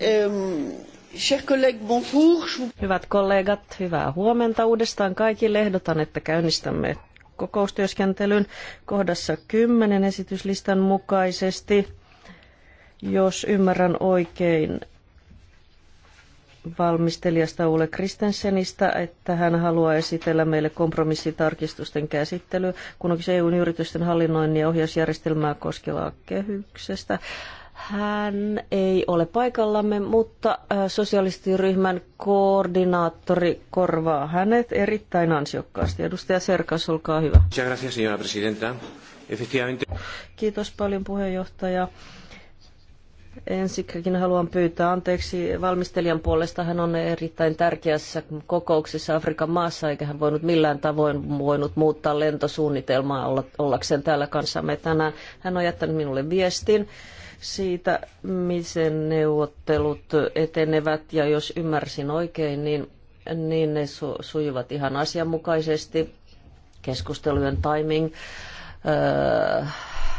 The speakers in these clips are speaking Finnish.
Ehm, Hyvät kollegat, hyvää huomenta uudestaan kaikille. Ehdotan, että käynnistämme kokoustyöskentelyn kohdassa 10 esityslistan mukaisesti. Jos ymmärrän oikein valmistelijasta Ule Kristensenistä, että hän haluaa esitellä meille kompromissitarkistusten käsittelyä, kun on kyse EUn yritysten hallinnoinnin ja ohjausjärjestelmää koskevaa kehyksestä. Hän ei ole paikallamme, mutta sosialistiryhmän koordinaattori korvaa hänet erittäin ansiokkaasti. Edustaja Serkas, olkaa hyvä. Kiitos paljon puheenjohtaja. Ensiksikin haluan pyytää anteeksi valmistelijan puolesta. Hän on erittäin tärkeässä kokouksessa Afrikan maassa, eikä hän voinut millään tavoin voinut muuttaa lentosuunnitelmaa ollakseen täällä kanssamme tänään. Hän on jättänyt minulle viestin siitä, miten neuvottelut etenevät. Ja jos ymmärsin oikein, niin, niin ne su- sujuvat ihan asianmukaisesti. Keskustelujen timing. Öö,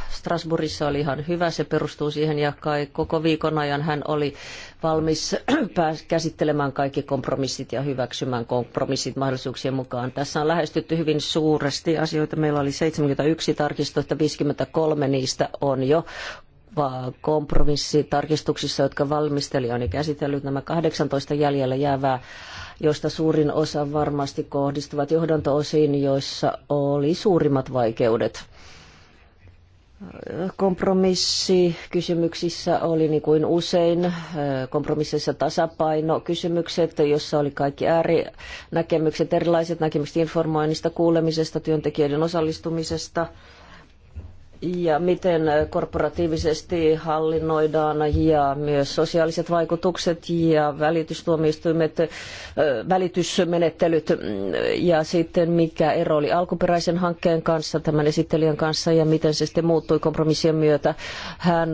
Strasbourgissa oli ihan hyvä, se perustuu siihen ja kai koko viikon ajan hän oli valmis käsittelemään kaikki kompromissit ja hyväksymään kompromissit mahdollisuuksien mukaan. Tässä on lähestytty hyvin suuresti asioita. Meillä oli 71 tarkistusta, 53 niistä on jo kompromissitarkistuksissa, jotka valmistelija on käsitellyt, nämä 18 jäljellä jäävää, joista suurin osa varmasti kohdistuvat johdantoosiin, joissa oli suurimmat vaikeudet kompromissikysymyksissä oli niin kuin usein eh, kompromisseissa tasapaino kysymykset, jossa oli kaikki äärinäkemykset, erilaiset näkemykset informoinnista, kuulemisesta, työntekijöiden osallistumisesta – ja miten korporatiivisesti hallinnoidaan ja myös sosiaaliset vaikutukset ja välitystuomioistuimet, välitysmenettelyt ja sitten mikä ero oli alkuperäisen hankkeen kanssa, tämän esittelijän kanssa ja miten se sitten muuttui kompromissien myötä. Hän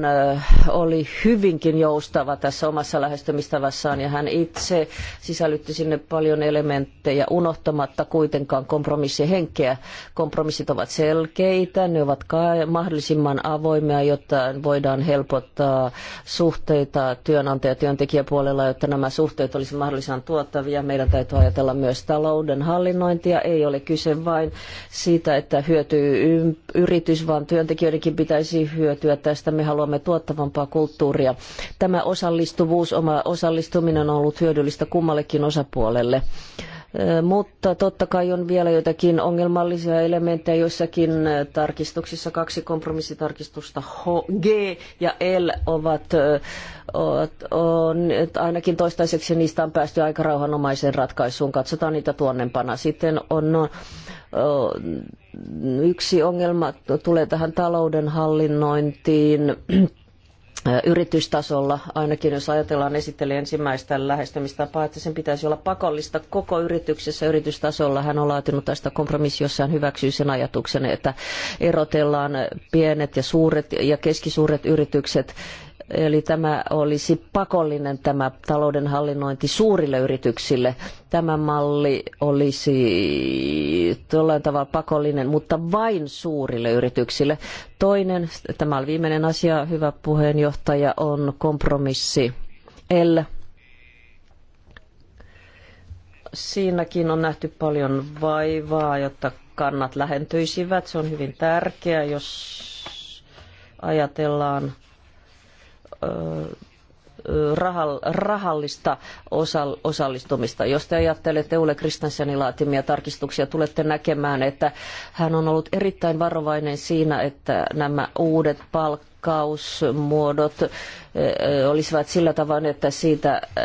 oli hyvinkin joustava tässä omassa lähestymistavassaan ja hän itse sisällytti sinne paljon elementtejä unohtamatta kuitenkaan kompromissihenkeä. Kompromissit ovat selkeitä, ne ovat ka- mahdollisimman avoimia, jotta voidaan helpottaa suhteita työnantaja- ja työntekijäpuolella, jotta nämä suhteet olisivat mahdollisimman tuottavia. Meidän täytyy ajatella myös talouden hallinnointia. Ei ole kyse vain siitä, että hyötyy yritys, vaan työntekijöidenkin pitäisi hyötyä tästä. Me haluamme tuottavampaa kulttuuria. Tämä osallistuvuus, oma osallistuminen on ollut hyödyllistä kummallekin osapuolelle. Mutta totta kai on vielä jotakin ongelmallisia elementtejä joissakin tarkistuksissa. Kaksi kompromissitarkistusta H, G ja L ovat on, ainakin toistaiseksi niistä on päästy aika rauhanomaiseen ratkaisuun. Katsotaan niitä tuonnempana. Sitten on, on yksi ongelma tulee tähän talouden hallinnointiin yritystasolla, ainakin jos ajatellaan esitteli ensimmäistä lähestymistapaa, että sen pitäisi olla pakollista koko yrityksessä yritystasolla. Hän on laatinut tästä kompromissi, jossa hän hyväksyy sen ajatuksen, että erotellaan pienet ja suuret ja keskisuuret yritykset Eli tämä olisi pakollinen tämä talouden hallinnointi suurille yrityksille. Tämä malli olisi jollain tavalla pakollinen, mutta vain suurille yrityksille. Toinen, tämä oli viimeinen asia, hyvä puheenjohtaja, on kompromissi L. Siinäkin on nähty paljon vaivaa, jotta kannat lähentyisivät. Se on hyvin tärkeää, jos ajatellaan rahallista osallistumista. Jos te ajattelette Ule Kristensenin laatimia tarkistuksia, tulette näkemään, että hän on ollut erittäin varovainen siinä, että nämä uudet palkkausmuodot eh, eh, olisivat sillä tavoin, että, siitä, eh,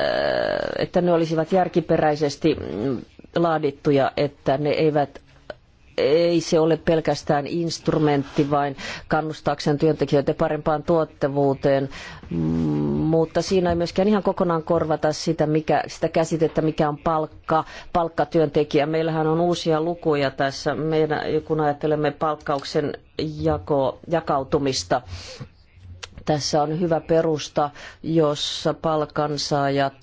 että ne olisivat järkiperäisesti mm, laadittuja, että ne eivät ei se ole pelkästään instrumentti, vain kannustaakseen työntekijöitä parempaan tuottavuuteen, mm, mutta siinä ei myöskään ihan kokonaan korvata sitä, mikä, sitä käsitettä, mikä on palkka, palkkatyöntekijä. Meillähän on uusia lukuja tässä, meidän, kun ajattelemme palkkauksen jako, jakautumista. Tässä on hyvä perusta, jossa palkansaajat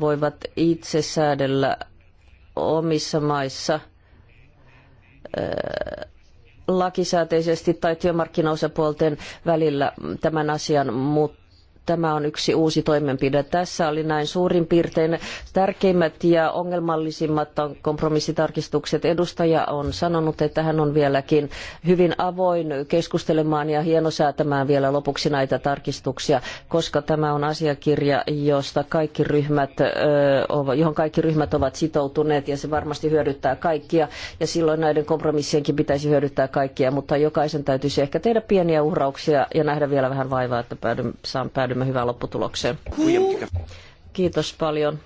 voivat itse säädellä omissa maissa – lakisääteisesti tai työmarkkinaosapuolten välillä tämän asian, mutta Tämä on yksi uusi toimenpide. Tässä oli näin suurin piirtein tärkeimmät ja ongelmallisimmat kompromissitarkistukset. Edustaja on sanonut, että hän on vieläkin hyvin avoin keskustelemaan ja hienosäätämään vielä lopuksi näitä tarkistuksia, koska tämä on asiakirja, josta kaikki ryhmät, johon kaikki ryhmät ovat sitoutuneet ja se varmasti hyödyttää kaikkia. Ja silloin näiden kompromissienkin pitäisi hyödyttää kaikkia, mutta jokaisen täytyisi ehkä tehdä pieniä uhrauksia ja nähdä vielä vähän vaivaa, että päädymme päädy päädymme hyvään lopputulokseen. Kiitos paljon.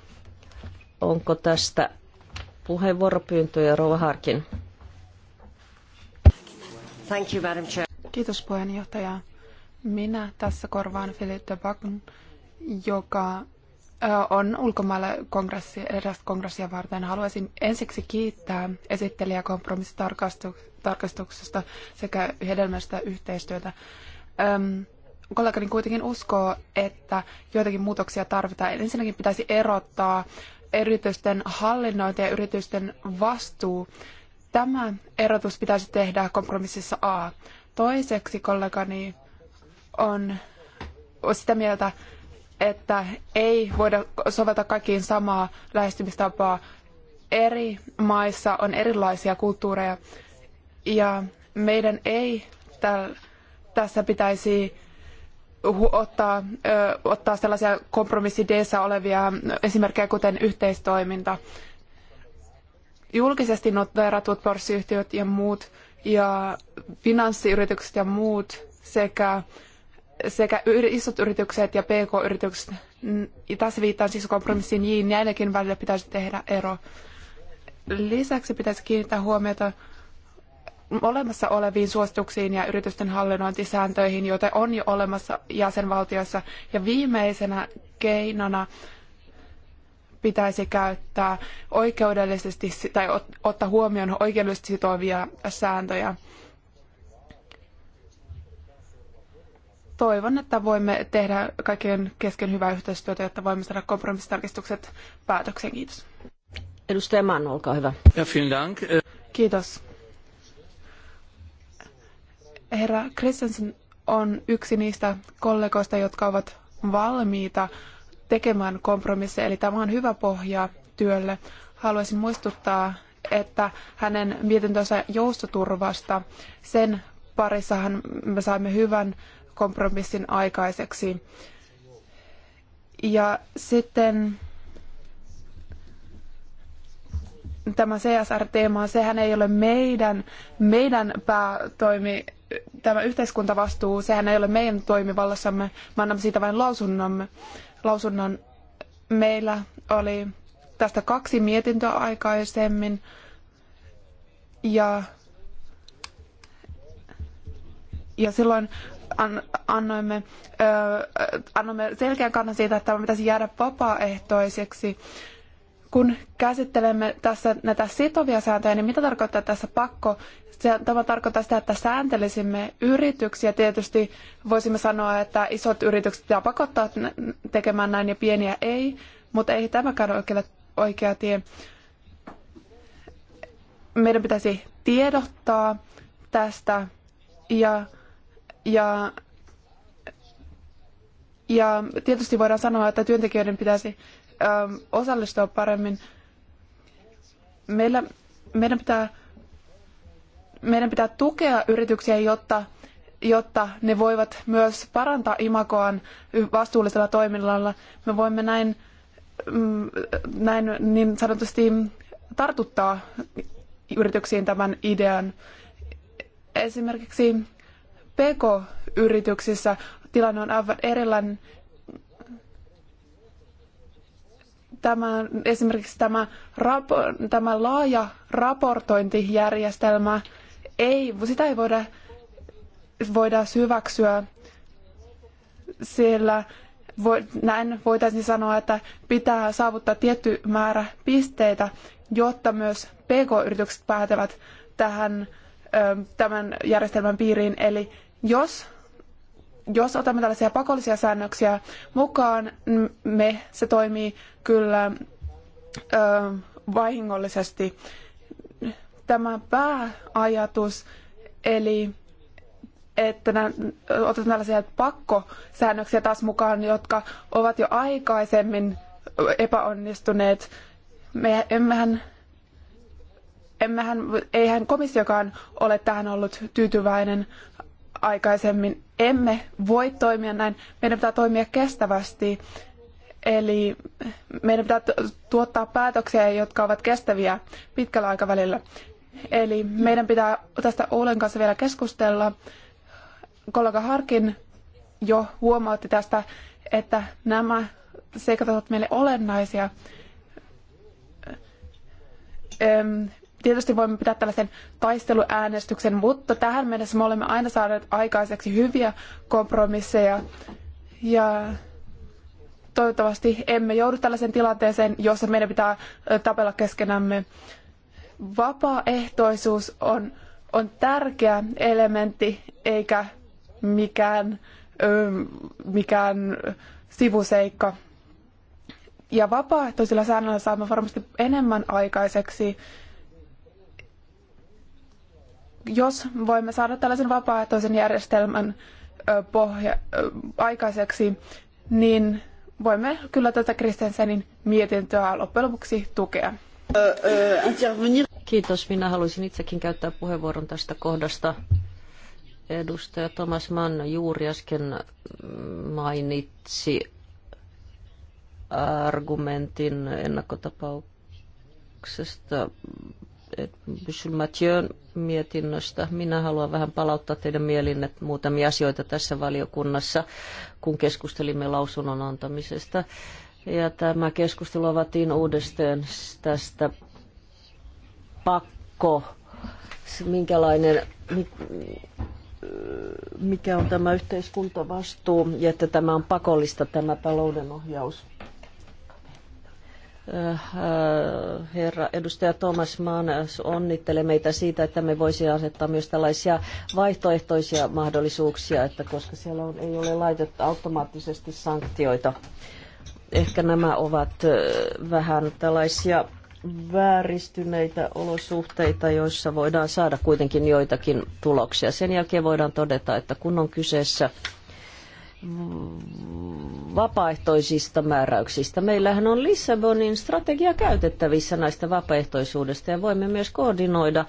Onko tästä puheenvuoropyyntöjä, Rova Harkin? Thank you, Madam Chair. Kiitos puheenjohtaja. Minä tässä korvaan Philip de Backen, joka on ulkomailla kongressi, kongressia varten. Haluaisin ensiksi kiittää esittelijä kompromissitarkastuksesta sekä hedelmästä yhteistyötä. Öm, kollegani kuitenkin uskoo, että joitakin muutoksia tarvitaan. Ensinnäkin pitäisi erottaa yritysten hallinnointi ja yritysten vastuu. Tämä erotus pitäisi tehdä kompromississa A. Toiseksi kollegani on sitä mieltä, että ei voida soveltaa kaikkiin samaa lähestymistapaa. Eri maissa on erilaisia kulttuureja ja meidän ei tässä pitäisi ottaa, ottaa sellaisia kompromissideissa olevia esimerkkejä, kuten yhteistoiminta. Julkisesti noteeratut pörssiyhtiöt ja muut ja finanssiyritykset ja muut sekä, sekä isot yritykset ja pk-yritykset. Tässä viittaan siis kompromissiin J, näidenkin välillä pitäisi tehdä ero. Lisäksi pitäisi kiinnittää huomiota olemassa oleviin suosituksiin ja yritysten hallinnointisääntöihin, joita on jo olemassa jäsenvaltioissa. Ja viimeisenä keinona pitäisi käyttää oikeudellisesti tai ottaa huomioon oikeudellisesti sitovia sääntöjä. Toivon, että voimme tehdä kaikkien kesken hyvää yhteistyötä, jotta voimme saada kompromissitarkistukset päätökseen. Kiitos. Edustaja Mann, olkaa hyvä. Ja, vielen Dank. Kiitos. Herra Christensen on yksi niistä kollegoista, jotka ovat valmiita tekemään kompromisseja, eli tämä on hyvä pohja työlle. Haluaisin muistuttaa, että hänen mietintönsä joustoturvasta, sen parissahan me saimme hyvän kompromissin aikaiseksi. Ja sitten tämä CSR-teema, sehän ei ole meidän, meidän päätoimi tämä yhteiskuntavastuu, sehän ei ole meidän toimivallassamme, me annamme siitä vain lausunnomme. lausunnon. Meillä oli tästä kaksi mietintöä aikaisemmin ja, ja silloin an, annoimme, ö, annoimme selkeän kannan siitä, että tämä pitäisi jäädä vapaaehtoiseksi. Kun käsittelemme tässä näitä sitovia sääntöjä, niin mitä tarkoittaa tässä pakko tämä tarkoittaa sitä, että sääntelisimme yrityksiä. Tietysti voisimme sanoa, että isot yritykset pitää pakottaa tekemään näin ja pieniä ei, mutta ei tämäkään ole oikea tie. Meidän pitäisi tiedottaa tästä ja, ja, ja tietysti voidaan sanoa, että työntekijöiden pitäisi ö, osallistua paremmin. Meillä, meidän pitää meidän pitää tukea yrityksiä, jotta, jotta ne voivat myös parantaa imagoaan vastuullisella toiminnalla. Me voimme näin, mm, näin niin sanotusti tartuttaa yrityksiin tämän idean. Esimerkiksi PK-yrityksissä tilanne on aivan erilainen. Tämä, esimerkiksi tämä, rapo, tämä laaja raportointijärjestelmä ei, sitä ei voida, voida hyväksyä, sillä näin voitaisiin sanoa, että pitää saavuttaa tietty määrä pisteitä, jotta myös PK-yritykset päätevät tähän, tämän järjestelmän piiriin. Eli jos, jos otamme tällaisia pakollisia säännöksiä mukaan, me, se toimii kyllä ö, vahingollisesti tämä pääajatus, eli että otetaan tällaisia pakkosäännöksiä taas mukaan, jotka ovat jo aikaisemmin epäonnistuneet. Me emmehän, emmehän, eihän komissiokaan ole tähän ollut tyytyväinen aikaisemmin. Emme voi toimia näin. Meidän pitää toimia kestävästi. Eli meidän pitää tuottaa päätöksiä, jotka ovat kestäviä pitkällä aikavälillä. Eli meidän pitää tästä Oulen kanssa vielä keskustella. Kollega Harkin jo huomautti tästä, että nämä seikat ovat meille olennaisia. Tietysti voimme pitää tällaisen taisteluäänestyksen, mutta tähän mennessä me olemme aina saaneet aikaiseksi hyviä kompromisseja. Ja toivottavasti emme joudu tällaiseen tilanteeseen, jossa meidän pitää tapella keskenämme. Vapaaehtoisuus on, on tärkeä elementti eikä mikään, ö, mikään sivuseikka. Ja vapaaehtoisilla säännöillä saamme varmasti enemmän aikaiseksi, jos voimme saada tällaisen vapaaehtoisen järjestelmän pohja, aikaiseksi, niin voimme kyllä tätä Kristensenin mietintöä loppujen lopuksi tukea. Kiitos. Minä haluaisin itsekin käyttää puheenvuoron tästä kohdasta. Edustaja Thomas Mann juuri äsken mainitsi argumentin ennakkotapauksesta Monsieur Mathieu mietinnöstä. Minä haluan vähän palauttaa teidän että muutamia asioita tässä valiokunnassa, kun keskustelimme lausunnon antamisesta ja tämä keskustelu avattiin uudestaan tästä pakko, minkälainen, mikä on tämä yhteiskuntavastuu ja että tämä on pakollista tämä taloudenohjaus. Äh, äh, herra edustaja Thomas Mann onnittelee meitä siitä, että me voisi asettaa myös tällaisia vaihtoehtoisia mahdollisuuksia, että koska siellä on, ei ole laitettu automaattisesti sanktioita Ehkä nämä ovat vähän tällaisia vääristyneitä olosuhteita, joissa voidaan saada kuitenkin joitakin tuloksia. Sen jälkeen voidaan todeta, että kun on kyseessä vapaaehtoisista määräyksistä. Meillähän on Lissabonin strategia käytettävissä näistä vapaaehtoisuudesta ja voimme myös koordinoida.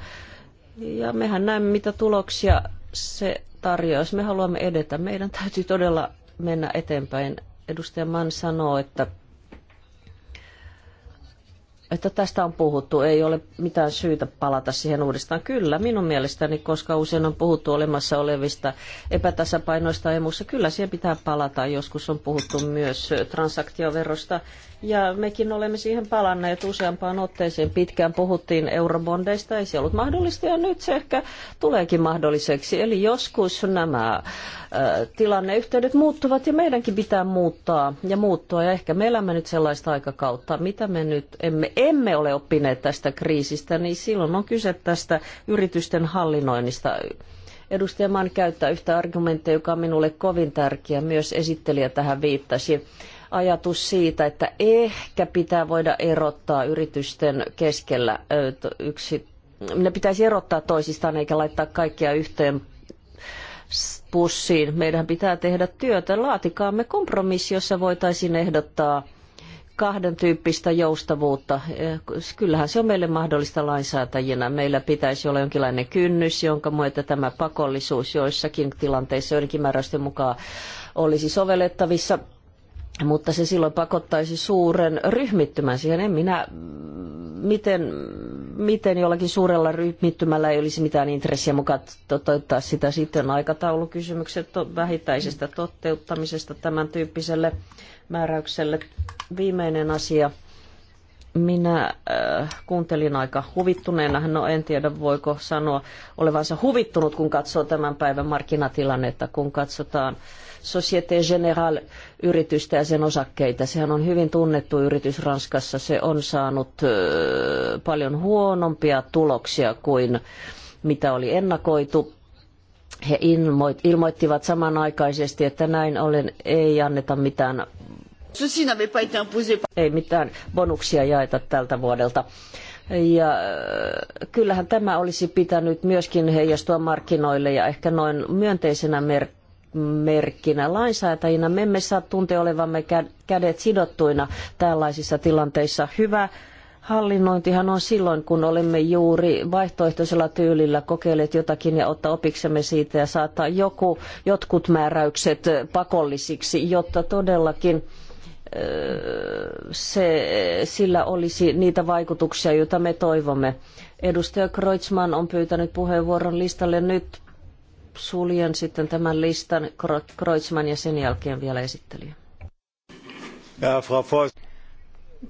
Ja mehän näemme, mitä tuloksia se tarjoaa. Jos me haluamme edetä, meidän täytyy todella mennä eteenpäin edustaja Mann sanoo, että, että tästä on puhuttu, ei ole mitään syytä palata siihen uudestaan. Kyllä, minun mielestäni, koska usein on puhuttu olemassa olevista epätasapainoista emussa, kyllä siihen pitää palata. Joskus on puhuttu myös transaktioverosta ja mekin olemme siihen palanneet useampaan otteeseen. Pitkään puhuttiin eurobondeista, ei se ollut mahdollista ja nyt se ehkä tuleekin mahdolliseksi. Eli joskus nämä äh, tilanneyhteydet muuttuvat ja meidänkin pitää muuttaa ja muuttua. Ja ehkä me elämme nyt sellaista aikakautta, mitä me nyt emme, emme ole oppineet tästä kriisistä, niin silloin on kyse tästä yritysten hallinnoinnista edustaja Mann käyttää yhtä argumenttia, joka on minulle kovin tärkeä, myös esittelijä tähän viittasi ajatus siitä, että ehkä pitää voida erottaa yritysten keskellä yksi, ne pitäisi erottaa toisistaan eikä laittaa kaikkia yhteen pussiin. Meidän pitää tehdä työtä. Laatikaamme kompromissi, jossa voitaisiin ehdottaa kahden tyyppistä joustavuutta. Kyllähän se on meille mahdollista lainsäätäjinä. Meillä pitäisi olla jonkinlainen kynnys, jonka myötä tämä pakollisuus joissakin tilanteissa joidenkin määräysten mukaan olisi sovellettavissa mutta se silloin pakottaisi suuren ryhmittymän siihen. En minä, miten, miten jollakin suurella ryhmittymällä ei olisi mitään intressiä mukaan toteuttaa sitä sitten aikataulukysymykset vähittäisestä toteuttamisesta tämän tyyppiselle määräykselle. Viimeinen asia. Minä äh, kuuntelin aika huvittuneena, no en tiedä voiko sanoa olevansa huvittunut, kun katsoo tämän päivän markkinatilannetta, kun katsotaan äh, Société Générale yritystä ja sen osakkeita. Sehän on hyvin tunnettu yritys Ranskassa. Se on saanut paljon huonompia tuloksia kuin mitä oli ennakoitu. He ilmoittivat samanaikaisesti, että näin ollen ei anneta mitään ei mitään bonuksia jaeta tältä vuodelta. Ja kyllähän tämä olisi pitänyt myöskin heijastua markkinoille ja ehkä noin myönteisenä merkkinä merkkinä. Lainsäätäjinä me emme saa tuntea olevamme kädet sidottuina tällaisissa tilanteissa. Hyvä hallinnointihan on silloin, kun olemme juuri vaihtoehtoisella tyylillä kokeilleet jotakin ja ottaa opiksemme siitä ja saattaa joku, jotkut määräykset pakollisiksi, jotta todellakin se, sillä olisi niitä vaikutuksia, joita me toivomme. Edustaja Kreutzmann on pyytänyt puheenvuoron listalle nyt suljen sitten tämän listan Kreutzmann ja sen jälkeen vielä esittelijä.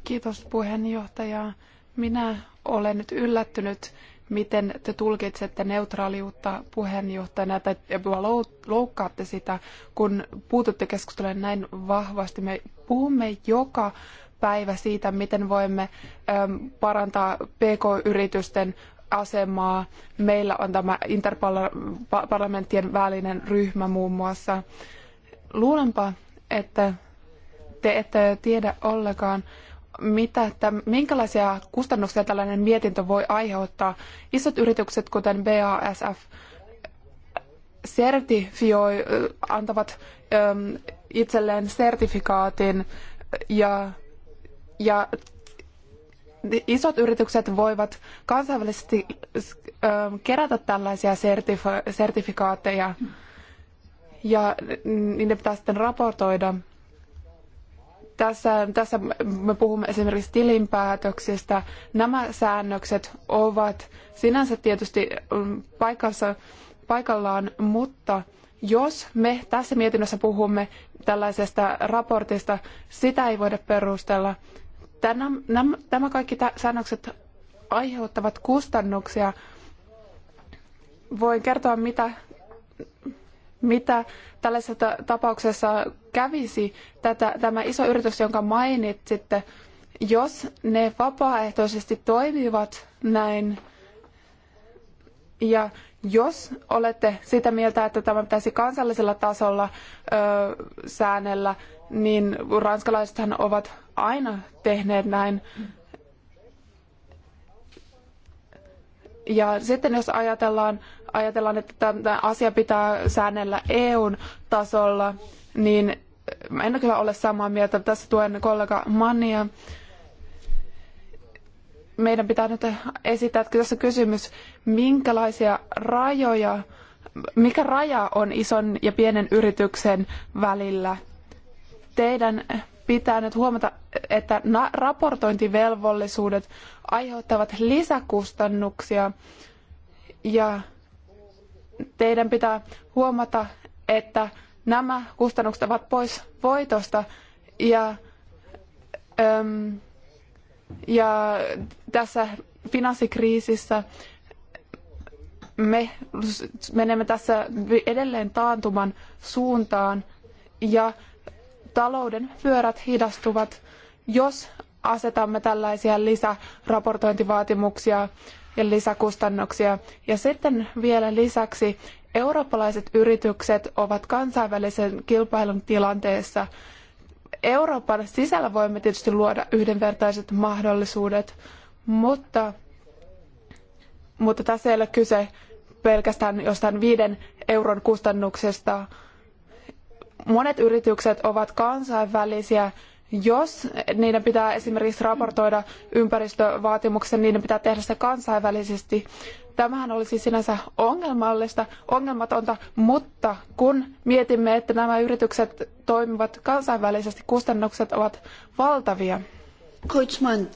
Kiitos puheenjohtaja. Minä olen nyt yllättynyt, miten te tulkitsette neutraaliutta puheenjohtajana tai loukkaatte sitä, kun puututte keskusteluun näin vahvasti. Me puhumme joka päivä siitä, miten voimme parantaa pk-yritysten asemaa. Meillä on tämä interparlamenttien välinen ryhmä muun muassa. Luulenpa, että te ette tiedä ollenkaan, mitä, että minkälaisia kustannuksia tällainen mietintö voi aiheuttaa. Isot yritykset, kuten BASF, sertifioi, antavat itselleen sertifikaatin ja, ja isot yritykset voivat kansainvälisesti ähm, kerätä tällaisia sertif- sertifikaatteja ja niiden pitää sitten raportoida. Tässä, tässä me puhumme esimerkiksi tilinpäätöksistä. Nämä säännökset ovat sinänsä tietysti ähm, paikassa, paikallaan, mutta jos me tässä mietinnössä puhumme tällaisesta raportista, sitä ei voida perustella Tämä kaikki säännökset aiheuttavat kustannuksia. Voin kertoa, mitä, mitä tällaisessa tapauksessa kävisi tätä, tämä iso yritys, jonka mainitsitte, jos ne vapaaehtoisesti toimivat näin ja jos olette sitä mieltä, että tämä pitäisi kansallisella tasolla ö, säännellä, niin ranskalaisethan ovat aina tehneet näin. Ja sitten jos ajatellaan, ajatellaan että tämä asia pitää säännellä EUn tasolla, niin en kyllä ole samaa mieltä. Tässä tuen kollega Mannia. Meidän pitää nyt esittää että tässä kysymys, minkälaisia rajoja, mikä raja on ison ja pienen yrityksen välillä? Teidän pitää nyt huomata, että raportointivelvollisuudet aiheuttavat lisäkustannuksia ja teidän pitää huomata, että nämä kustannukset ovat pois voitosta ja, ja tässä finanssikriisissä me menemme tässä edelleen taantuman suuntaan ja talouden pyörät hidastuvat, jos asetamme tällaisia lisäraportointivaatimuksia ja lisäkustannuksia. Ja sitten vielä lisäksi eurooppalaiset yritykset ovat kansainvälisen kilpailun tilanteessa. Euroopan sisällä voimme tietysti luoda yhdenvertaiset mahdollisuudet, mutta, mutta tässä ei ole kyse pelkästään jostain viiden euron kustannuksesta, monet yritykset ovat kansainvälisiä. Jos niiden pitää esimerkiksi raportoida ympäristövaatimuksen, niiden pitää tehdä se kansainvälisesti. Tämähän olisi sinänsä ongelmallista, ongelmatonta, mutta kun mietimme, että nämä yritykset toimivat kansainvälisesti, kustannukset ovat valtavia. Kreutzmann,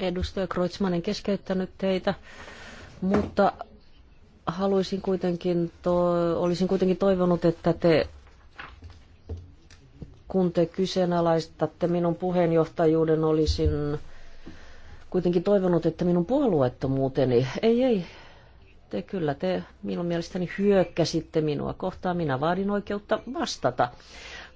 Edustaja Kreutzmann, en keskeyttänyt teitä, mutta haluaisin kuitenkin to, olisin kuitenkin toivonut, että te kun te kyseenalaistatte minun puheenjohtajuuden, olisin kuitenkin toivonut, että minun puolueettomuuteni, ei, ei, te kyllä, te minun mielestäni hyökkäsitte minua kohtaan, minä vaadin oikeutta vastata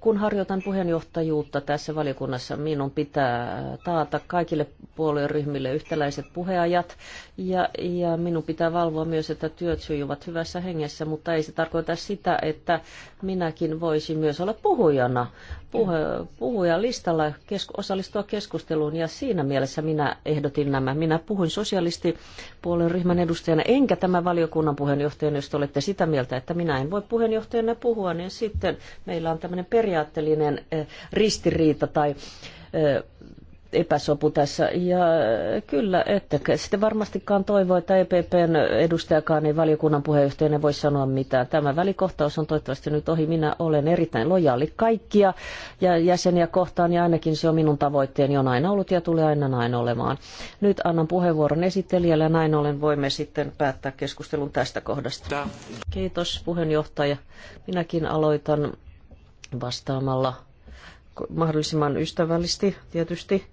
kun harjoitan puheenjohtajuutta tässä valiokunnassa, minun pitää taata kaikille puolueryhmille yhtäläiset puheajat ja, ja minun pitää valvoa myös, että työt sujuvat hyvässä hengessä, mutta ei se tarkoita sitä, että minäkin voisin myös olla puhujana, puhe, puhuja listalla kesku, osallistua keskusteluun ja siinä mielessä minä ehdotin nämä. Minä puhuin sosialistipuolueen ryhmän edustajana, enkä tämä valiokunnan puheenjohtajana, jos te olette sitä mieltä, että minä en voi puheenjohtajana puhua, niin sitten meillä on tämmöinen peria ajattelinen eh, ristiriita tai eh, epäsopu tässä. Ja eh, kyllä, että sitten varmastikaan toivoa, että EPPn edustajakaan niin ei valiokunnan puheenjohtajana voi sanoa mitään. Tämä välikohtaus on toivottavasti nyt ohi. Minä olen erittäin lojaali kaikkia ja jäseniä kohtaan ja ainakin se on minun tavoitteeni on aina ollut ja tulee aina näin olemaan. Nyt annan puheenvuoron esittelijälle ja näin ollen voimme sitten päättää keskustelun tästä kohdasta. Kiitos puheenjohtaja. Minäkin aloitan vastaamalla mahdollisimman ystävällisesti tietysti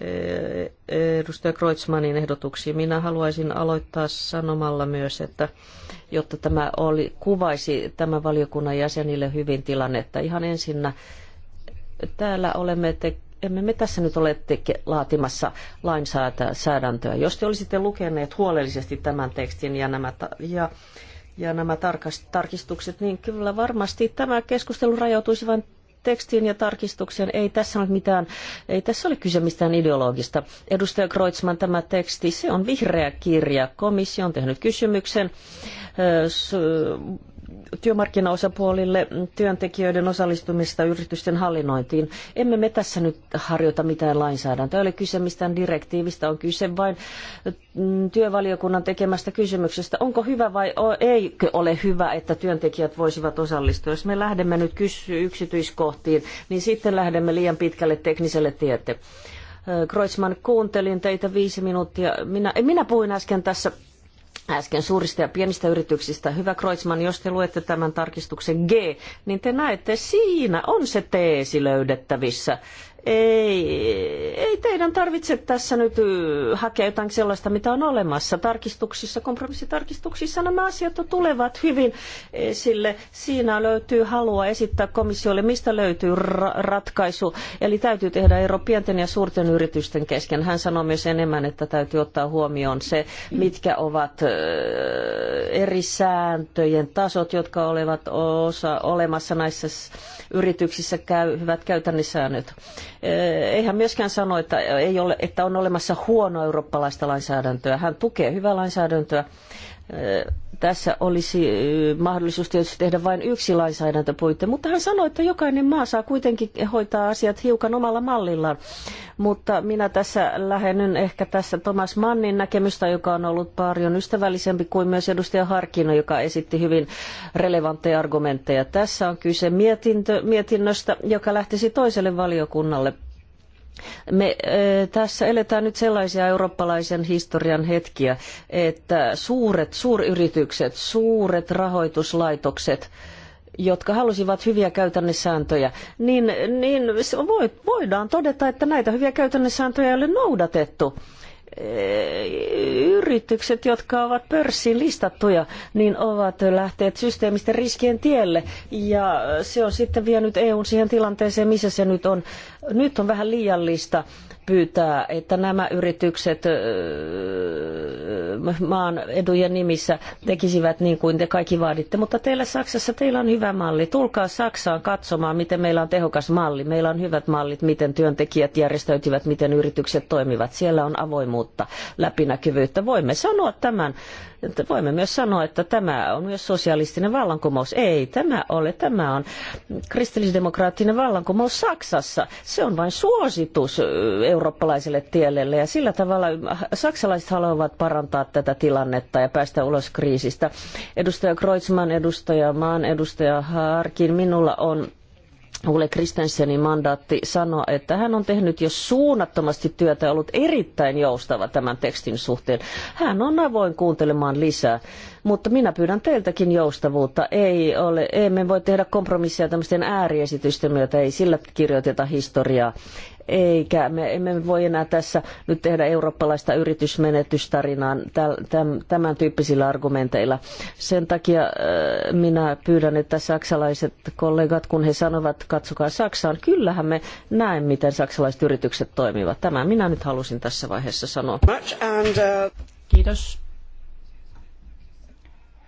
eh, edustaja Kreutzmannin ehdotuksiin. Minä haluaisin aloittaa sanomalla myös, että jotta tämä oli, kuvaisi tämän valiokunnan jäsenille hyvin tilannetta. Ihan ensinnä täällä olemme te, emme me tässä nyt ole teke, laatimassa lainsäädäntöä. Jos te olisitte lukeneet huolellisesti tämän tekstin ja, nämä, ja ja nämä tarkistukset, niin kyllä varmasti tämä keskustelu rajautuisi vain tekstiin ja tarkistukseen. Ei tässä ole mitään, ei tässä ole kyse mistään ideologista. Edustaja Kreutzmann, tämä teksti, se on vihreä kirja. Komissio on tehnyt kysymyksen työmarkkinaosapuolille työntekijöiden osallistumista yritysten hallinnointiin. Emme me tässä nyt harjoita mitään lainsäädäntöä. Ei ole kyse mistään direktiivistä, on kyse vain mm, työvaliokunnan tekemästä kysymyksestä. Onko hyvä vai eikö ole hyvä, että työntekijät voisivat osallistua? Jos me lähdemme nyt kysy yksityiskohtiin, niin sitten lähdemme liian pitkälle tekniselle tiette. Kreutzmann, kuuntelin teitä viisi minuuttia. Minä, minä puhuin äsken tässä äsken suurista ja pienistä yrityksistä. Hyvä Kreutzmann, jos te luette tämän tarkistuksen G, niin te näette, siinä on se teesi löydettävissä. Ei, ei teidän tarvitse tässä nyt hakea jotain sellaista, mitä on olemassa. Tarkistuksissa, kompromissitarkistuksissa nämä asiat tulevat hyvin esille. Siinä löytyy halua esittää komissiolle, mistä löytyy ra- ratkaisu. Eli täytyy tehdä ero pienten ja suurten yritysten kesken. Hän sanoi myös enemmän, että täytyy ottaa huomioon se, mitkä ovat eri sääntöjen tasot, jotka olevat osa, olemassa näissä yrityksissä käy, hyvät käytännössäännöt. Eh, eihän myöskään sano, että, ei ole, että on olemassa huono eurooppalaista lainsäädäntöä. Hän tukee hyvää lainsäädäntöä eh, tässä olisi mahdollisuus tietysti tehdä vain yksi lainsäädäntöpuitte, mutta hän sanoi, että jokainen maa saa kuitenkin hoitaa asiat hiukan omalla mallillaan. Mutta minä tässä lähennyn ehkä tässä Thomas Mannin näkemystä, joka on ollut paljon ystävällisempi kuin myös edustaja Harkino, joka esitti hyvin relevantteja argumentteja. Tässä on kyse mietintö, mietinnöstä, joka lähtisi toiselle valiokunnalle me tässä eletään nyt sellaisia eurooppalaisen historian hetkiä, että suuret suuryritykset, suuret rahoituslaitokset, jotka halusivat hyviä käytännesääntöjä, niin, niin voidaan todeta, että näitä hyviä käytännesääntöjä ei ole noudatettu Eh, yritykset, jotka ovat pörssiin listattuja, niin ovat lähteet systeemisten riskien tielle. Ja se on sitten vienyt EUn siihen tilanteeseen, missä se nyt on. Nyt on vähän liiallista pyytää, että nämä yritykset maan edujen nimissä tekisivät niin kuin te kaikki vaaditte. Mutta teillä Saksassa teillä on hyvä malli. Tulkaa Saksaan katsomaan, miten meillä on tehokas malli. Meillä on hyvät mallit, miten työntekijät järjestäytyvät, miten yritykset toimivat. Siellä on avoimuutta, läpinäkyvyyttä. Voimme sanoa tämän voimme myös sanoa, että tämä on myös sosialistinen vallankumous. Ei tämä ole, tämä on kristillisdemokraattinen vallankumous Saksassa. Se on vain suositus eurooppalaiselle tielle ja sillä tavalla saksalaiset haluavat parantaa tätä tilannetta ja päästä ulos kriisistä. Edustaja Kreutzmann, edustaja Maan, edustaja Harkin, minulla on ole Kristensenin mandaatti sanoa, että hän on tehnyt jo suunnattomasti työtä ja ollut erittäin joustava tämän tekstin suhteen. Hän on avoin kuuntelemaan lisää, mutta minä pyydän teiltäkin joustavuutta. Ei ole, emme voi tehdä kompromissia tämmöisten ääriesitysten myötä, ei sillä kirjoiteta historiaa eikä me emme voi enää tässä nyt tehdä eurooppalaista yritysmenetystarinaa tämän tyyppisillä argumenteilla. Sen takia äh, minä pyydän, että saksalaiset kollegat, kun he sanovat, katsokaa Saksaan, kyllähän me näen miten saksalaiset yritykset toimivat. Tämä minä nyt halusin tässä vaiheessa sanoa. Uh, Kiitos.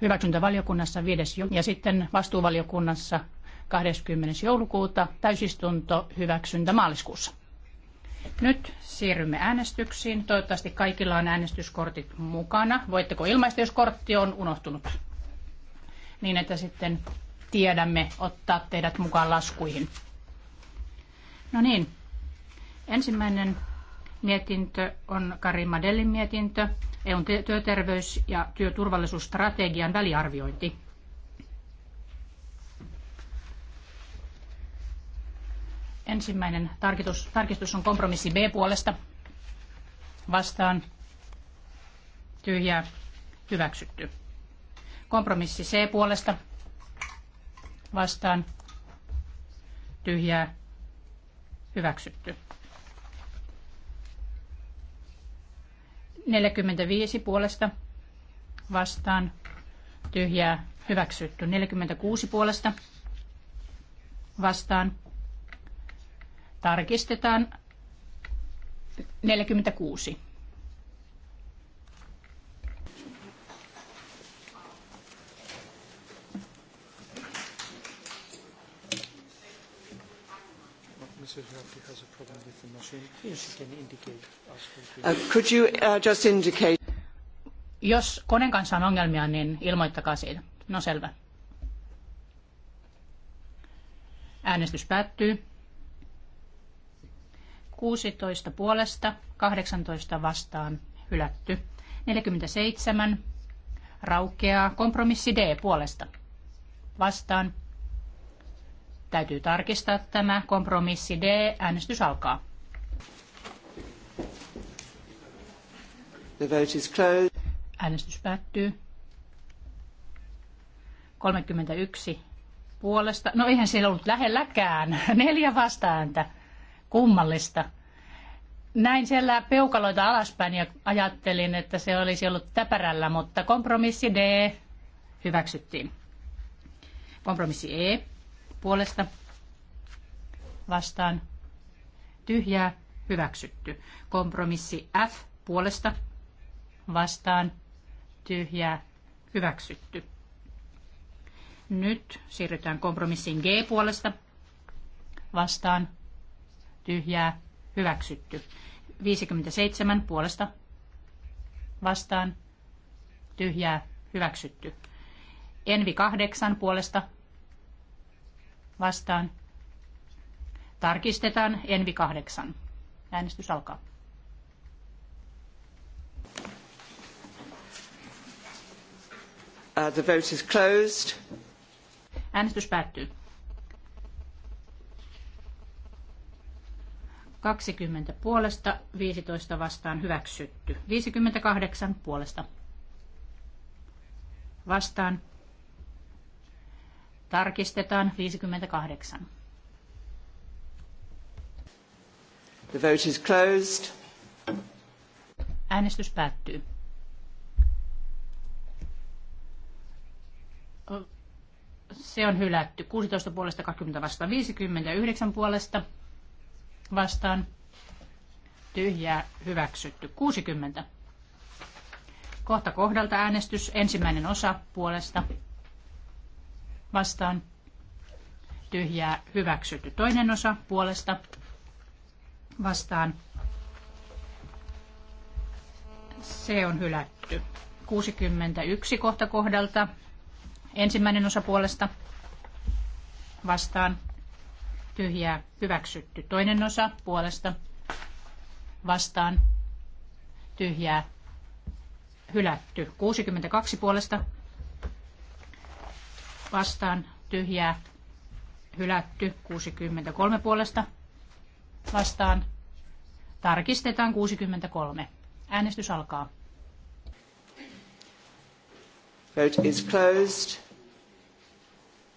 Hyväksyntävaliokunnassa 5. ja sitten vastuuvaliokunnassa 20. joulukuuta, täysistunto hyväksyntä maaliskuussa. Nyt siirrymme äänestyksiin. Toivottavasti kaikilla on äänestyskortit mukana. Voitteko ilmaista, jos kortti on unohtunut? Niin, että sitten tiedämme ottaa teidät mukaan laskuihin. No niin, ensimmäinen mietintö on Karin Madellin mietintö, EUn työterveys- ja työturvallisuusstrategian väliarviointi. Ensimmäinen tarkistus, tarkistus on kompromissi B puolesta. Vastaan tyhjää hyväksytty. Kompromissi C puolesta. Vastaan tyhjää hyväksytty. 45 puolesta vastaan tyhjää hyväksytty. 46 puolesta vastaan Tarkistetaan 46. Uh, uh, Jos koneen kanssa on ongelmia, niin ilmoittakaa siitä. No selvä. Äänestys päättyy. 16 puolesta, 18 vastaan hylätty. 47 raukeaa kompromissi D puolesta. Vastaan. Täytyy tarkistaa tämä kompromissi D. Äänestys alkaa. The vote is closed. Äänestys päättyy. 31 puolesta. No eihän siellä ollut lähelläkään. Neljä vastaääntä kummallista. Näin siellä peukaloita alaspäin ja ajattelin, että se olisi ollut täpärällä, mutta kompromissi D hyväksyttiin. Kompromissi E puolesta vastaan tyhjää hyväksytty. Kompromissi F puolesta vastaan tyhjää hyväksytty. Nyt siirrytään kompromissiin G puolesta vastaan tyhjää, hyväksytty. 57 puolesta vastaan, tyhjää, hyväksytty. Envi 8 puolesta vastaan. Tarkistetaan Envi 8. Äänestys alkaa. Uh, the vote is closed. Äänestys päättyy. 20 puolesta, 15 vastaan hyväksytty. 58 puolesta vastaan. Tarkistetaan 58. The vote is closed. Äänestys päättyy. Se on hylätty. 16 puolesta 20 vastaan 59 puolesta vastaan tyhjää hyväksytty 60. Kohta kohdalta äänestys ensimmäinen osa puolesta vastaan tyhjää hyväksytty toinen osa puolesta vastaan se on hylätty. 61 kohta kohdalta ensimmäinen osa puolesta vastaan tyhjää hyväksytty. Toinen osa puolesta vastaan tyhjää hylätty. 62 puolesta vastaan tyhjää hylätty. 63 puolesta vastaan tarkistetaan 63. Äänestys alkaa. Vote is closed.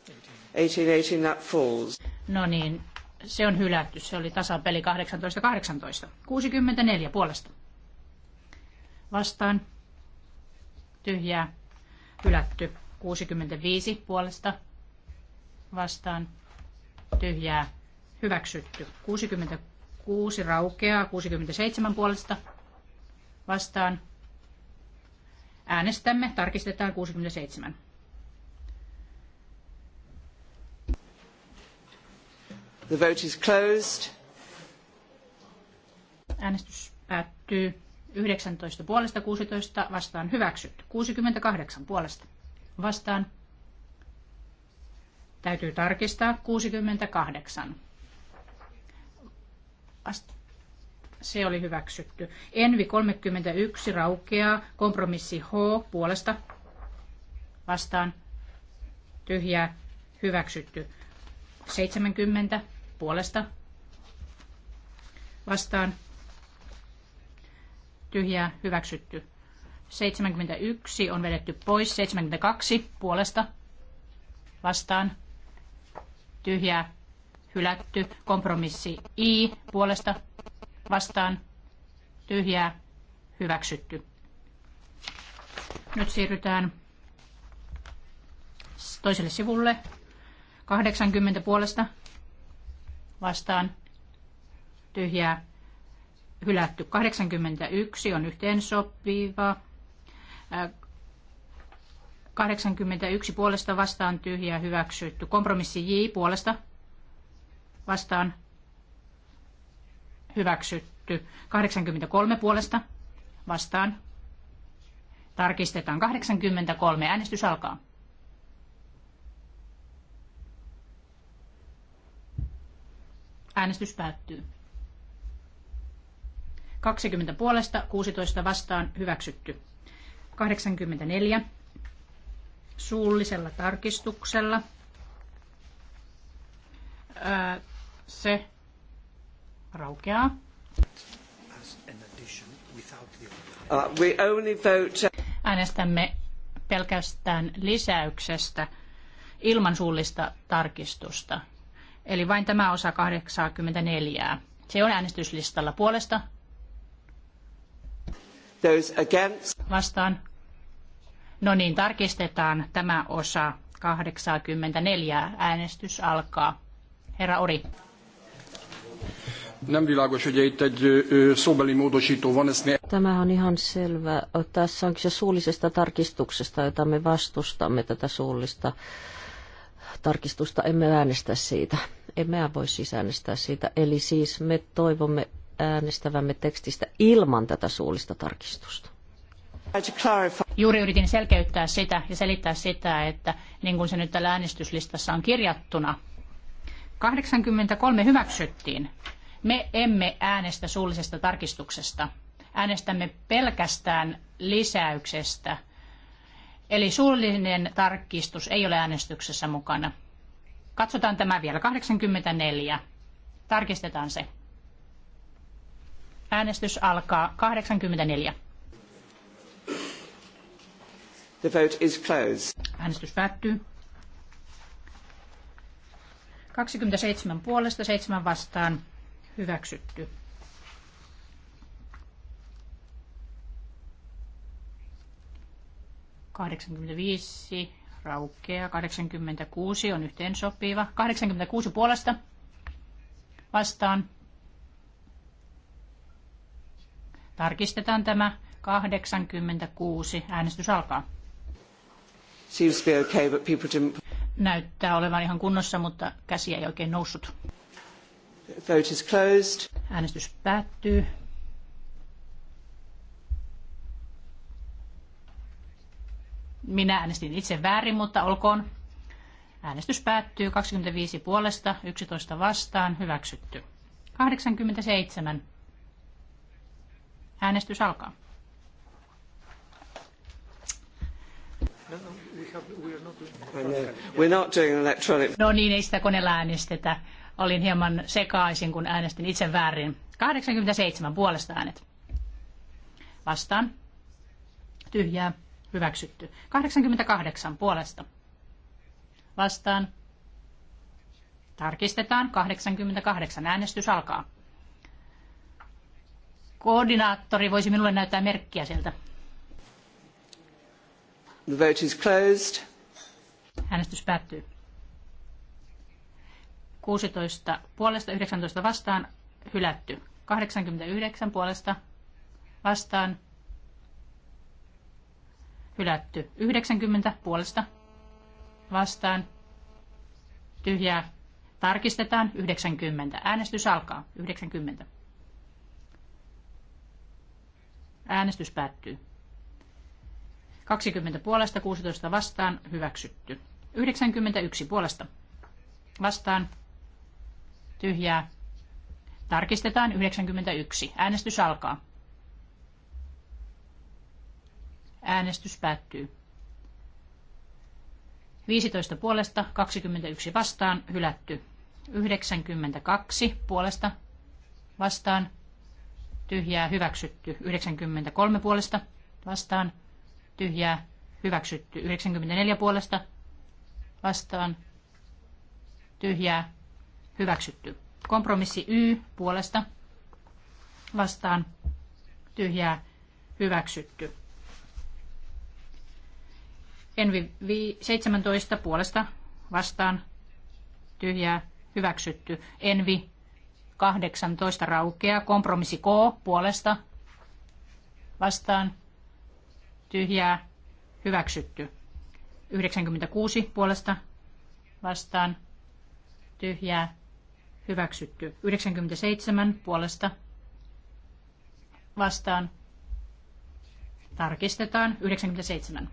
1818 that falls. No niin, se on hylätty. Se oli tasapeli 18-18. 64 puolesta. Vastaan. Tyhjää. Hylätty. 65 puolesta. Vastaan. Tyhjää. Hyväksytty. 66 raukeaa. 67 puolesta. Vastaan. Äänestämme. Tarkistetaan 67. The vote is closed. Äänestys päättyy 19 puolesta 16 vastaan hyväksytty. 68 puolesta vastaan. Täytyy tarkistaa 68. Se oli hyväksytty. Envi 31 raukeaa. Kompromissi H puolesta vastaan. Tyhjää hyväksytty. 70 puolesta vastaan tyhjää hyväksytty. 71 on vedetty pois, 72 puolesta vastaan tyhjää hylätty. Kompromissi I puolesta vastaan tyhjää hyväksytty. Nyt siirrytään toiselle sivulle. 80 puolesta vastaan tyhjää hylätty. 81 on yhteen sopiva. 81 puolesta vastaan tyhjää hyväksytty. Kompromissi J puolesta vastaan hyväksytty. 83 puolesta vastaan. Tarkistetaan 83. Äänestys alkaa. Äänestys päättyy. 20 puolesta, 16 vastaan hyväksytty. 84 suullisella tarkistuksella. Ää, se raukeaa. Uh, we only vote... Äänestämme pelkästään lisäyksestä ilman suullista tarkistusta. Eli vain tämä osa 84. Se on äänestyslistalla puolesta. Those against. Vastaan. No niin, tarkistetaan tämä osa 84. Äänestys alkaa. Herra Ori. Tämä on ihan selvä. Tässä onkin se suullisesta tarkistuksesta, jota me vastustamme tätä suullista tarkistusta emme äänestä siitä. Emme voi siis äänestää siitä. Eli siis me toivomme äänestävämme tekstistä ilman tätä suullista tarkistusta. Juuri yritin selkeyttää sitä ja selittää sitä, että niin kuin se nyt tällä äänestyslistassa on kirjattuna, 83 hyväksyttiin. Me emme äänestä suullisesta tarkistuksesta. Äänestämme pelkästään lisäyksestä – Eli suullinen tarkistus ei ole äänestyksessä mukana. Katsotaan tämä vielä. 84. Tarkistetaan se. Äänestys alkaa 84. The vote is closed. Äänestys päättyy. 27 puolesta, 7 vastaan. Hyväksytty. 85 raukeaa, 86 on sopiva. 86 puolesta vastaan. Tarkistetaan tämä 86. Äänestys alkaa. Seems to be okay, but people didn't... Näyttää olevan ihan kunnossa, mutta käsiä ei oikein noussut. Vote is closed. Äänestys päättyy. Minä äänestin itse väärin, mutta olkoon. Äänestys päättyy 25 puolesta, 11 vastaan, hyväksytty. 87. Äänestys alkaa. No, no, no niin, ei sitä koneella äänestetä. Olin hieman sekaisin, kun äänestin itse väärin. 87 puolesta äänet. Vastaan. Tyhjää hyväksytty. 88 puolesta. Vastaan. Tarkistetaan. 88. Äänestys alkaa. Koordinaattori voisi minulle näyttää merkkiä sieltä. The vote is closed. Äänestys päättyy. 16 puolesta, 19 vastaan, hylätty. 89 puolesta, vastaan, hylätty. 90 puolesta vastaan tyhjää. Tarkistetaan 90. Äänestys alkaa. 90. Äänestys päättyy. 20 puolesta, 16 vastaan, hyväksytty. 91 puolesta vastaan, tyhjää. Tarkistetaan 91. Äänestys alkaa. Äänestys päättyy. 15 puolesta, 21 vastaan, hylätty. 92 puolesta, vastaan, tyhjää, hyväksytty. 93 puolesta, vastaan, tyhjää, hyväksytty. 94 puolesta, vastaan, tyhjää, hyväksytty. Kompromissi Y puolesta, vastaan, tyhjää, hyväksytty. Envi 17 puolesta vastaan tyhjää hyväksytty. Envi 18 raukeaa. Kompromissi K puolesta vastaan tyhjää hyväksytty. 96 puolesta vastaan tyhjää hyväksytty. 97 puolesta vastaan tarkistetaan 97.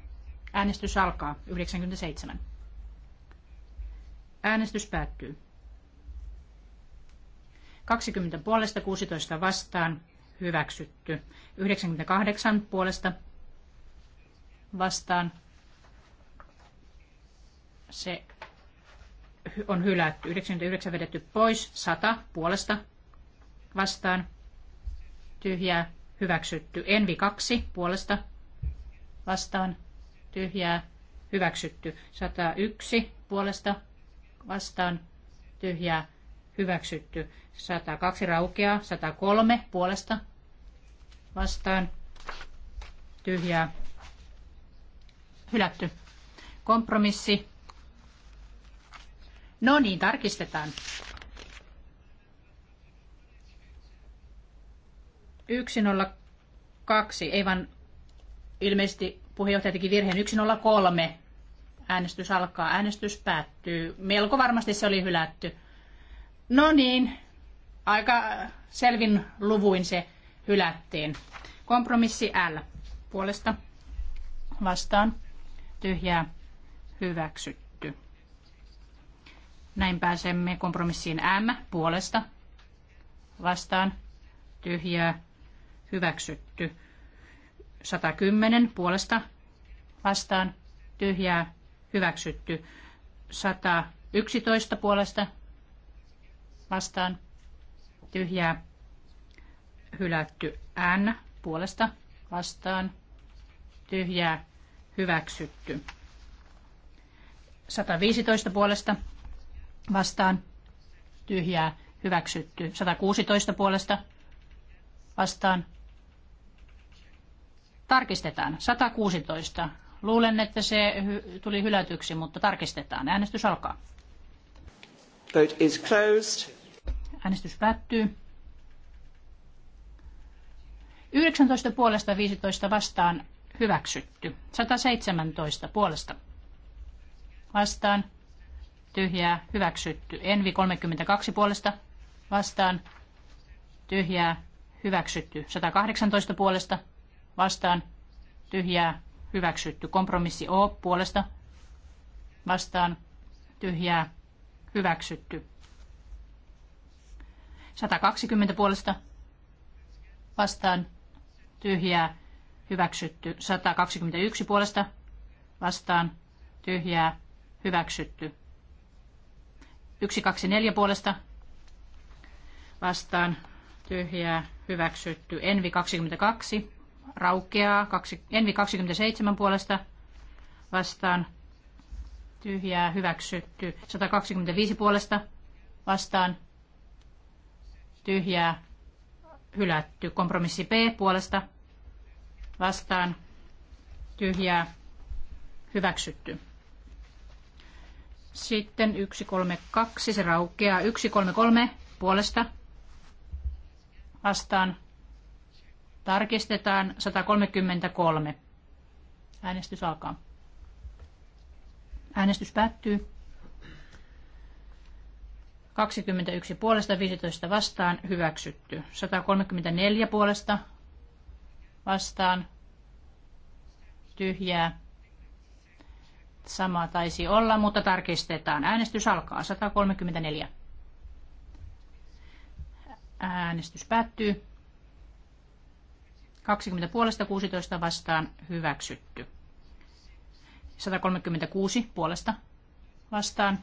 Äänestys alkaa. 97. Äänestys päättyy. 20 puolesta 16 vastaan hyväksytty. 98 puolesta vastaan se on hylätty. 99 vedetty pois, 100 puolesta vastaan tyhjää hyväksytty. Envi 2 puolesta vastaan tyhjää, hyväksytty. 101 puolesta vastaan, tyhjää, hyväksytty. 102 raukeaa, 103 puolesta vastaan, tyhjää, hylätty. Kompromissi. No niin, tarkistetaan. Yksi nolla kaksi, ei vaan ilmeisesti Puheenjohtaja teki virheen 103. Äänestys alkaa. Äänestys päättyy. Melko varmasti se oli hylätty. No niin, aika selvin luvuin se hylättiin. Kompromissi L puolesta vastaan tyhjää hyväksytty. Näin pääsemme kompromissiin M puolesta vastaan tyhjää hyväksytty. 110 puolesta vastaan tyhjää hyväksytty. 111 puolesta vastaan tyhjää hylätty. N puolesta vastaan tyhjää hyväksytty. 115 puolesta vastaan tyhjää hyväksytty. 116 puolesta vastaan Tarkistetaan. 116. Luulen, että se tuli hylätyksi, mutta tarkistetaan. Äänestys alkaa. Vote is closed. Äänestys päättyy. 19 puolesta 15 vastaan hyväksytty. 117 puolesta vastaan tyhjää hyväksytty. Envi 32 puolesta vastaan tyhjää hyväksytty. 118 puolesta vastaan tyhjää hyväksytty. Kompromissi O puolesta vastaan tyhjää hyväksytty. 120 puolesta vastaan tyhjää hyväksytty. 121 puolesta vastaan tyhjää hyväksytty. 124 puolesta vastaan tyhjää hyväksytty. Envi 22 raukeaa. Envi 27 puolesta vastaan tyhjää hyväksytty. 125 puolesta vastaan tyhjää hylätty. Kompromissi B puolesta vastaan tyhjää hyväksytty. Sitten 132, se raukeaa 133 puolesta vastaan Tarkistetaan 133. Äänestys alkaa. Äänestys päättyy. 21 puolesta 15 vastaan hyväksytty. 134 puolesta vastaan tyhjää. Sama taisi olla, mutta tarkistetaan. Äänestys alkaa. 134. Äänestys päättyy. 20 puolesta 16 vastaan hyväksytty. 136 puolesta vastaan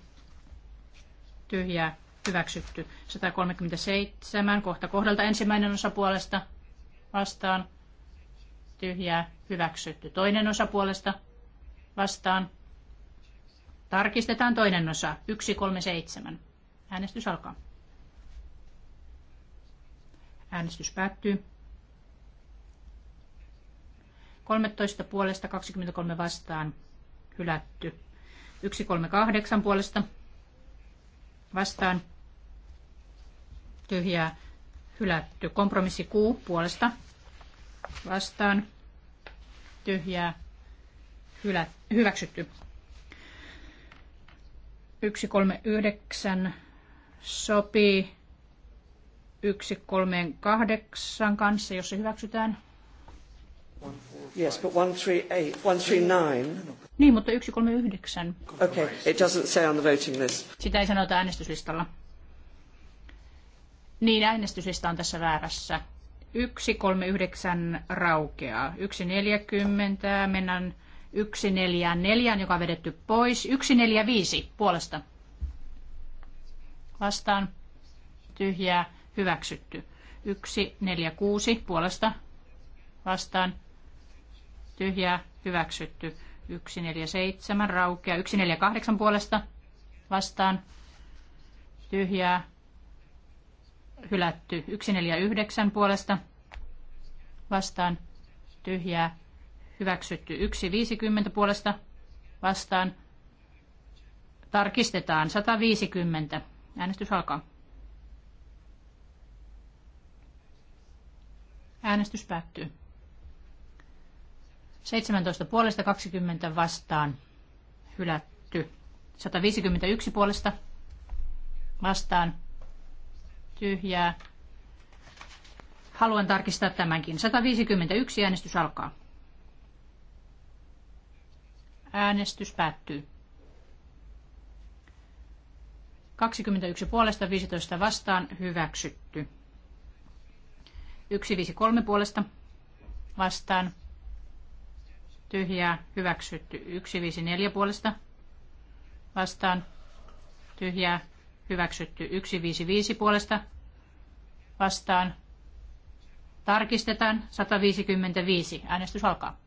tyhjää hyväksytty. 137 kohta kohdalta ensimmäinen osa puolesta vastaan tyhjää hyväksytty. Toinen osa puolesta vastaan tarkistetaan toinen osa 137. Äänestys alkaa. Äänestys päättyy. 13 puolesta 23 vastaan hylätty. 138 puolesta vastaan tyhjää hylätty. Kompromissi Q puolesta vastaan tyhjää hylä, hyväksytty. 139 sopii 138 kanssa, jos se hyväksytään. Yes, but 138, 139. Niin, mutta 139. Okay, it doesn't say on the voting list. Sitä ei sanota äänestyslistalla. Niin, äänestyslista on tässä väärässä. 139 raukeaa. 140, mennään 144, joka on vedetty pois. 145 puolesta. Vastaan. Tyhjää. Hyväksytty. 146 puolesta. Vastaan tyhjää, hyväksytty. 147 raukea, 148 puolesta vastaan, tyhjää, hylätty. 149 puolesta vastaan, tyhjää, hyväksytty. 150 puolesta vastaan, tarkistetaan 150. Äänestys alkaa. Äänestys päättyy. 17 puolesta 20 vastaan hylätty. 151 puolesta vastaan tyhjää. Haluan tarkistaa tämänkin. 151 äänestys alkaa. Äänestys päättyy. 21 puolesta 15 vastaan hyväksytty. 153 puolesta vastaan tyhjää, hyväksytty 154 puolesta, vastaan, tyhjää, hyväksytty 155 puolesta, vastaan, tarkistetaan 155, äänestys alkaa.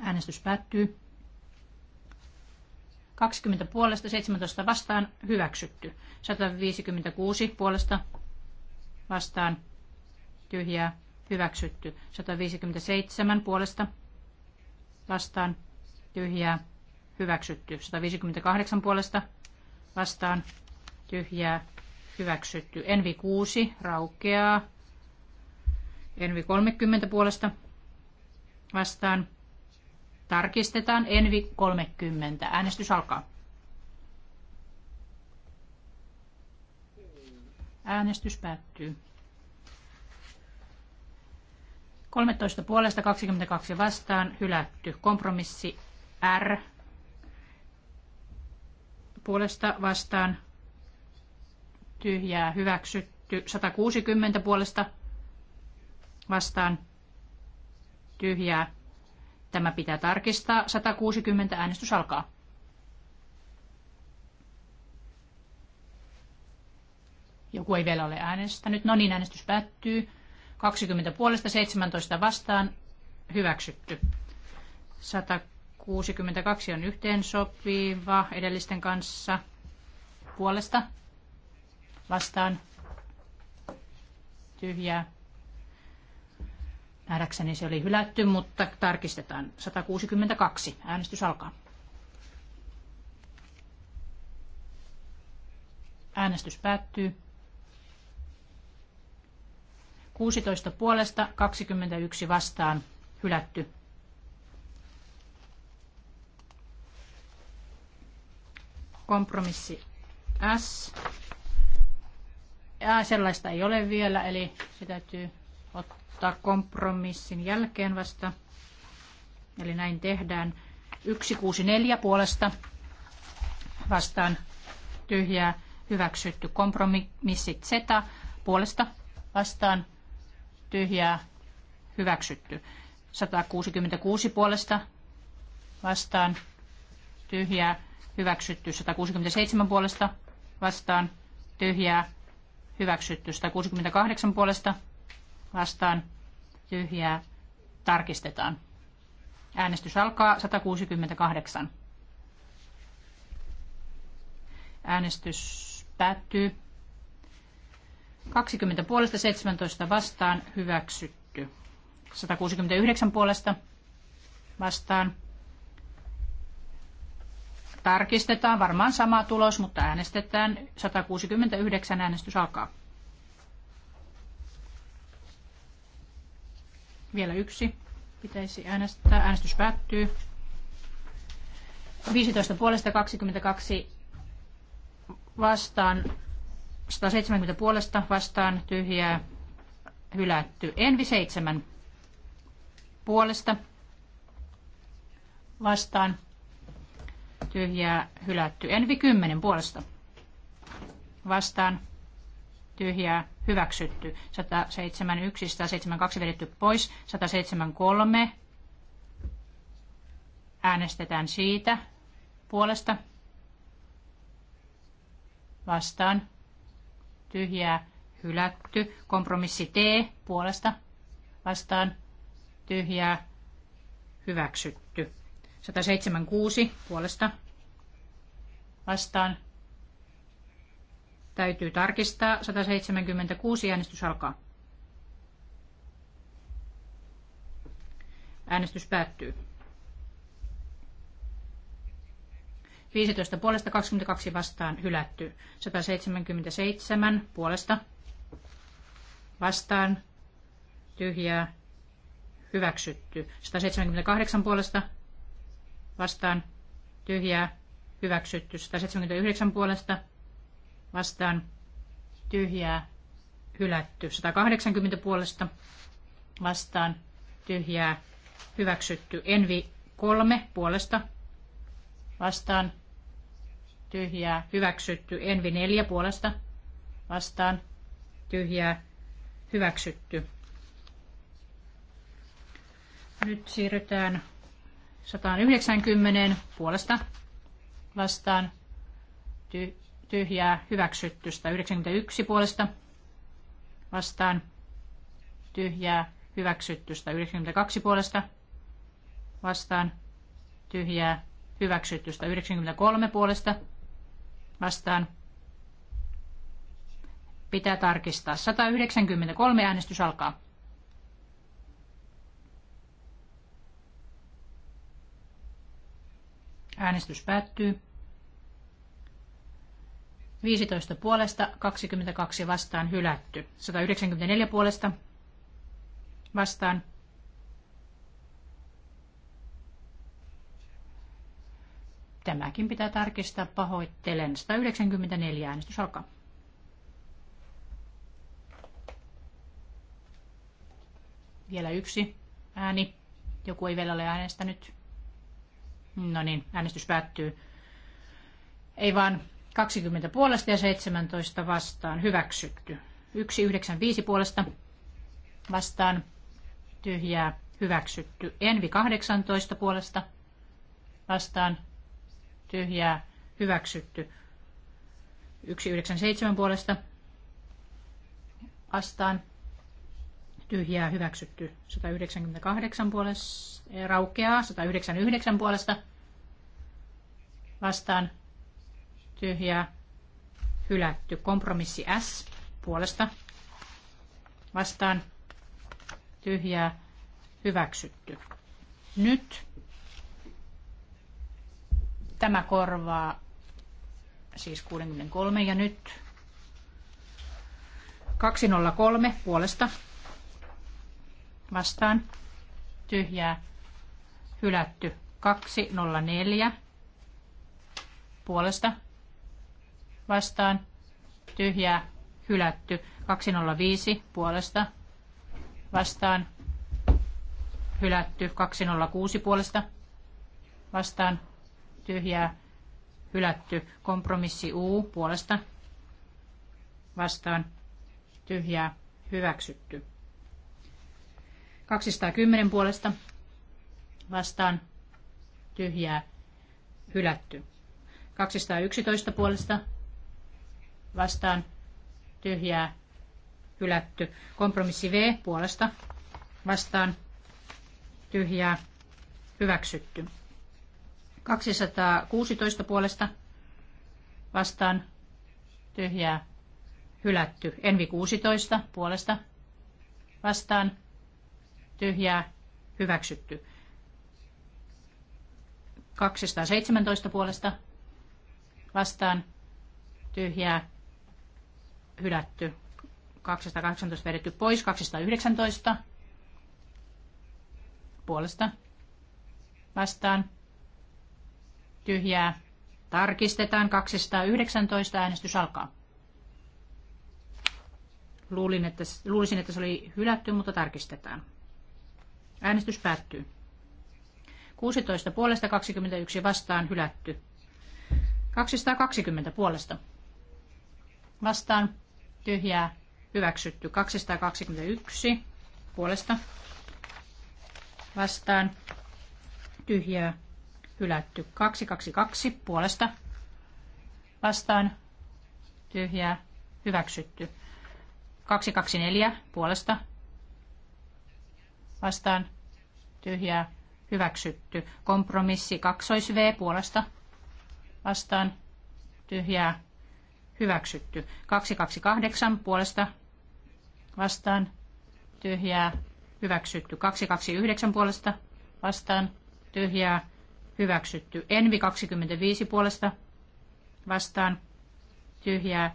Äänestys päättyy. 20 puolesta, 17 vastaan, hyväksytty. 156 puolesta, vastaan, tyhjää, hyväksytty. 157 puolesta vastaan tyhjää hyväksytty. 158 puolesta vastaan tyhjää hyväksytty. Envi 6 raukeaa. Envi 30 puolesta vastaan tarkistetaan. Envi 30. Äänestys alkaa. Äänestys päättyy. 13 puolesta 22 vastaan hylätty. Kompromissi R puolesta vastaan tyhjää hyväksytty. 160 puolesta vastaan tyhjää. Tämä pitää tarkistaa. 160 äänestys alkaa. Joku ei vielä ole äänestänyt. No niin, äänestys päättyy. 20 puolesta 17 vastaan hyväksytty. 162 on yhteensopiva edellisten kanssa puolesta vastaan tyhjää. Nähdäkseni se oli hylätty, mutta tarkistetaan. 162. Äänestys alkaa. Äänestys päättyy. 16 puolesta, 21 vastaan, hylätty. Kompromissi S. Ja sellaista ei ole vielä, eli se täytyy ottaa kompromissin jälkeen vasta. Eli näin tehdään. 164 puolesta vastaan tyhjää hyväksytty kompromissi Z puolesta vastaan tyhjää hyväksytty. 166 puolesta vastaan tyhjää hyväksytty. 167 puolesta vastaan tyhjää hyväksytty. 168 puolesta vastaan tyhjää tarkistetaan. Äänestys alkaa 168. Äänestys päättyy. 20 puolesta 17 vastaan hyväksytty. 169 puolesta vastaan. Tarkistetaan varmaan sama tulos, mutta äänestetään. 169 äänestys alkaa. Vielä yksi pitäisi äänestää. Äänestys päättyy. 15 puolesta 22 vastaan 170 puolesta vastaan tyhjää hylätty. Envi 7 puolesta vastaan tyhjää hylätty. Envi 10 puolesta vastaan tyhjää hyväksytty. 171, 172 vedetty pois, 173 äänestetään siitä puolesta vastaan tyhjää hylätty. Kompromissi T puolesta vastaan tyhjää hyväksytty. 176 puolesta vastaan täytyy tarkistaa. 176 äänestys alkaa. Äänestys päättyy. 15 puolesta 22 vastaan hylätty. 177 puolesta vastaan tyhjää hyväksytty. 178 puolesta vastaan tyhjää hyväksytty. 179 puolesta vastaan tyhjää hylätty. 180 puolesta vastaan tyhjää hyväksytty. Envi 3 puolesta vastaan tyhjää hyväksytty. Envi neljä puolesta vastaan tyhjää hyväksytty. Nyt siirrytään 190 puolesta vastaan ty tyhjää hyväksytty. 191 puolesta vastaan tyhjää hyväksytty. 192 puolesta vastaan tyhjää hyväksytystä 93 puolesta vastaan. Pitää tarkistaa. 193 äänestys alkaa. Äänestys päättyy. 15 puolesta, 22 vastaan hylätty. 194 puolesta vastaan Tämäkin pitää tarkistaa pahoittelen. 194 äänestys alkaa. Vielä yksi ääni. Joku ei vielä ole äänestänyt. No niin, äänestys päättyy. Ei vaan 20 puolesta ja 17 vastaan hyväksytty. 195 puolesta vastaan tyhjää hyväksytty. Envi 18 puolesta vastaan tyhjää, hyväksytty. 197 puolesta vastaan tyhjää hyväksytty 198 puolesta, eh, raukeaa 199 puolesta vastaan tyhjää hylätty kompromissi S puolesta vastaan tyhjää hyväksytty. Nyt Tämä korvaa siis 63 ja nyt 203 puolesta vastaan tyhjää hylätty 204 puolesta vastaan tyhjää hylätty 205 puolesta vastaan hylätty 206 puolesta vastaan tyhjää, hylätty. Kompromissi U puolesta vastaan tyhjää, hyväksytty. 210 puolesta vastaan tyhjää, hylätty. 211 puolesta vastaan tyhjää, hylätty. Kompromissi V puolesta vastaan tyhjää, hyväksytty. 216 puolesta vastaan tyhjää hylätty. Envi 16 puolesta vastaan tyhjää hyväksytty. 217 puolesta vastaan tyhjää hylätty. 218 vedetty pois, 219 puolesta vastaan tyhjää. Tarkistetaan 219 äänestys alkaa. Luulin, että, luulisin, että se oli hylätty, mutta tarkistetaan. Äänestys päättyy. 16 puolesta 21 vastaan hylätty. 220 puolesta. Vastaan tyhjää hyväksytty. 221 puolesta. Vastaan tyhjää hylätty. 222 puolesta vastaan tyhjää hyväksytty. 224 puolesta vastaan tyhjää hyväksytty. Kompromissi 2 V puolesta vastaan tyhjää hyväksytty. 228 puolesta vastaan tyhjää hyväksytty. 229 puolesta vastaan tyhjää hyväksytty. Envi 25 puolesta vastaan tyhjää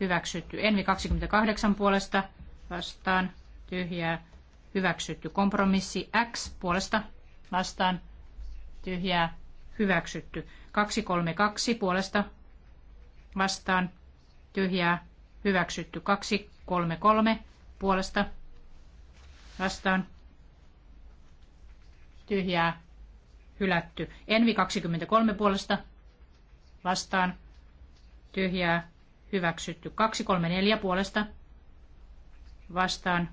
hyväksytty. Envi 28 puolesta vastaan tyhjää hyväksytty. Kompromissi X puolesta vastaan tyhjää hyväksytty. 232 puolesta vastaan tyhjää hyväksytty. 233 puolesta vastaan tyhjää hylätty. Envi 23 puolesta vastaan tyhjää hyväksytty. 234 puolesta vastaan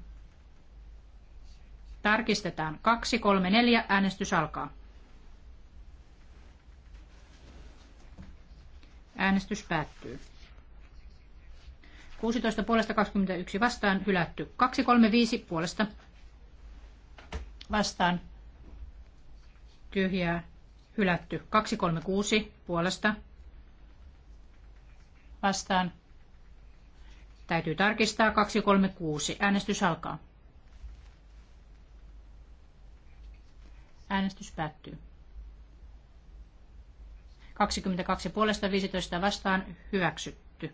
tarkistetaan. 234 äänestys alkaa. Äänestys päättyy. 16 puolesta 21 vastaan hylätty. 235 puolesta vastaan tyhjää, hylätty. 236 puolesta vastaan. Täytyy tarkistaa 236. Äänestys alkaa. Äänestys päättyy. 22 puolesta 15 vastaan hyväksytty.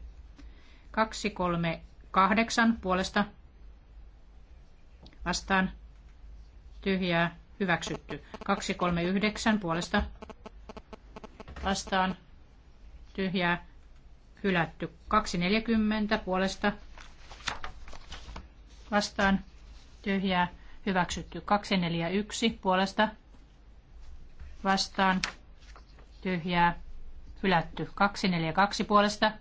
238 puolesta vastaan tyhjää Hyväksytty. 239 puolesta vastaan tyhjää hylätty. 240 puolesta vastaan tyhjää hyväksytty. 241 puolesta vastaan tyhjää hylätty. 242 puolesta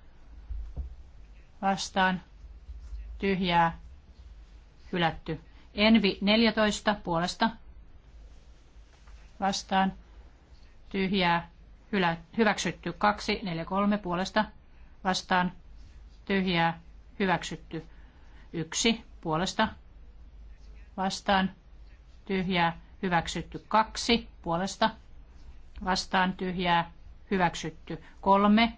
vastaan tyhjää hylätty. Envi 14 puolesta vastaan tyhjää hylä, hyväksytty 2, 4, 3 puolesta vastaan tyhjää hyväksytty 1 puolesta vastaan tyhjää hyväksytty 2 puolesta vastaan tyhjää hyväksytty 3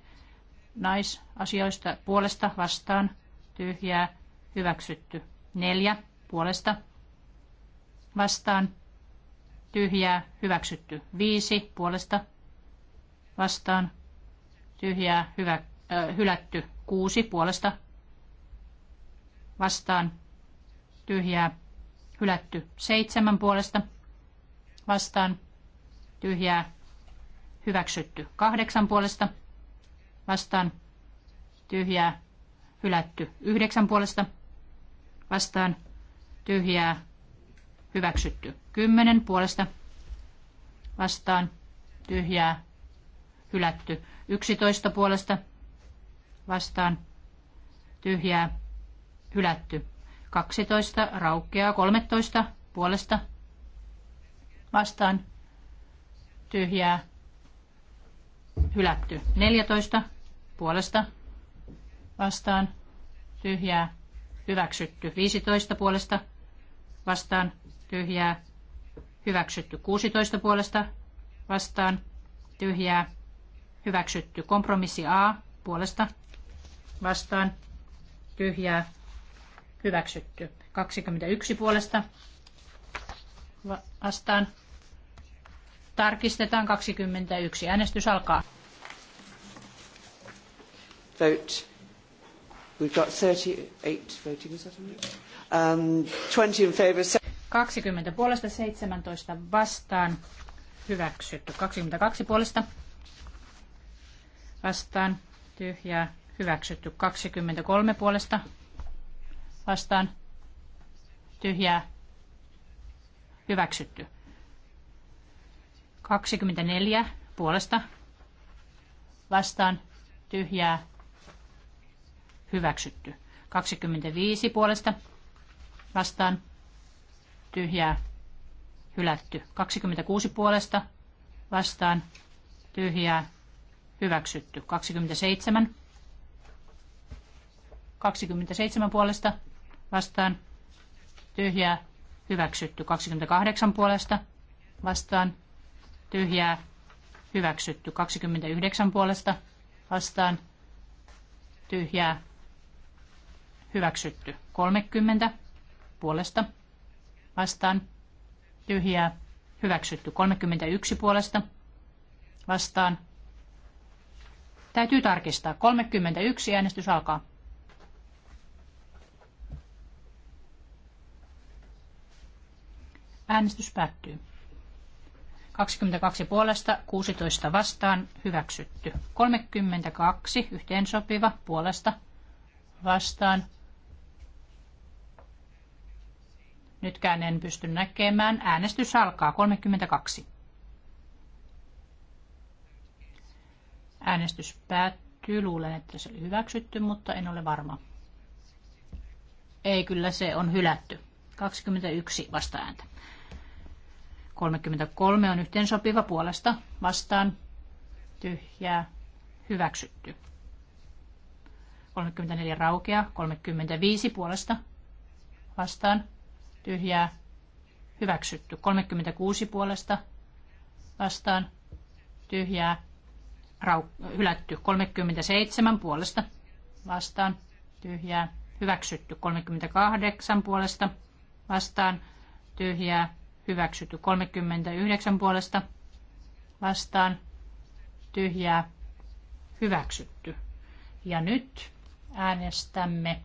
naisasioista puolesta vastaan tyhjää hyväksytty 4 puolesta vastaan tyhjää, hyväksytty. Viisi puolesta vastaan, tyhjää, hyvä, äh, hylätty. Kuusi puolesta vastaan, tyhjää, hylätty. Seitsemän puolesta vastaan, tyhjää, hyväksytty. Kahdeksan puolesta vastaan, tyhjää, hylätty. Yhdeksän puolesta vastaan, tyhjää, Hyväksytty. kymmenen puolesta vastaan tyhjää hylätty. Yksitoista puolesta vastaan tyhjää hylätty. Kaksitoista raukeaa Kolmetoista puolesta vastaan tyhjää hylätty. Neljätoista puolesta vastaan tyhjää hyväksytty. Viisitoista puolesta vastaan tyhjää, hyväksytty 16 puolesta vastaan, tyhjää, hyväksytty kompromissi A puolesta vastaan, tyhjää, hyväksytty 21 puolesta vastaan. Tarkistetaan 21. Äänestys alkaa. Vote. We've got 38 voting, is that right? Um, 20 in favour. 20 puolesta 17 vastaan hyväksytty. 22 puolesta vastaan tyhjää hyväksytty. 23 puolesta vastaan tyhjää hyväksytty. 24 puolesta vastaan tyhjää hyväksytty. 25 puolesta vastaan tyhjää, hylätty. 26 puolesta vastaan, tyhjää, hyväksytty. 27, 27 puolesta vastaan, tyhjää, hyväksytty. 28 puolesta vastaan, tyhjää, hyväksytty. 29 puolesta vastaan, tyhjää, hyväksytty. 30 puolesta vastaan tyhjää hyväksytty. 31 puolesta vastaan Täytyy tarkistaa. 31 äänestys alkaa. Äänestys päättyy. 22 puolesta, 16 vastaan, hyväksytty. 32 yhteensopiva puolesta, vastaan, Nytkään en pysty näkemään. Äänestys alkaa 32. Äänestys päättyy. Luulen, että se oli hyväksytty, mutta en ole varma. Ei, kyllä se on hylätty. 21 vastaääntä. 33 on sopiva puolesta vastaan. Tyhjää. Hyväksytty. 34 raukea. 35 puolesta vastaan tyhjää, hyväksytty. 36 puolesta vastaan, tyhjää, rauk- hylätty. 37 puolesta vastaan, tyhjää, hyväksytty. 38 puolesta vastaan, tyhjää, hyväksytty. 39 puolesta vastaan, tyhjää, hyväksytty. Ja nyt äänestämme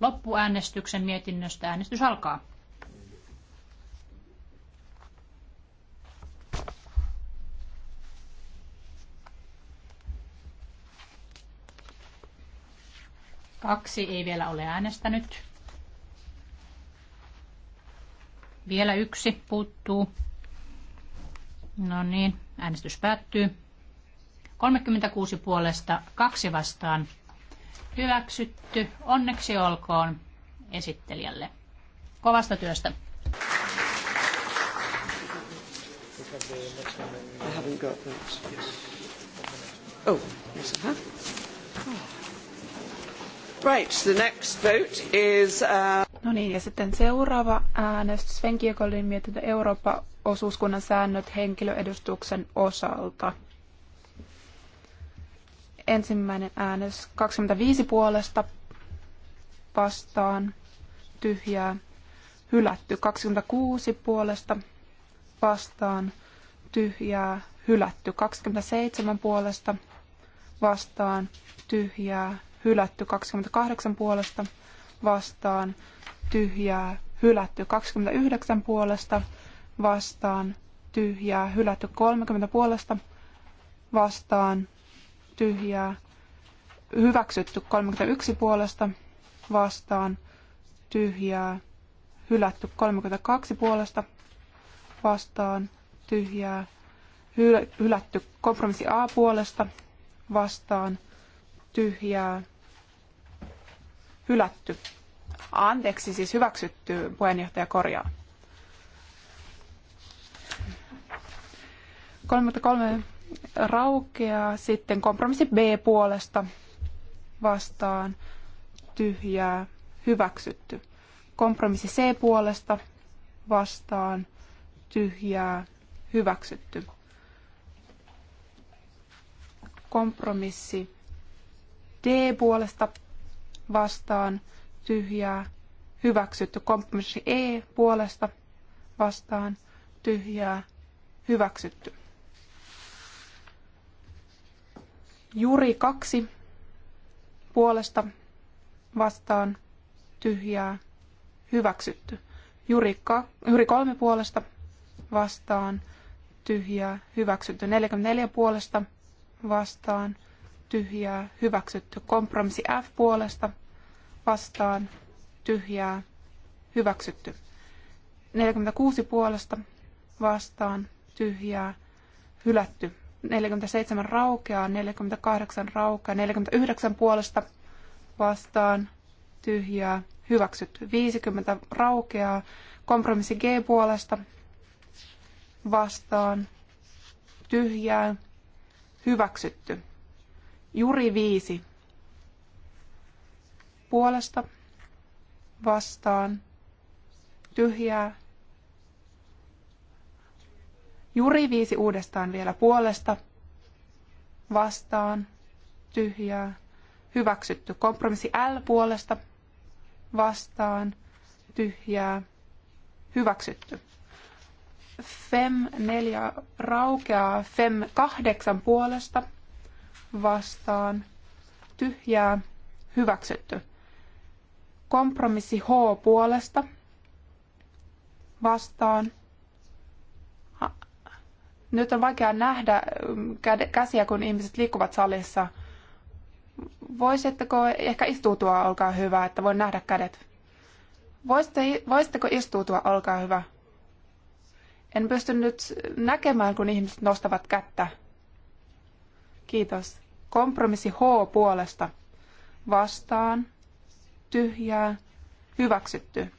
loppuäänestyksen mietinnöstä. Äänestys alkaa. Kaksi ei vielä ole äänestänyt. Vielä yksi puuttuu. No niin, äänestys päättyy. 36 puolesta, kaksi vastaan, Hyväksytty. Onneksi olkoon esittelijälle. Kovasta työstä. Oh, Right, the next vote is... Uh... No niin, ja sitten seuraava äänestys Sven Kiekolin mietintö Eurooppa-osuuskunnan säännöt henkilöedustuksen osalta. Ensimmäinen äänes 25 puolesta vastaan tyhjää hylätty. 26 puolesta vastaan tyhjää hylätty. 27 puolesta vastaan tyhjää hylätty. 28 puolesta vastaan tyhjää hylätty. 29 puolesta vastaan tyhjää hylätty. 30 puolesta vastaan tyhjää, hyväksytty 31 puolesta vastaan, tyhjää, hylätty 32 puolesta vastaan, tyhjää, hylätty kompromissi A puolesta vastaan, tyhjää, hylätty. Anteeksi, siis hyväksytty puheenjohtaja korjaa. 33 raukeaa sitten kompromissi B puolesta vastaan tyhjää hyväksytty. Kompromissi C puolesta vastaan tyhjää hyväksytty. Kompromissi D puolesta vastaan tyhjää hyväksytty. Kompromissi E puolesta vastaan tyhjää hyväksytty. Juri kaksi puolesta vastaan tyhjää hyväksytty. Juri, ka, juri kolme puolesta vastaan tyhjää hyväksytty. 44 puolesta vastaan tyhjää hyväksytty. Kompromissi F puolesta vastaan tyhjää hyväksytty. 46 puolesta vastaan tyhjää hylätty. 47 raukeaa, 48 raukeaa, 49 puolesta vastaan tyhjää, hyväksytty. 50 raukeaa, kompromissi G puolesta vastaan tyhjää, hyväksytty. Juri 5 puolesta vastaan tyhjää, Juri viisi uudestaan vielä puolesta. Vastaan. Tyhjää. Hyväksytty. Kompromissi L puolesta. Vastaan. Tyhjää. Hyväksytty. Fem neljä raukeaa. Fem kahdeksan puolesta. Vastaan. Tyhjää. Hyväksytty. Kompromissi H puolesta. Vastaan nyt on vaikea nähdä mm, käsiä, kun ihmiset liikkuvat salissa. Voisitteko ehkä istuutua, olkaa hyvä, että voin nähdä kädet. Voisitte, voisitteko istuutua, olkaa hyvä. En pysty nyt näkemään, kun ihmiset nostavat kättä. Kiitos. Kompromissi H puolesta. Vastaan. Tyhjää. Hyväksytty.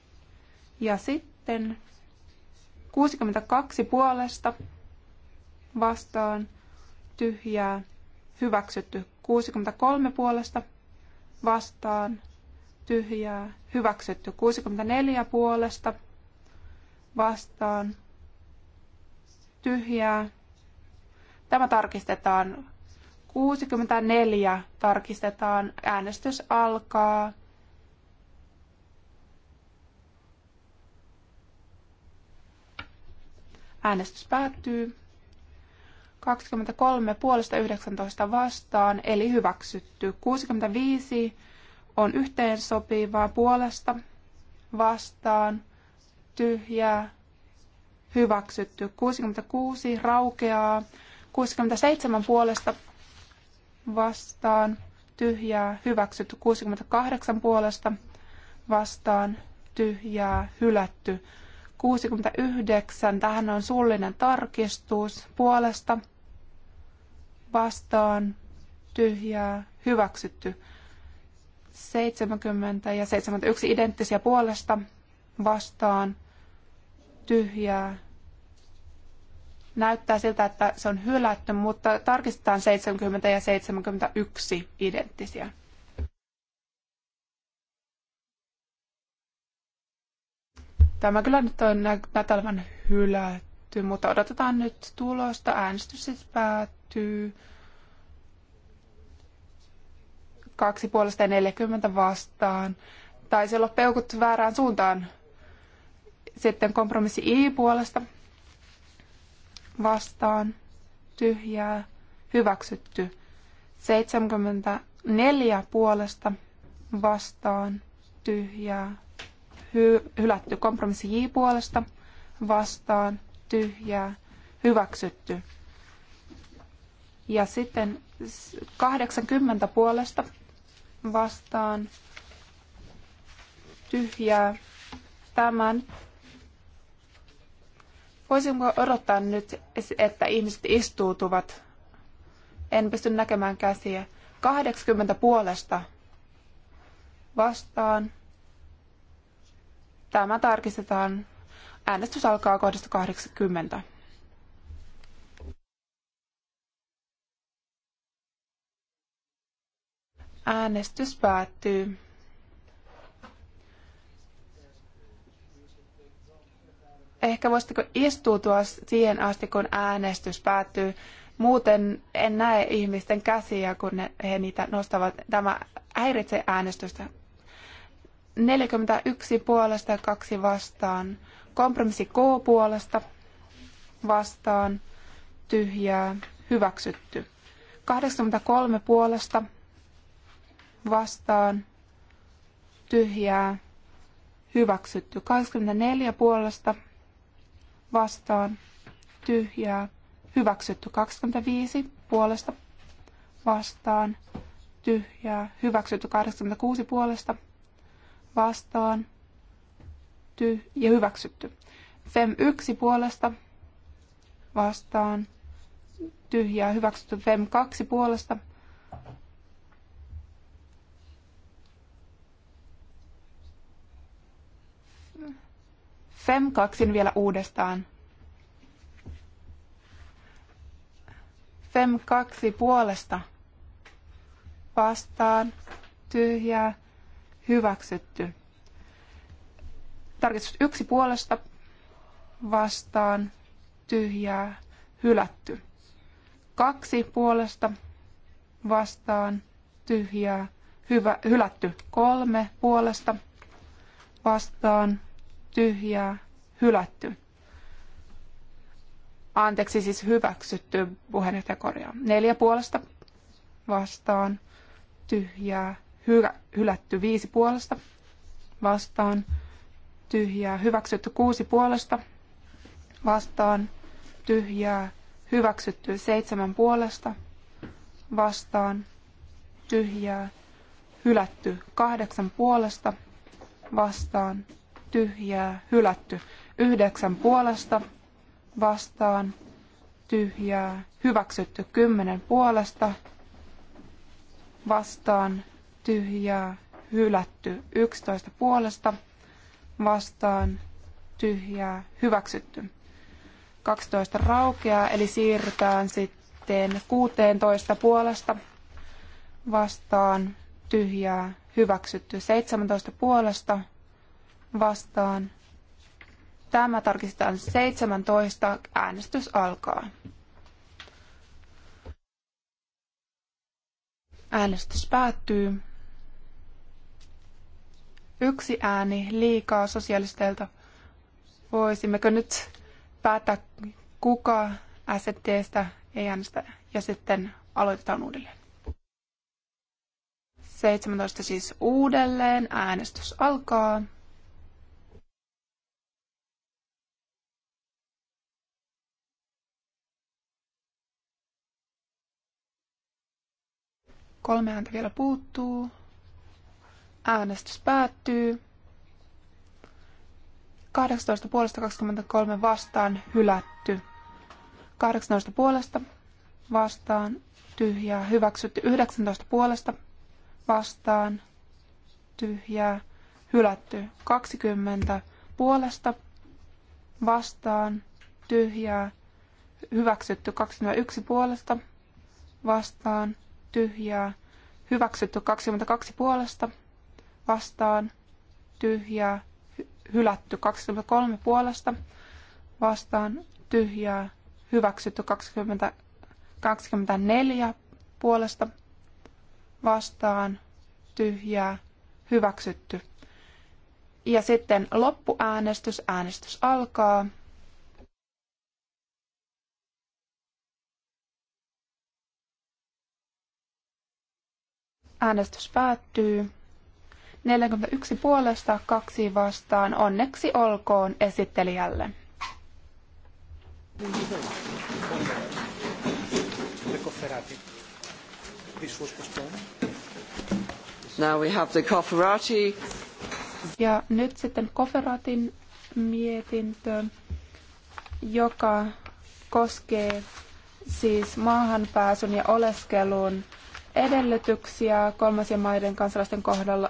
Ja sitten 62 puolesta vastaan tyhjää hyväksytty. 63 puolesta vastaan tyhjää hyväksytty. 64 puolesta vastaan tyhjää. Tämä tarkistetaan. 64 tarkistetaan. Äänestys alkaa. Äänestys päättyy. 23 puolesta 19 vastaan, eli hyväksytty. 65 on yhteensopivaa puolesta vastaan, tyhjää, hyväksytty. 66 raukeaa, 67 puolesta vastaan, tyhjää, hyväksytty. 68 puolesta vastaan, tyhjää, hylätty. 69. Tähän on suullinen tarkistus puolesta vastaan tyhjää hyväksytty. 70 ja 71 identtisiä puolesta vastaan tyhjää. Näyttää siltä, että se on hylätty, mutta tarkistetaan 70 ja 71 identtisiä. Tämä kyllä nyt on Natalvan hylätty, mutta odotetaan nyt tulosta. Äänestys siis päättyy. Kaksi puolesta ja 40 vastaan. Taisi olla peukut väärään suuntaan. Sitten kompromissi I puolesta vastaan. Tyhjää. Hyväksytty. 74 puolesta vastaan. Tyhjää hylätty. Kompromissi J puolesta vastaan tyhjää hyväksytty. Ja sitten 80 puolesta vastaan tyhjää tämän. Voisinko odottaa nyt, että ihmiset istuutuvat? En pysty näkemään käsiä. 80 puolesta vastaan Tämä tarkistetaan. Äänestys alkaa kohdasta 80. Äänestys päättyy. Ehkä voisitteko istuutua siihen asti, kun äänestys päättyy. Muuten en näe ihmisten käsiä, kun he niitä nostavat. Tämä häiritsee äänestystä. 41 puolesta ja 2 vastaan. Kompromissi K puolesta vastaan. Tyhjää. Hyväksytty. 83 puolesta vastaan. Tyhjää. Hyväksytty. 24 puolesta vastaan. Tyhjää. Hyväksytty. 25 puolesta vastaan. Tyhjää. Hyväksytty. 86 puolesta vastaan, ty ja hyväksytty. Fem 1 puolesta vastaan, tyhjää hyväksytty. Fem 2 puolesta Fem 2 vielä uudestaan. Fem 2 puolesta vastaan, tyhjää hyväksytty. Tarkistus yksi puolesta vastaan tyhjää hylätty. Kaksi puolesta vastaan tyhjää hyvä, hylätty. Kolme puolesta vastaan tyhjää hylätty. Anteeksi, siis hyväksytty korjaa. Neljä puolesta vastaan tyhjää Hy- hylätty viisi puolesta vastaan. Tyhjää. Hyväksytty kuusi puolesta vastaan. Tyhjää. Hyväksytty seitsemän puolesta vastaan. Tyhjää. Hylätty kahdeksan puolesta vastaan. Tyhjää. Hylätty yhdeksän puolesta vastaan tyhjää, hyväksytty kymmenen puolesta, vastaan tyhjää, hylätty. 11 puolesta vastaan, tyhjää, hyväksytty. 12 raukeaa, eli siirrytään sitten 16 puolesta vastaan, tyhjää, hyväksytty. 17 puolesta vastaan. Tämä tarkistetaan 17. Äänestys alkaa. Äänestys päättyy. Yksi ääni liikaa sosialisteilta. Voisimmeko nyt päättää, kuka STstä ei äänestä, ja sitten aloitetaan uudelleen. 17 siis uudelleen. Äänestys alkaa. Kolme ääntä vielä puuttuu. Äänestys päättyy. 18 puolesta 23 vastaan hylätty. 18 puolesta vastaan tyhjää hyväksytty. 19 puolesta vastaan tyhjää hylätty. 20 puolesta vastaan tyhjää hyväksytty. 21 puolesta vastaan tyhjää hyväksytty. 22 puolesta vastaan, tyhjää, vastaan tyhjää hylätty 23 puolesta vastaan tyhjää hyväksytty 20, 24 puolesta vastaan tyhjää hyväksytty. Ja sitten loppuäänestys, äänestys alkaa. Äänestys päättyy. 41 puolesta, kaksi vastaan. Onneksi olkoon esittelijälle. Now we have the Cofferati. Ja nyt sitten Kofferatin mietintö, joka koskee siis maahanpääsyn ja oleskelun edellytyksiä kolmansien maiden kansalaisten kohdalla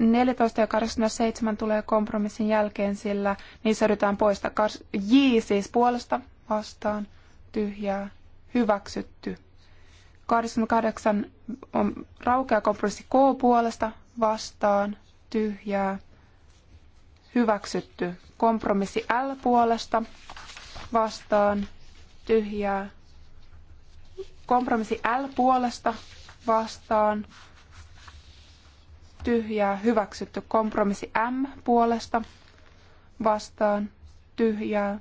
14 ja 27 tulee kompromissin jälkeen, sillä niissä yritetään poistaa J siis puolesta vastaan tyhjää hyväksytty. 28 on raukea kompromissi K puolesta vastaan tyhjää hyväksytty. Kompromissi L puolesta vastaan tyhjää. Kompromissi L puolesta vastaan tyhjää hyväksytty. Kompromissi M puolesta vastaan tyhjää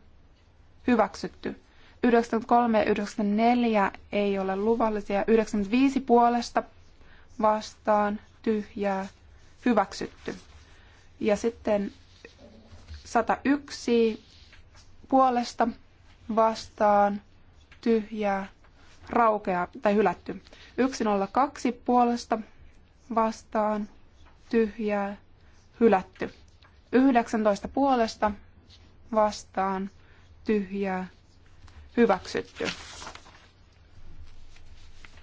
hyväksytty. 93 ja 94 ei ole luvallisia. 95 puolesta vastaan tyhjää hyväksytty. Ja sitten 101 puolesta vastaan tyhjää raukeaa tai hylätty. 102 puolesta vastaan tyhjää, hylätty. 19 puolesta vastaan, tyhjää, hyväksytty.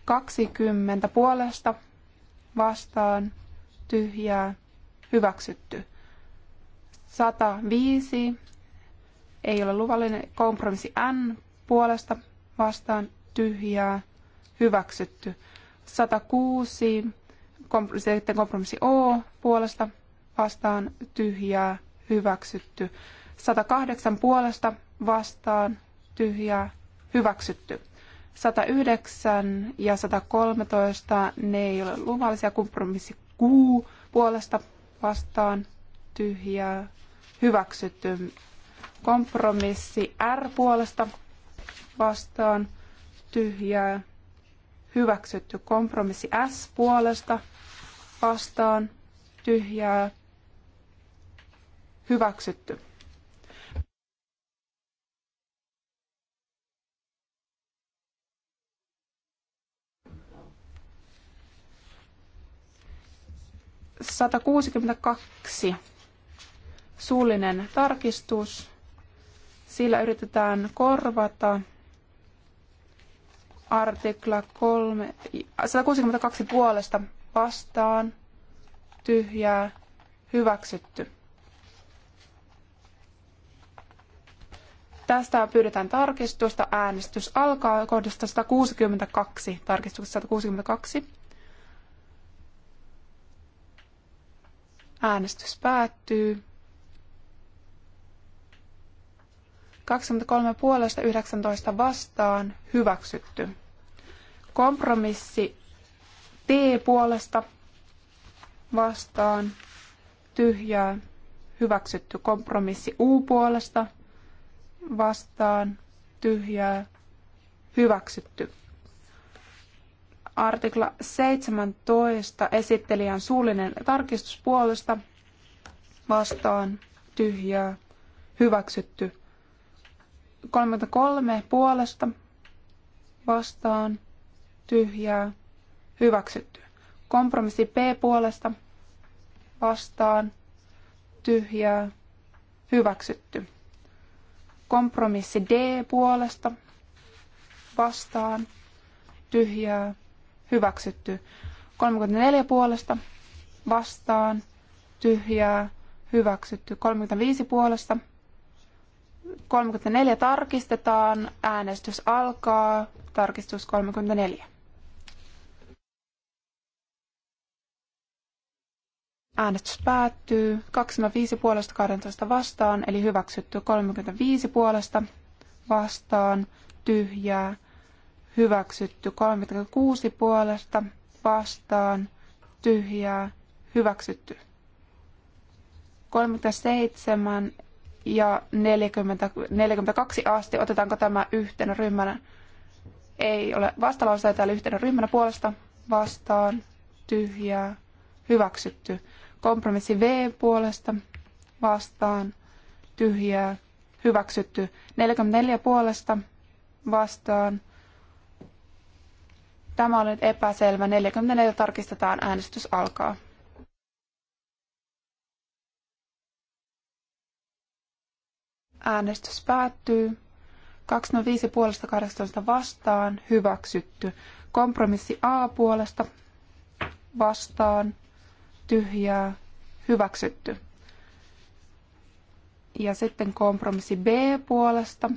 20 puolesta vastaan, tyhjää, hyväksytty. 105 ei ole luvallinen kompromissi N puolesta vastaan, tyhjää, hyväksytty. 106 sitten kompromissi O puolesta vastaan tyhjää hyväksytty. 108 puolesta vastaan tyhjää hyväksytty. 109 ja 113, ne ei ole luvallisia. Kompromissi Q puolesta vastaan tyhjää hyväksytty. Kompromissi R puolesta vastaan tyhjää hyväksytty. Kompromissi S puolesta vastaan tyhjää hyväksytty. Satakuusikymmentäkaksi suullinen tarkistus. Sillä yritetään korvata artikla 3, 162 puolesta vastaan, tyhjää, hyväksytty. Tästä pyydetään tarkistusta. Äänestys alkaa kohdasta 162, tarkistuksesta 162. Äänestys päättyy. 23 puolesta 19 vastaan hyväksytty. Kompromissi t puolesta vastaan tyhjää hyväksytty kompromissi U puolesta vastaan tyhjää hyväksytty. Artikla 17 esittelijän suullinen tarkistus puolesta vastaan tyhjää hyväksytty. 33 puolesta vastaan tyhjää Hyväksytty. Kompromissi P puolesta vastaan tyhjää. Hyväksytty. Kompromissi D puolesta vastaan tyhjää. Hyväksytty. 34 puolesta vastaan tyhjää. Hyväksytty. 35 puolesta 34 tarkistetaan. Äänestys alkaa. Tarkistus 34. Äänestys päättyy 25 puolesta 12 vastaan, eli hyväksytty 35 puolesta vastaan, tyhjää, hyväksytty 36 puolesta vastaan, tyhjää, hyväksytty. 37 ja 40, 42 asti, otetaanko tämä yhtenä ryhmänä? Ei ole vastalauseita eli yhtenä ryhmänä puolesta vastaan, tyhjää, hyväksytty. Kompromissi V puolesta vastaan tyhjää hyväksytty. 44 puolesta vastaan. Tämä on nyt epäselvä. 44 tarkistetaan. Äänestys alkaa. Äänestys päättyy. 205 puolesta 18 vastaan hyväksytty. Kompromissi A puolesta vastaan tyhjää, hyväksytty. Ja sitten kompromissi B puolesta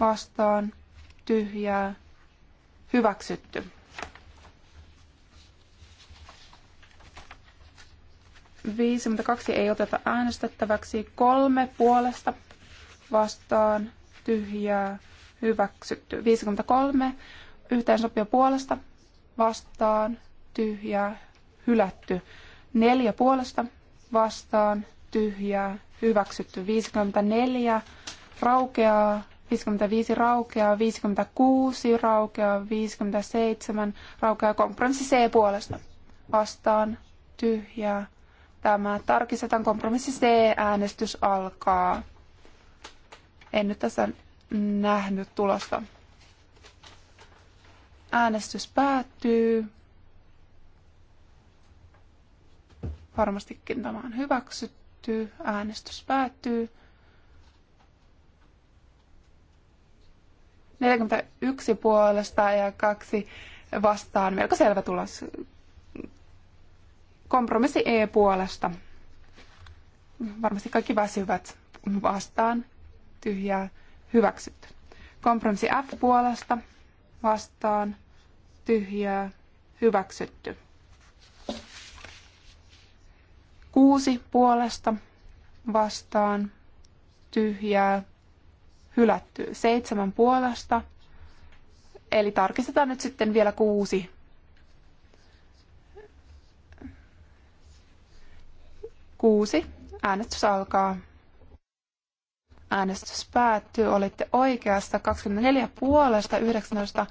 vastaan, tyhjää, hyväksytty. kaksi ei oteta äänestettäväksi. Kolme puolesta vastaan, tyhjää, hyväksytty. 53 yhteensopio puolesta vastaan, tyhjää, hylätty. Neljä puolesta vastaan tyhjää hyväksytty. 54 raukeaa, 55 raukeaa, 56 raukeaa, 57 raukeaa. Kompromissi C puolesta vastaan tyhjää. Tämä tarkistetaan kompromissi C, äänestys alkaa. En nyt tässä nähnyt tulosta. Äänestys päättyy. Varmastikin tämä on hyväksytty. Äänestys päättyy. 41 puolesta ja kaksi vastaan. Melko selvä tulos. Kompromissi E puolesta. Varmasti kaikki väsyvät vastaan. Tyhjää hyväksytty. Kompromissi F puolesta vastaan. Tyhjää hyväksytty. Kuusi puolesta vastaan tyhjää hylätty. Seitsemän puolesta. Eli tarkistetaan nyt sitten vielä kuusi. Kuusi. Äänestys alkaa. Äänestys päättyy. Olitte oikeassa 24 puolesta, 19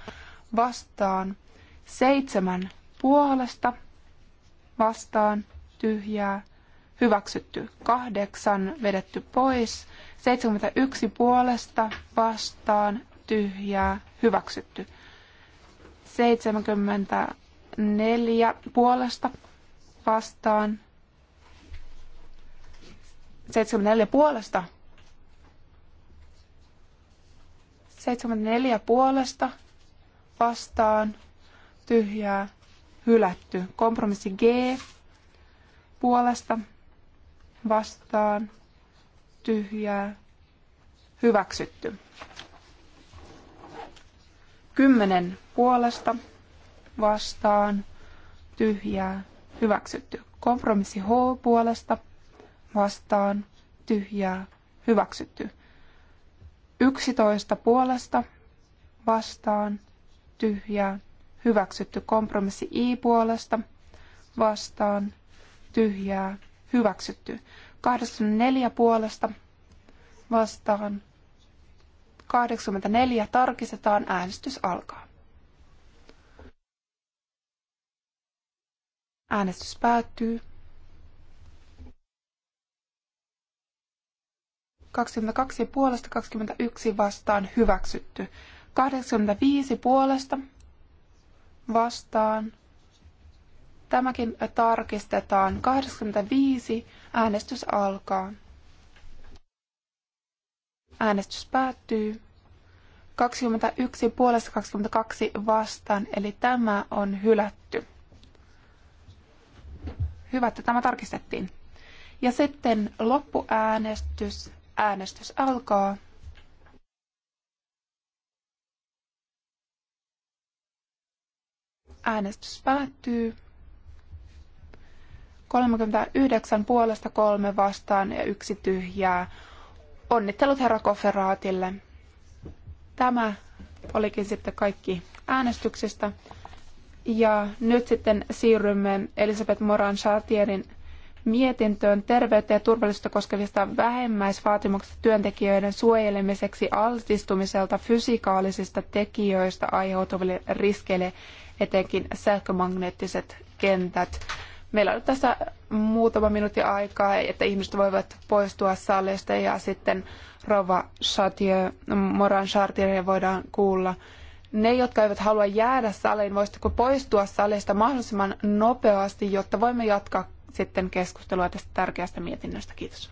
vastaan, seitsemän puolesta vastaan, tyhjää, hyväksytty. Kahdeksan vedetty pois. 71 puolesta vastaan tyhjää hyväksytty. 74 puolesta vastaan. 74 puolesta. 74 puolesta vastaan tyhjää hylätty. Kompromissi G puolesta vastaan tyhjää hyväksytty. Kymmenen puolesta vastaan tyhjää hyväksytty. Kompromissi H puolesta vastaan tyhjää hyväksytty. yksitoista puolesta vastaan tyhjää hyväksytty. Kompromissi I puolesta vastaan tyhjää hyväksytty. 84 puolesta vastaan 84 tarkistetaan äänestys alkaa. Äänestys päättyy. 22 puolesta 21 vastaan hyväksytty. 85 puolesta vastaan Tämäkin tarkistetaan. 85. Äänestys alkaa. Äänestys päättyy. 21 puolesta 22 vastaan, eli tämä on hylätty. Hyvä, että tämä tarkistettiin. Ja sitten loppuäänestys. Äänestys alkaa. Äänestys päättyy. 39 puolesta kolme vastaan ja yksi tyhjää. Onnittelut herra Koferaatille. Tämä olikin sitten kaikki äänestyksestä. Ja nyt sitten siirrymme Elisabeth Moran Chartierin mietintöön terveyttä ja turvallisuutta koskevista vähemmäisvaatimuksista työntekijöiden suojelemiseksi altistumiselta fysikaalisista tekijöistä aiheutuville riskeille, etenkin sähkömagneettiset kentät. Meillä on tässä muutama minuutti aikaa, että ihmiset voivat poistua salista ja sitten Rova Chartier, Moran Chartier voidaan kuulla. Ne, jotka eivät halua jäädä saliin, voisitteko poistua salista mahdollisimman nopeasti, jotta voimme jatkaa sitten keskustelua tästä tärkeästä mietinnöstä. Kiitos.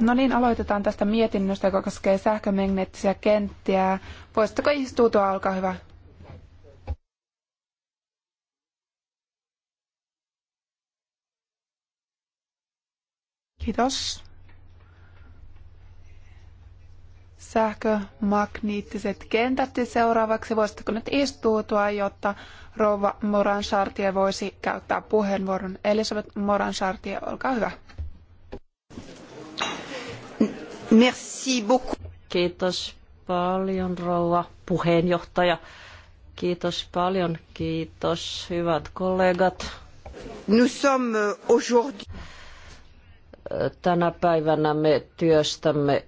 No niin, aloitetaan tästä mietinnöstä, joka koskee sähkömagneettisia kenttiä. Voisitteko istuutua, olkaa hyvä. Kiitos. sähkömagniittiset kentät seuraavaksi. Voisitteko nyt istuutua, jotta rouva Moran Chartier voisi käyttää puheenvuoron? Elisabeth Moran Chartier, olkaa hyvä. Merci beaucoup. Kiitos paljon rouva puheenjohtaja. Kiitos paljon, kiitos hyvät kollegat. Nous sommes aujourd'hui tänä päivänä me työstämme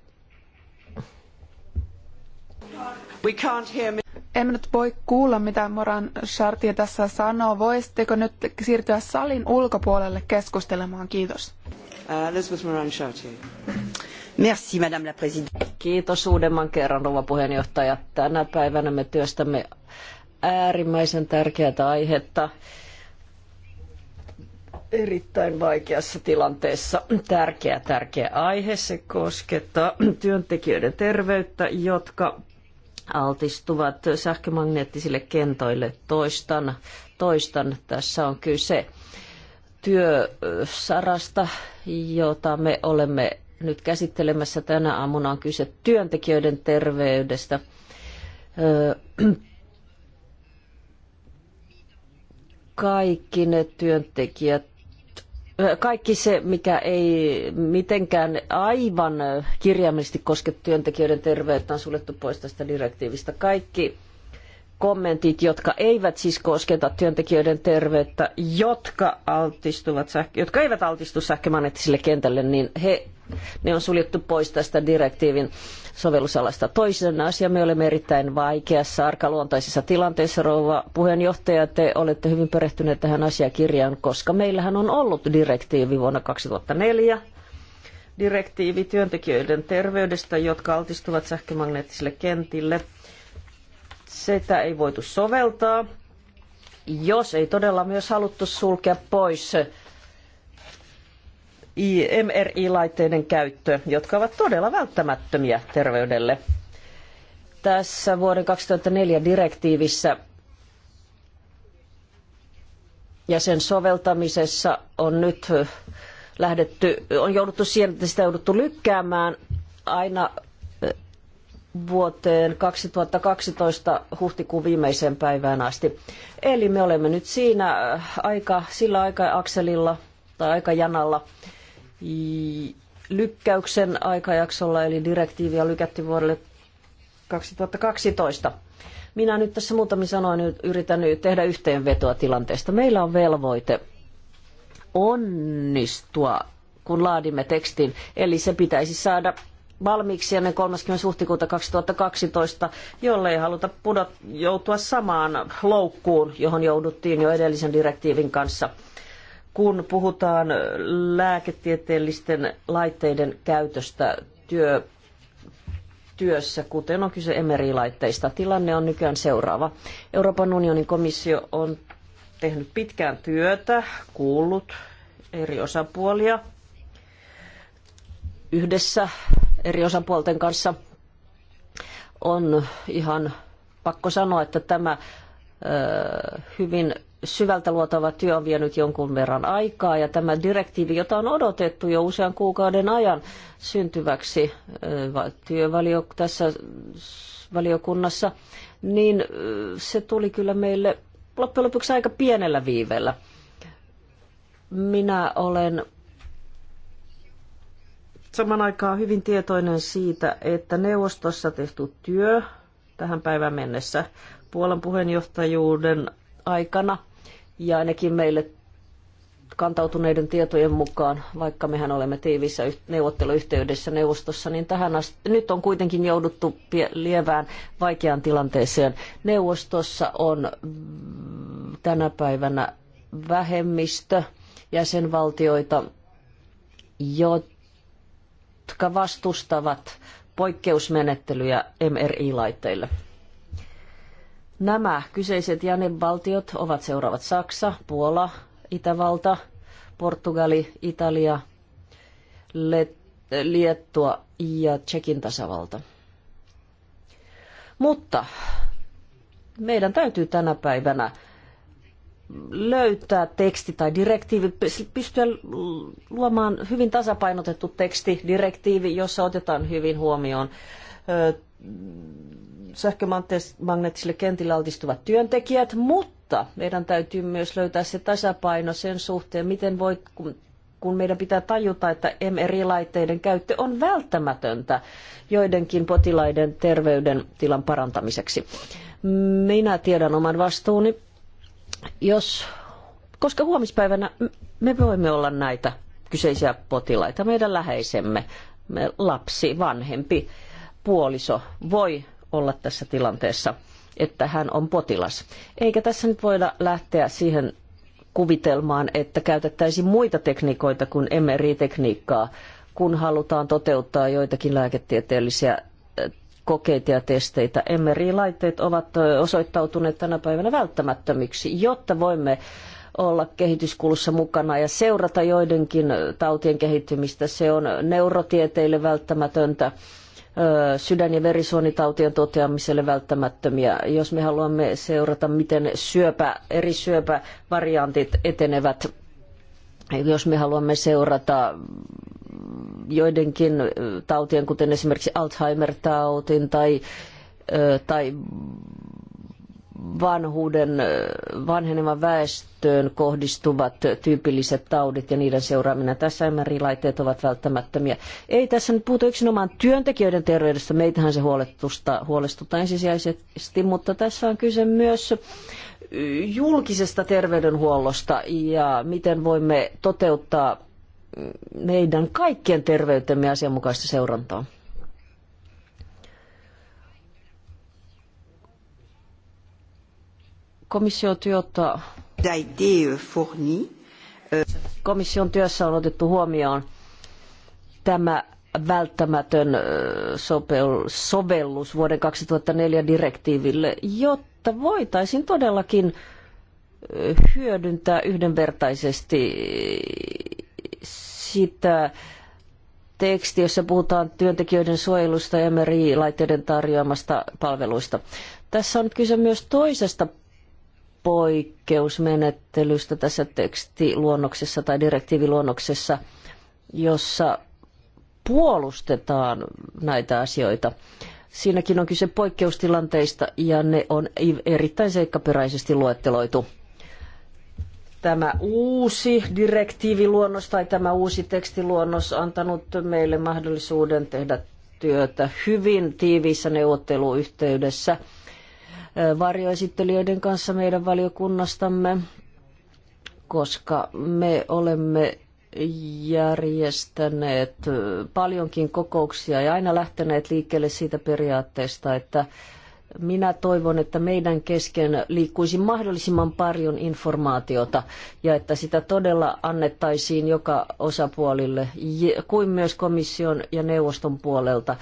We can't hear me. Emme nyt voi kuulla, mitä Moran Chartier tässä sanoo. Voisitteko nyt siirtyä salin ulkopuolelle keskustelemaan? Kiitos. Uh, Moran Chartier. Merci, Madame la Présidente. Kiitos uudemman kerran, rouva puheenjohtaja. Tänä päivänä me työstämme äärimmäisen tärkeää aihetta erittäin vaikeassa tilanteessa. Tärkeä, tärkeä aihe. Se koskettaa työntekijöiden terveyttä, jotka altistuvat sähkömagneettisille kentoille. Toistan, toistan, tässä on kyse työsarasta, jota me olemme nyt käsittelemässä tänä aamuna. On kyse työntekijöiden terveydestä. Kaikki ne työntekijät, kaikki se, mikä ei mitenkään aivan kirjaimellisesti koske työntekijöiden terveyttä, on suljettu pois tästä direktiivistä. Kaikki kommentit, jotka eivät siis kosketa työntekijöiden terveyttä, jotka, altistuvat, jotka eivät altistu sähkömagneettiselle kentälle, niin he, ne on suljettu pois tästä direktiivin sovellusalasta. toisen asia, me olemme erittäin vaikeassa, arkaluontaisessa tilanteessa, rouva puheenjohtaja. Te olette hyvin perehtyneet tähän asiakirjaan, koska meillähän on ollut direktiivi vuonna 2004, direktiivi työntekijöiden terveydestä, jotka altistuvat sähkömagneettisille kentille. Sitä ei voitu soveltaa, jos ei todella myös haluttu sulkea pois MRI-laitteiden käyttö, jotka ovat todella välttämättömiä terveydelle. Tässä vuoden 2004 direktiivissä ja sen soveltamisessa on nyt lähdetty, on jouduttu siihen, että sitä jouduttu lykkäämään aina eh, vuoteen 2012 huhtikuun viimeiseen päivään asti. Eli me olemme nyt siinä eh, aika, sillä aika tai aikajanalla, lykkäyksen aikajaksolla, eli direktiiviä lykätty vuodelle 2012. Minä nyt tässä muutamin sanoin yritän tehdä yhteenvetoa tilanteesta. Meillä on velvoite onnistua, kun laadimme tekstin, eli se pitäisi saada valmiiksi ennen 30. huhtikuuta 2012, ei haluta pudot, joutua samaan loukkuun, johon jouduttiin jo edellisen direktiivin kanssa – kun puhutaan lääketieteellisten laitteiden käytöstä työ, työssä, kuten on kyse emerilaitteista. Tilanne on nykyään seuraava. Euroopan unionin komissio on tehnyt pitkään työtä, kuullut eri osapuolia yhdessä eri osapuolten kanssa. On ihan pakko sanoa, että tämä hyvin syvältä luotava työ on vienyt jonkun verran aikaa ja tämä direktiivi, jota on odotettu jo usean kuukauden ajan syntyväksi työvalio tässä valiokunnassa, niin se tuli kyllä meille loppujen lopuksi aika pienellä viiveellä. Minä olen saman aikaan hyvin tietoinen siitä, että neuvostossa tehty työ tähän päivään mennessä Puolan puheenjohtajuuden aikana ja ainakin meille kantautuneiden tietojen mukaan, vaikka mehän olemme tiiviissä neuvotteluyhteydessä neuvostossa, niin tähän asti, nyt on kuitenkin jouduttu lievään vaikeaan tilanteeseen. Neuvostossa on tänä päivänä vähemmistö jäsenvaltioita, jotka vastustavat poikkeusmenettelyjä MRI-laitteille. Nämä kyseiset jänevaltiot ovat seuraavat Saksa, Puola, Itävalta, Portugali, Italia, Liettua ja Tsekin tasavalta. Mutta meidän täytyy tänä päivänä löytää teksti tai direktiivi, pystyä luomaan hyvin tasapainotettu teksti, direktiivi, jossa otetaan hyvin huomioon sähkömagneettisille kentillä altistuvat työntekijät, mutta meidän täytyy myös löytää se tasapaino sen suhteen, miten voi, kun meidän pitää tajuta, että MRI-laitteiden käyttö on välttämätöntä joidenkin potilaiden terveydentilan parantamiseksi. Minä tiedän oman vastuuni, jos, koska huomispäivänä me voimme olla näitä kyseisiä potilaita, meidän läheisemme, lapsi, vanhempi, puoliso voi olla tässä tilanteessa, että hän on potilas. Eikä tässä nyt voida lähteä siihen kuvitelmaan, että käytettäisiin muita tekniikoita kuin MRI-tekniikkaa, kun halutaan toteuttaa joitakin lääketieteellisiä kokeita ja testeitä. MRI-laitteet ovat osoittautuneet tänä päivänä välttämättömiksi, jotta voimme olla kehityskulussa mukana ja seurata joidenkin tautien kehittymistä. Se on neurotieteille välttämätöntä sydän- ja verisuonitautien toteamiselle välttämättömiä. Jos me haluamme seurata, miten syöpä, eri syöpävariantit etenevät, jos me haluamme seurata joidenkin tautien, kuten esimerkiksi Alzheimer-tautin tai, tai vanhuuden, vanhenevan väestöön kohdistuvat tyypilliset taudit ja niiden seuraaminen. Tässä MRI-laitteet ovat välttämättömiä. Ei tässä nyt puhuta yksinomaan työntekijöiden terveydestä, meitähän se huolestuttaa, huolestuttaa ensisijaisesti, mutta tässä on kyse myös julkisesta terveydenhuollosta ja miten voimme toteuttaa meidän kaikkien terveytemme asianmukaista seurantaa. Komission työtä komission työssä on otettu huomioon tämä välttämätön sovellus vuoden 2004 direktiiville, jotta voitaisiin todellakin hyödyntää yhdenvertaisesti sitä tekstiä, jossa puhutaan työntekijöiden suojelusta ja MRI-laitteiden tarjoamasta palveluista. Tässä on kyse myös toisesta poikkeusmenettelystä tässä tekstiluonnoksessa tai direktiiviluonnoksessa, jossa puolustetaan näitä asioita. Siinäkin on kyse poikkeustilanteista ja ne on erittäin seikkaperäisesti luetteloitu. Tämä uusi direktiiviluonnos tai tämä uusi tekstiluonnos on antanut meille mahdollisuuden tehdä työtä hyvin tiiviissä neuvotteluyhteydessä – varjoesittelijöiden kanssa meidän valiokunnastamme, koska me olemme järjestäneet paljonkin kokouksia ja aina lähteneet liikkeelle siitä periaatteesta, että minä toivon, että meidän kesken liikkuisi mahdollisimman paljon informaatiota ja että sitä todella annettaisiin joka osapuolille, kuin myös komission ja neuvoston puolelta.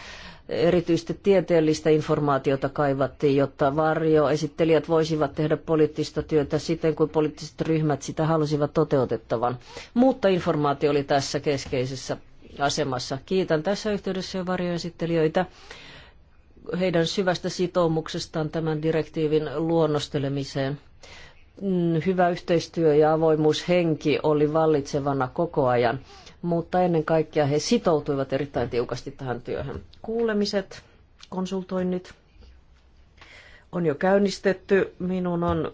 Erityisesti tieteellistä informaatiota kaivattiin, jotta varjoesittelijät voisivat tehdä poliittista työtä siten kuin poliittiset ryhmät sitä halusivat toteutettavan. Mutta informaatio oli tässä keskeisessä asemassa. Kiitän tässä yhteydessä jo varjoesittelijöitä heidän syvästä sitoumuksestaan tämän direktiivin luonnostelemiseen mm, hyvä yhteistyö ja avoimuushenki oli vallitsevana koko ajan mutta ennen kaikkea he sitoutuivat erittäin tiukasti tähän työhön. Kuulemiset, konsultoinnit on jo käynnistetty. Minun on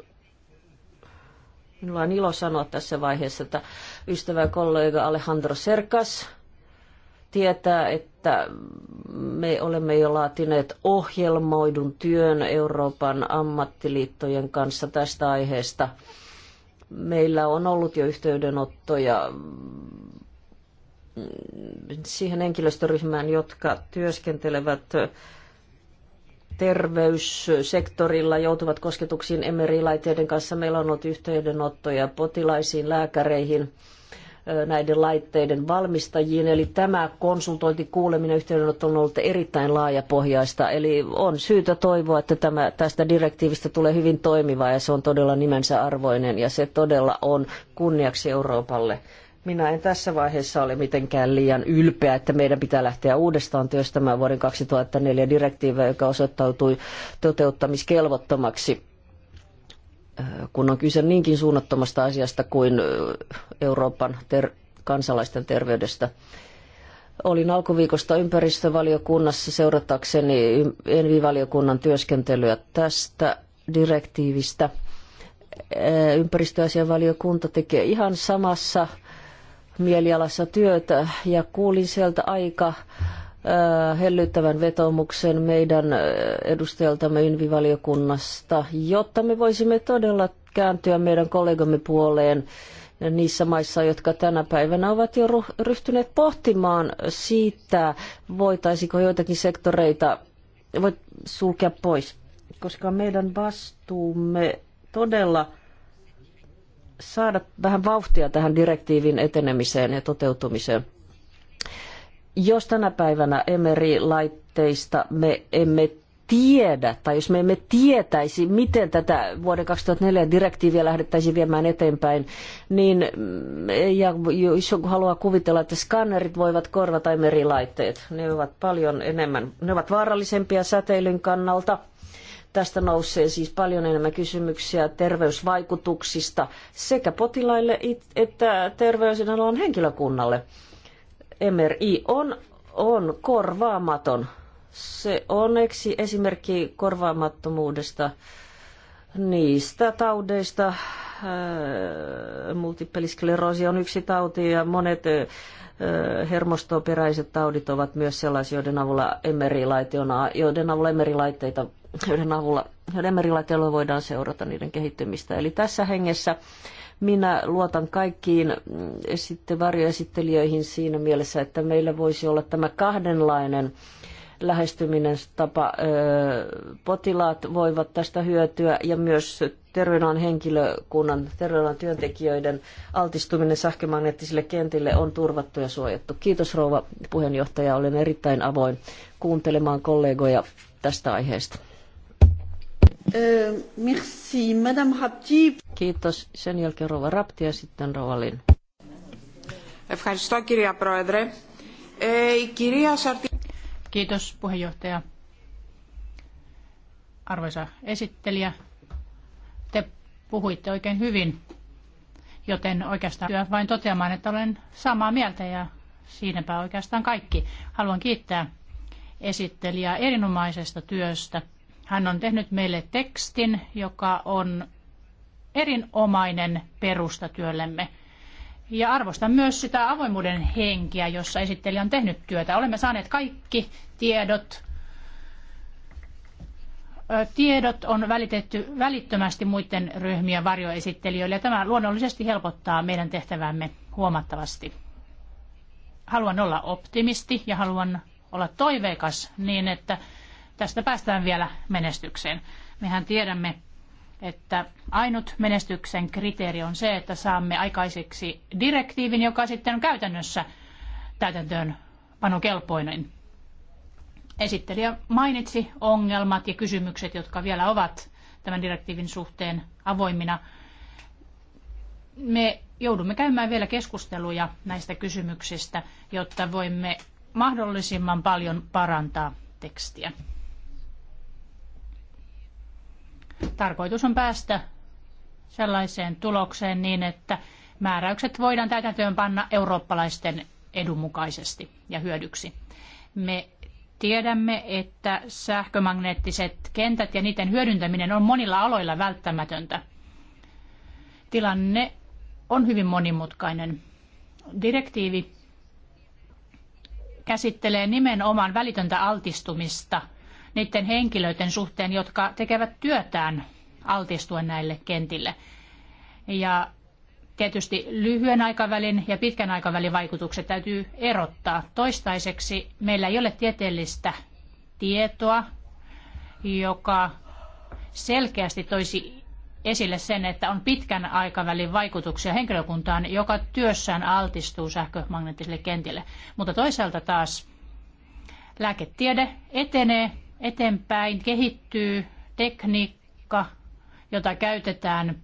Minulla on ilo sanoa tässä vaiheessa, että ystävä kollega Alejandro Serkas tietää, että me olemme jo laatineet ohjelmoidun työn Euroopan ammattiliittojen kanssa tästä aiheesta. Meillä on ollut jo yhteydenottoja siihen henkilöstöryhmään, jotka työskentelevät terveyssektorilla, joutuvat kosketuksiin emerilaitteiden kanssa. Meillä on ollut yhteydenottoja potilaisiin, lääkäreihin, näiden laitteiden valmistajiin. Eli tämä konsultointi, kuuleminen, yhteydenotto on ollut erittäin laajapohjaista. Eli on syytä toivoa, että tämä, tästä direktiivistä tulee hyvin toimiva ja se on todella nimensä arvoinen ja se todella on kunniaksi Euroopalle minä en tässä vaiheessa ole mitenkään liian ylpeä, että meidän pitää lähteä uudestaan työstämään vuoden 2004 direktiiviä, joka osoittautui toteuttamiskelvottomaksi äh, kun on kyse niinkin suunnattomasta asiasta kuin äh, Euroopan ter- kansalaisten terveydestä. Olin alkuviikosta ympäristövaliokunnassa seuratakseni Envi-valiokunnan työskentelyä tästä direktiivistä. Äh, ympäristöasianvaliokunta tekee ihan samassa mielialassa työtä ja kuulin sieltä aika äh, hellyttävän vetomuksen meidän äh, edustajaltamme ynvivaliokunnasta, jotta me voisimme todella kääntyä meidän kollegamme puoleen niissä maissa, jotka tänä päivänä ovat jo ryhtyneet pohtimaan siitä, voitaisiko joitakin sektoreita voit sulkea pois, koska meidän vastuumme todella saada vähän vauhtia tähän direktiivin etenemiseen ja toteutumiseen. Jos tänä päivänä MRI-laitteista me emme tiedä, tai jos me emme tietäisi, miten tätä vuoden 2004 direktiiviä lähdettäisiin viemään eteenpäin, niin mm, ja jos haluaa kuvitella, että skannerit voivat korvata MRI-laitteet. ne ovat paljon enemmän, ne ovat vaarallisempia säteilyn kannalta, Tästä nousee siis paljon enemmän kysymyksiä terveysvaikutuksista sekä potilaille että terveysalan henkilökunnalle. MRI on, on korvaamaton. Se on esimerkki korvaamattomuudesta niistä taudeista. Äh, Multipelisklerosi on yksi tauti ja monet äh, hermostoperäiset taudit ovat myös sellaisia, joiden avulla, joiden avulla MRI-laitteita joiden avulla, joiden voidaan seurata niiden kehittymistä. Eli tässä hengessä minä luotan kaikkiin mm, sitten varjoesittelijöihin siinä mielessä, että meillä voisi olla tämä kahdenlainen lähestyminen tapa. Potilaat voivat tästä hyötyä ja myös terveydenhuollon henkilökunnan, terveydenhuollon työntekijöiden altistuminen sähkömagneettisille kentille on turvattu ja suojattu. Kiitos rouva puheenjohtaja, olen erittäin avoin kuuntelemaan kollegoja tästä aiheesta. Euh, merci, Madame Rapti. Kiitos. Sen jälkeen Rova Rapti ja sitten Rova Lin. Ευχαριστώ, κυρία Πρόεδρε. Ε, η κυρία Σαρτή... Kiitos, puheenjohtaja. Arvoisa esittelijä, te puhuitte oikein hyvin, joten oikeastaan vain toteamaan, että olen samaa mieltä ja siinäpä oikeastaan kaikki. Haluan kiittää esittelijää erinomaisesta työstä – hän on tehnyt meille tekstin, joka on erinomainen perusta työllemme. Ja arvostan myös sitä avoimuuden henkiä, jossa esittelijä on tehnyt työtä. Olemme saaneet kaikki tiedot. Tiedot on välitetty välittömästi muiden ryhmien varjoesittelijöille ja tämä luonnollisesti helpottaa meidän tehtävämme huomattavasti. Haluan olla optimisti ja haluan olla toiveikas niin, että tästä päästään vielä menestykseen. Mehän tiedämme, että ainut menestyksen kriteeri on se, että saamme aikaiseksi direktiivin, joka sitten on käytännössä täytäntöön panokelpoinen. Esittelijä mainitsi ongelmat ja kysymykset, jotka vielä ovat tämän direktiivin suhteen avoimina. Me joudumme käymään vielä keskusteluja näistä kysymyksistä, jotta voimme mahdollisimman paljon parantaa tekstiä. Tarkoitus on päästä sellaiseen tulokseen niin, että määräykset voidaan täytäntöön panna eurooppalaisten edun mukaisesti ja hyödyksi. Me tiedämme, että sähkömagneettiset kentät ja niiden hyödyntäminen on monilla aloilla välttämätöntä. Tilanne on hyvin monimutkainen. Direktiivi käsittelee nimenomaan välitöntä altistumista niiden henkilöiden suhteen, jotka tekevät työtään altistuen näille kentille. Ja tietysti lyhyen aikavälin ja pitkän aikavälin vaikutukset täytyy erottaa. Toistaiseksi meillä ei ole tieteellistä tietoa, joka selkeästi toisi esille sen, että on pitkän aikavälin vaikutuksia henkilökuntaan, joka työssään altistuu sähkömagneettisille kentille. Mutta toisaalta taas lääketiede etenee eteenpäin kehittyy tekniikka, jota käytetään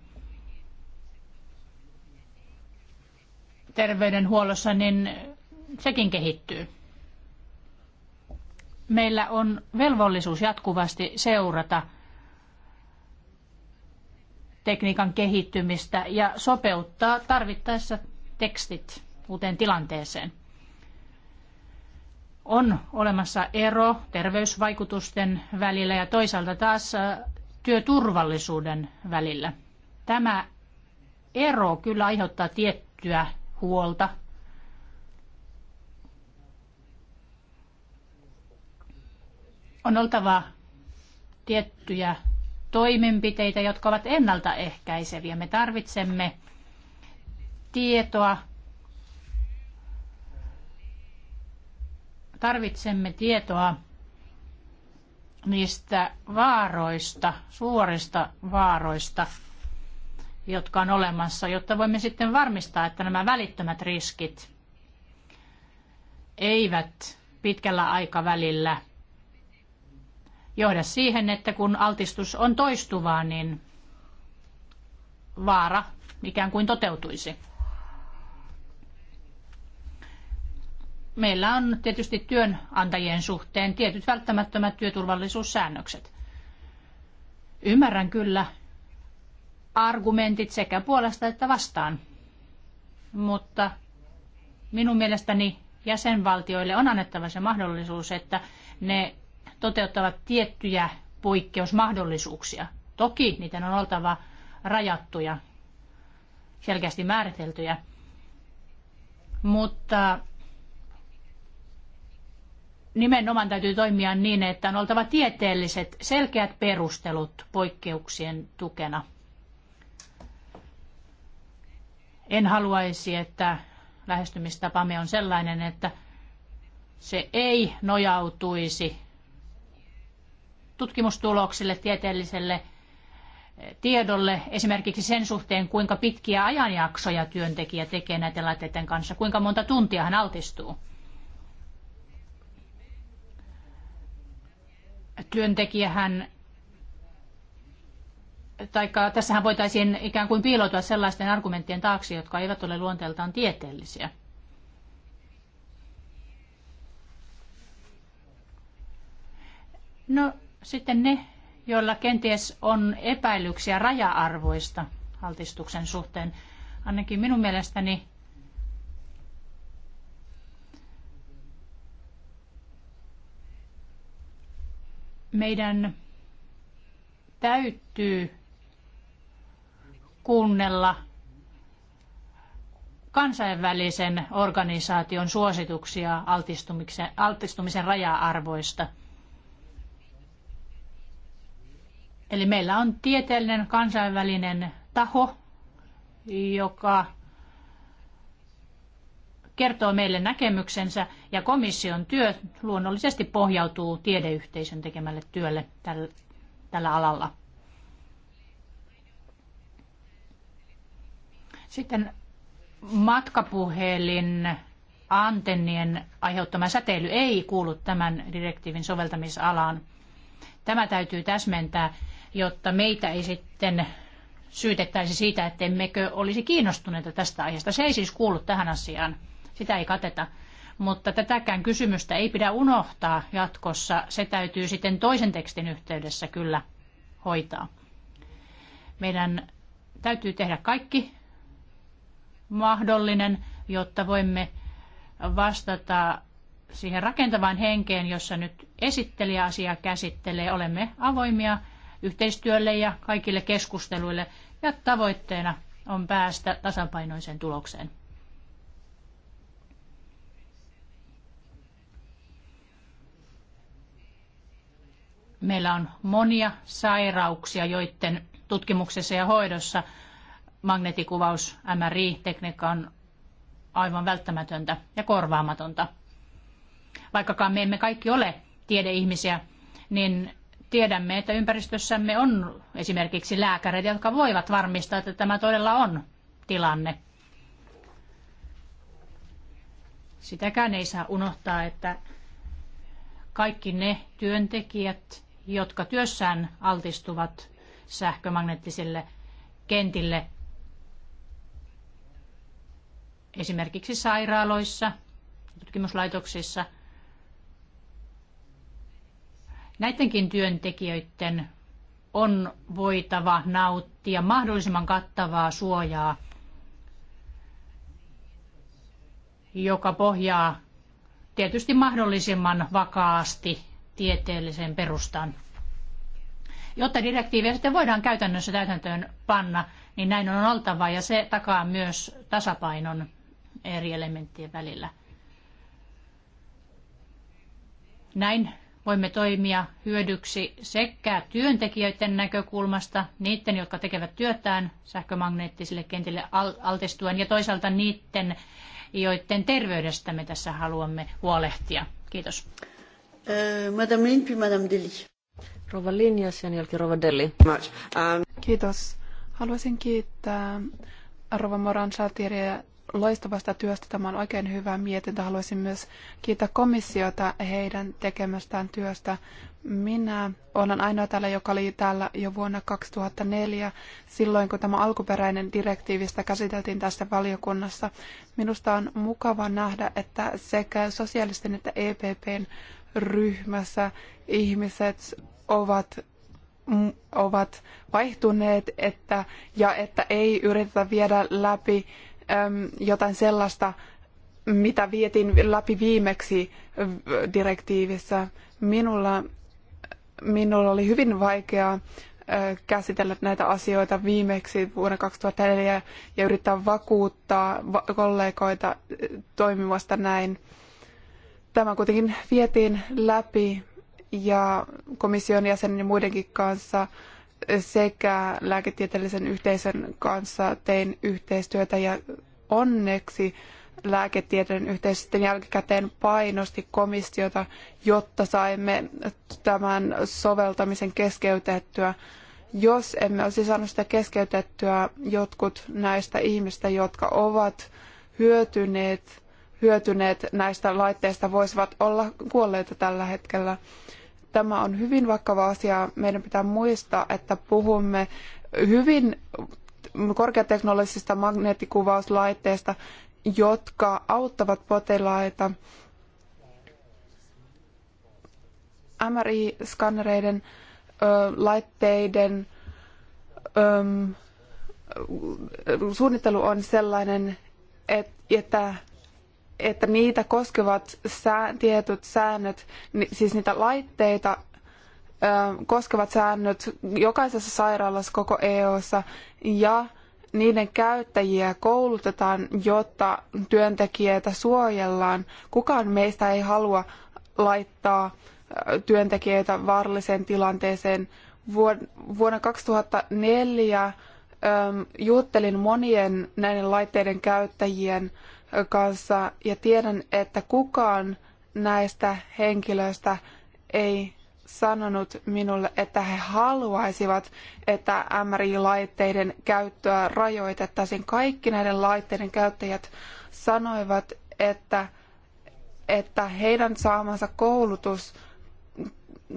terveydenhuollossa, niin sekin kehittyy. Meillä on velvollisuus jatkuvasti seurata tekniikan kehittymistä ja sopeuttaa tarvittaessa tekstit uuteen tilanteeseen on olemassa ero terveysvaikutusten välillä ja toisaalta taas äh, työturvallisuuden välillä. Tämä ero kyllä aiheuttaa tiettyä huolta. On oltava tiettyjä toimenpiteitä, jotka ovat ennaltaehkäiseviä. Me tarvitsemme tietoa tarvitsemme tietoa niistä vaaroista, suorista vaaroista, jotka on olemassa, jotta voimme sitten varmistaa, että nämä välittömät riskit eivät pitkällä aikavälillä johda siihen, että kun altistus on toistuvaa, niin vaara ikään kuin toteutuisi. meillä on tietysti työnantajien suhteen tietyt välttämättömät työturvallisuussäännökset. Ymmärrän kyllä argumentit sekä puolesta että vastaan, mutta minun mielestäni jäsenvaltioille on annettava se mahdollisuus, että ne toteuttavat tiettyjä poikkeusmahdollisuuksia. Toki niitä on oltava rajattuja, selkeästi määriteltyjä, mutta nimenomaan täytyy toimia niin, että on oltava tieteelliset, selkeät perustelut poikkeuksien tukena. En haluaisi, että lähestymistapamme on sellainen, että se ei nojautuisi tutkimustuloksille, tieteelliselle eh, tiedolle esimerkiksi sen suhteen, kuinka pitkiä ajanjaksoja työntekijä tekee näiden laitteiden kanssa, kuinka monta tuntia hän altistuu. työntekijähän taikka tässähän voitaisiin ikään kuin piiloutua sellaisten argumenttien taakse, jotka eivät ole luonteeltaan tieteellisiä. No sitten ne, joilla kenties on epäilyksiä raja-arvoista altistuksen suhteen. Ainakin minun mielestäni Meidän täytyy kuunnella kansainvälisen organisaation suosituksia altistumisen, altistumisen raja-arvoista. Eli meillä on tieteellinen kansainvälinen taho, joka kertoo meille näkemyksensä ja komission työ luonnollisesti pohjautuu tiedeyhteisön tekemälle työlle tällä, tällä alalla. Sitten matkapuhelin antennien aiheuttama säteily ei kuulu tämän direktiivin soveltamisalaan. Tämä täytyy täsmentää, jotta meitä ei sitten syytettäisi siitä, että emmekö olisi kiinnostuneita tästä aiheesta. Se ei siis kuulu tähän asiaan sitä ei kateta. Mutta tätäkään kysymystä ei pidä unohtaa jatkossa. Se täytyy sitten toisen tekstin yhteydessä kyllä hoitaa. Meidän täytyy tehdä kaikki mahdollinen, jotta voimme vastata siihen rakentavaan henkeen, jossa nyt esittelijä asiaa käsittelee. Olemme avoimia yhteistyölle ja kaikille keskusteluille ja tavoitteena on päästä tasapainoiseen tulokseen. Meillä on monia sairauksia, joiden tutkimuksessa ja hoidossa magneettikuvaus, MRI-tekniikka on aivan välttämätöntä ja korvaamatonta. Vaikkakaan me emme kaikki ole tiedeihmisiä, niin tiedämme, että ympäristössämme on esimerkiksi lääkäreitä, jotka voivat varmistaa, että tämä todella on tilanne. Sitäkään ei saa unohtaa, että kaikki ne työntekijät, jotka työssään altistuvat sähkömagneettisille kentille esimerkiksi sairaaloissa, tutkimuslaitoksissa. Näidenkin työntekijöiden on voitava nauttia mahdollisimman kattavaa suojaa, joka pohjaa tietysti mahdollisimman vakaasti tieteelliseen perustaan. Jotta direktiiviä sitten voidaan käytännössä täytäntöön panna, niin näin on oltava ja se takaa myös tasapainon eri elementtien välillä. Näin voimme toimia hyödyksi sekä työntekijöiden näkökulmasta, niiden, jotka tekevät työtään sähkömagneettisille kentille altistuen, ja toisaalta niiden, joiden terveydestä me tässä haluamme huolehtia. Kiitos. Euh, Madame Lin, puis Madame Deli. Rova Lin ja sen jälkeen Rova Deli. Um, Kiitos. Haluaisin kiittää Rova Moran loistavasta työstä. Tämä on oikein hyvä mietintö. Haluaisin myös kiittää komissiota heidän tekemästään työstä. Minä olen ainoa täällä, joka oli täällä jo vuonna 2004, silloin kun tämä alkuperäinen direktiivistä käsiteltiin tässä valiokunnassa. Minusta on mukava nähdä, että sekä sosiaalisten että EPPn ryhmässä ihmiset ovat ovat vaihtuneet että, ja että ei yritetä viedä läpi äm, jotain sellaista, mitä vietiin läpi viimeksi direktiivissä. Minulla, minulla oli hyvin vaikea käsitellä näitä asioita viimeksi vuonna 2004 ja yrittää vakuuttaa kollegoita toimimasta näin. Tämä kuitenkin vietiin läpi ja komission jäsenen ja muidenkin kanssa sekä lääketieteellisen yhteisön kanssa tein yhteistyötä ja onneksi lääketieteen yhteisö sitten jälkikäteen painosti komissiota, jotta saimme tämän soveltamisen keskeytettyä. Jos emme olisi saanut sitä keskeytettyä, jotkut näistä ihmistä, jotka ovat hyötyneet hyötyneet näistä laitteista voisivat olla kuolleita tällä hetkellä. Tämä on hyvin vakava asia. Meidän pitää muistaa, että puhumme hyvin korkeateknologisista magneettikuvauslaitteista, jotka auttavat potilaita MRI-skannereiden laitteiden suunnittelu on sellainen, että että niitä koskevat sää, tietyt säännöt, siis niitä laitteita koskevat säännöt jokaisessa sairaalassa koko EU:ssa ja niiden käyttäjiä koulutetaan, jotta työntekijöitä suojellaan. Kukaan meistä ei halua laittaa työntekijöitä vaaralliseen tilanteeseen. Vuonna 2004 juttelin monien näiden laitteiden käyttäjien kanssa ja tiedän, että kukaan näistä henkilöistä ei sanonut minulle, että he haluaisivat, että MRI-laitteiden käyttöä rajoitettaisiin. Kaikki näiden laitteiden käyttäjät sanoivat, että, että heidän saamansa koulutus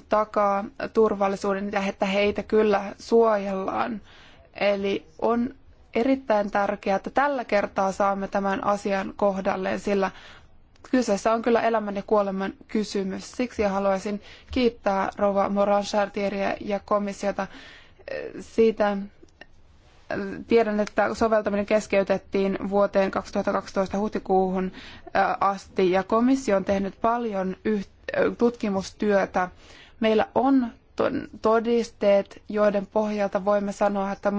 takaa turvallisuuden ja että heitä kyllä suojellaan. Eli on erittäin tärkeää, että tällä kertaa saamme tämän asian kohdalleen, sillä kyseessä on kyllä elämän ja kuoleman kysymys. Siksi haluaisin kiittää rouva Moran Chartieria ja komissiota eh, siitä, eh, tiedän, että soveltaminen keskeytettiin vuoteen 2012 huhtikuuhun eh, asti ja komissio on tehnyt paljon tutkimustyötä. Meillä on todisteet, joiden pohjalta voimme sanoa, että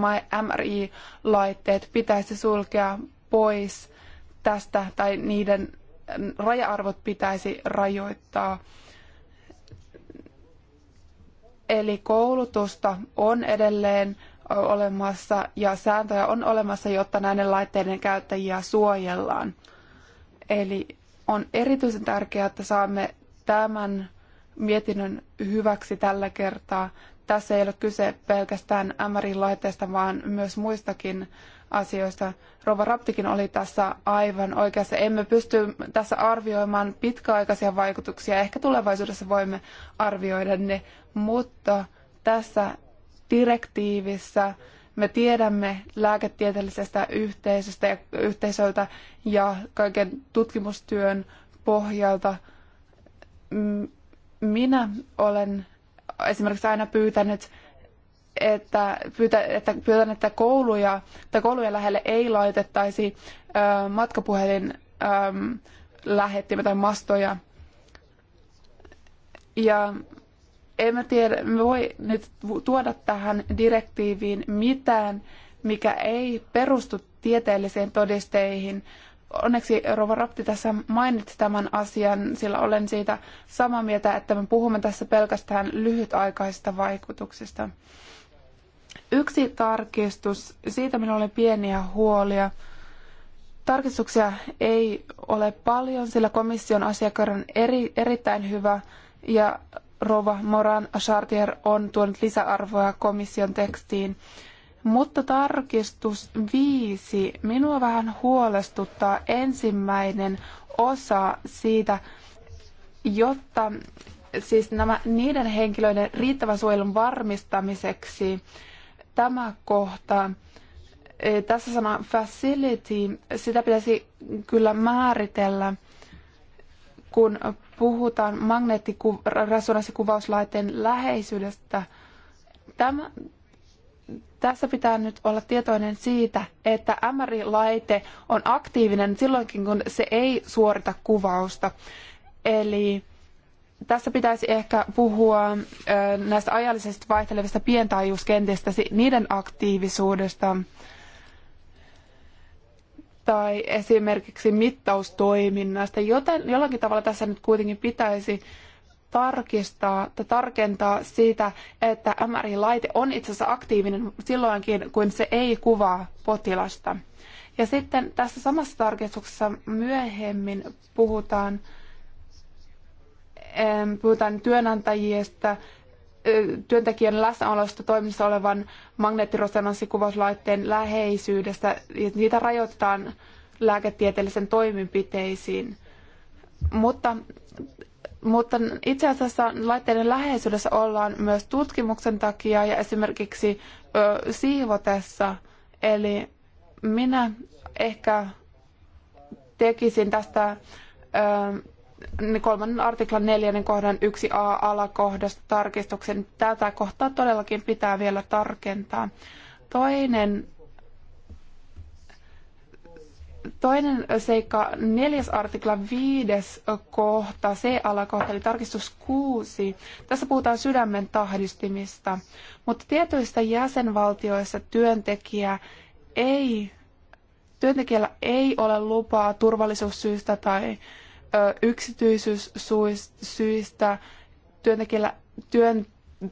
MRI-laitteet pitäisi sulkea pois tästä tai niiden mm, raja-arvot pitäisi rajoittaa. Eli koulutusta on edelleen olemassa ja sääntöjä on olemassa, jotta näiden laitteiden käyttäjiä suojellaan. Eli on erityisen tärkeää, että saamme tämän mietinnön hyväksi tällä kertaa. Tässä ei ole kyse pelkästään MRI-laitteesta, vaan myös muistakin asioista. Rova Raptikin oli tässä aivan oikeassa. Emme pysty tässä arvioimaan pitkäaikaisia vaikutuksia. Ehkä tulevaisuudessa voimme arvioida ne, mutta tässä direktiivissä me tiedämme lääketieteellisestä yhteisöstä ja yhteisöltä ja kaiken tutkimustyön pohjalta, mm, minä olen esimerkiksi aina pyytänyt, että, pyytä, että pyytän, että kouluja tai koulujen lähelle ei laitettaisi ö, matkapuhelin ö, lähettimä tai mastoja. Ja emme tiedä, me voi nyt tuoda tähän direktiiviin mitään, mikä ei perustu tieteellisiin todisteihin, onneksi Rova Rapti tässä mainitsi tämän asian, sillä olen siitä samaa mieltä, että me puhumme tässä pelkästään lyhytaikaisista vaikutuksista. Yksi tarkistus, siitä minulla oli pieniä huolia. Tarkistuksia ei ole paljon, sillä komission asiakirja on eri, erittäin hyvä ja Rova Moran Chartier on tuonut lisäarvoa komission tekstiin. Mutta tarkistus viisi. Minua vähän huolestuttaa ensimmäinen osa siitä, jotta siis nämä niiden henkilöiden riittävän suojelun varmistamiseksi tämä kohta, e, tässä sana facility, sitä pitäisi kyllä määritellä, kun puhutaan magneettiresonanssikuva- läheisyydestä. Tämä, tässä pitää nyt olla tietoinen siitä, että MRI-laite on aktiivinen silloinkin, kun se ei suorita kuvausta. Eli tässä pitäisi ehkä puhua näistä ajallisesti vaihtelevista pientaajuuskentistä, niiden aktiivisuudesta tai esimerkiksi mittaustoiminnasta, joten jollakin tavalla tässä nyt kuitenkin pitäisi tarkistaa tai tarkentaa siitä, että MRI-laite on itse asiassa aktiivinen silloinkin, kun se ei kuvaa potilasta. Ja sitten tässä samassa tarkistuksessa myöhemmin puhutaan, puhutaan työnantajista, työntekijän läsnäolosta toiminnassa olevan magneettiresonanssikuvaslaitteen läheisyydestä, ja niitä rajoitetaan lääketieteellisen toimenpiteisiin. Mutta, mutta itse asiassa laitteiden läheisyydessä ollaan myös tutkimuksen takia ja esimerkiksi ö, siivotessa. Eli minä ehkä tekisin tästä ö, niin kolmannen artiklan neljännen kohdan 1a-alakohdasta tarkistuksen. Tätä kohtaa todellakin pitää vielä tarkentaa. Toinen Toinen seikka, neljäs artikla, viides kohta, C-alakohta, eli tarkistus kuusi. Tässä puhutaan sydämen tahdistimista, mutta tietyissä jäsenvaltioissa työntekijä ei, työntekijällä ei ole lupaa turvallisuussyistä tai ö, yksityisyyssyistä. Työntekijällä, työn,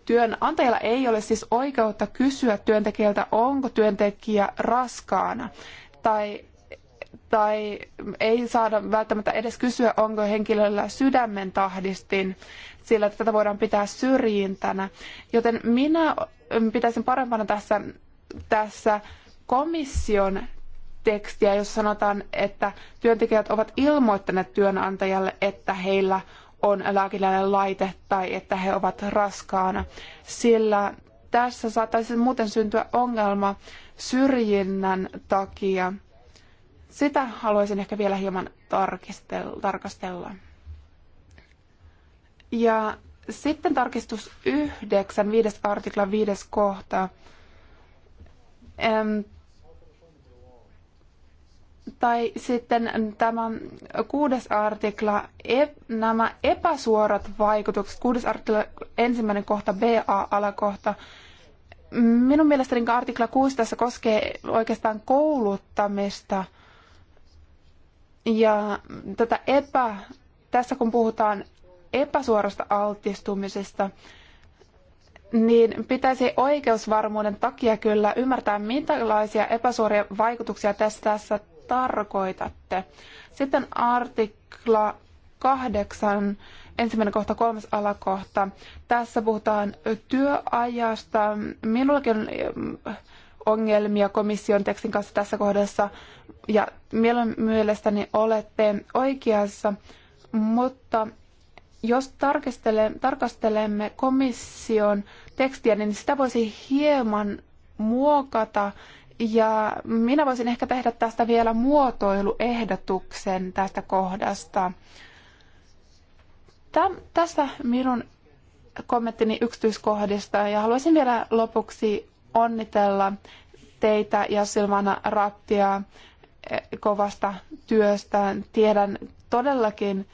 työnantajalla ei ole siis oikeutta kysyä työntekijältä, onko työntekijä raskaana tai tai ei saada välttämättä edes kysyä, onko henkilöllä sydämen tahdistin, sillä tätä voidaan pitää syrjintänä. Joten minä mm, pitäisin parempana tässä, tässä komission tekstiä, jossa sanotaan, että työntekijät ovat ilmoittaneet työnantajalle, että heillä on lääkinnällinen laite tai että he ovat raskaana, sillä tässä saattaisi muuten syntyä ongelma syrjinnän takia. Sitä haluaisin ehkä vielä hieman tarkastella. Ja sitten tarkistus 9, 5 artikla, 5 kohta. Ähm, tai sitten tämä kuudes artikla, e, nämä epäsuorat vaikutukset, kuudes artikla, ensimmäinen kohta, BA-alakohta. Minun mielestäni artikla 6 tässä koskee oikeastaan kouluttamista – ja tätä epä, tässä kun puhutaan epäsuorasta altistumisesta, niin pitäisi oikeusvarmuuden takia kyllä ymmärtää, minkälaisia epäsuoria vaikutuksia tässä, tässä tarkoitatte. Sitten artikla 8, ensimmäinen kohta, kolmas alakohta. Tässä puhutaan työajasta. Minullakin on ongelmia komission tekstin kanssa tässä kohdassa, ja mielestäni olette oikeassa, mutta jos tarkastelemme komission tekstiä, niin sitä voisi hieman muokata, ja minä voisin ehkä tehdä tästä vielä muotoiluehdotuksen tästä kohdasta. Täm, tässä minun kommenttini yksityiskohdista ja haluaisin vielä lopuksi onnitella teitä ja Silvana Rattia eh, kovasta työstä. Tiedän todellakin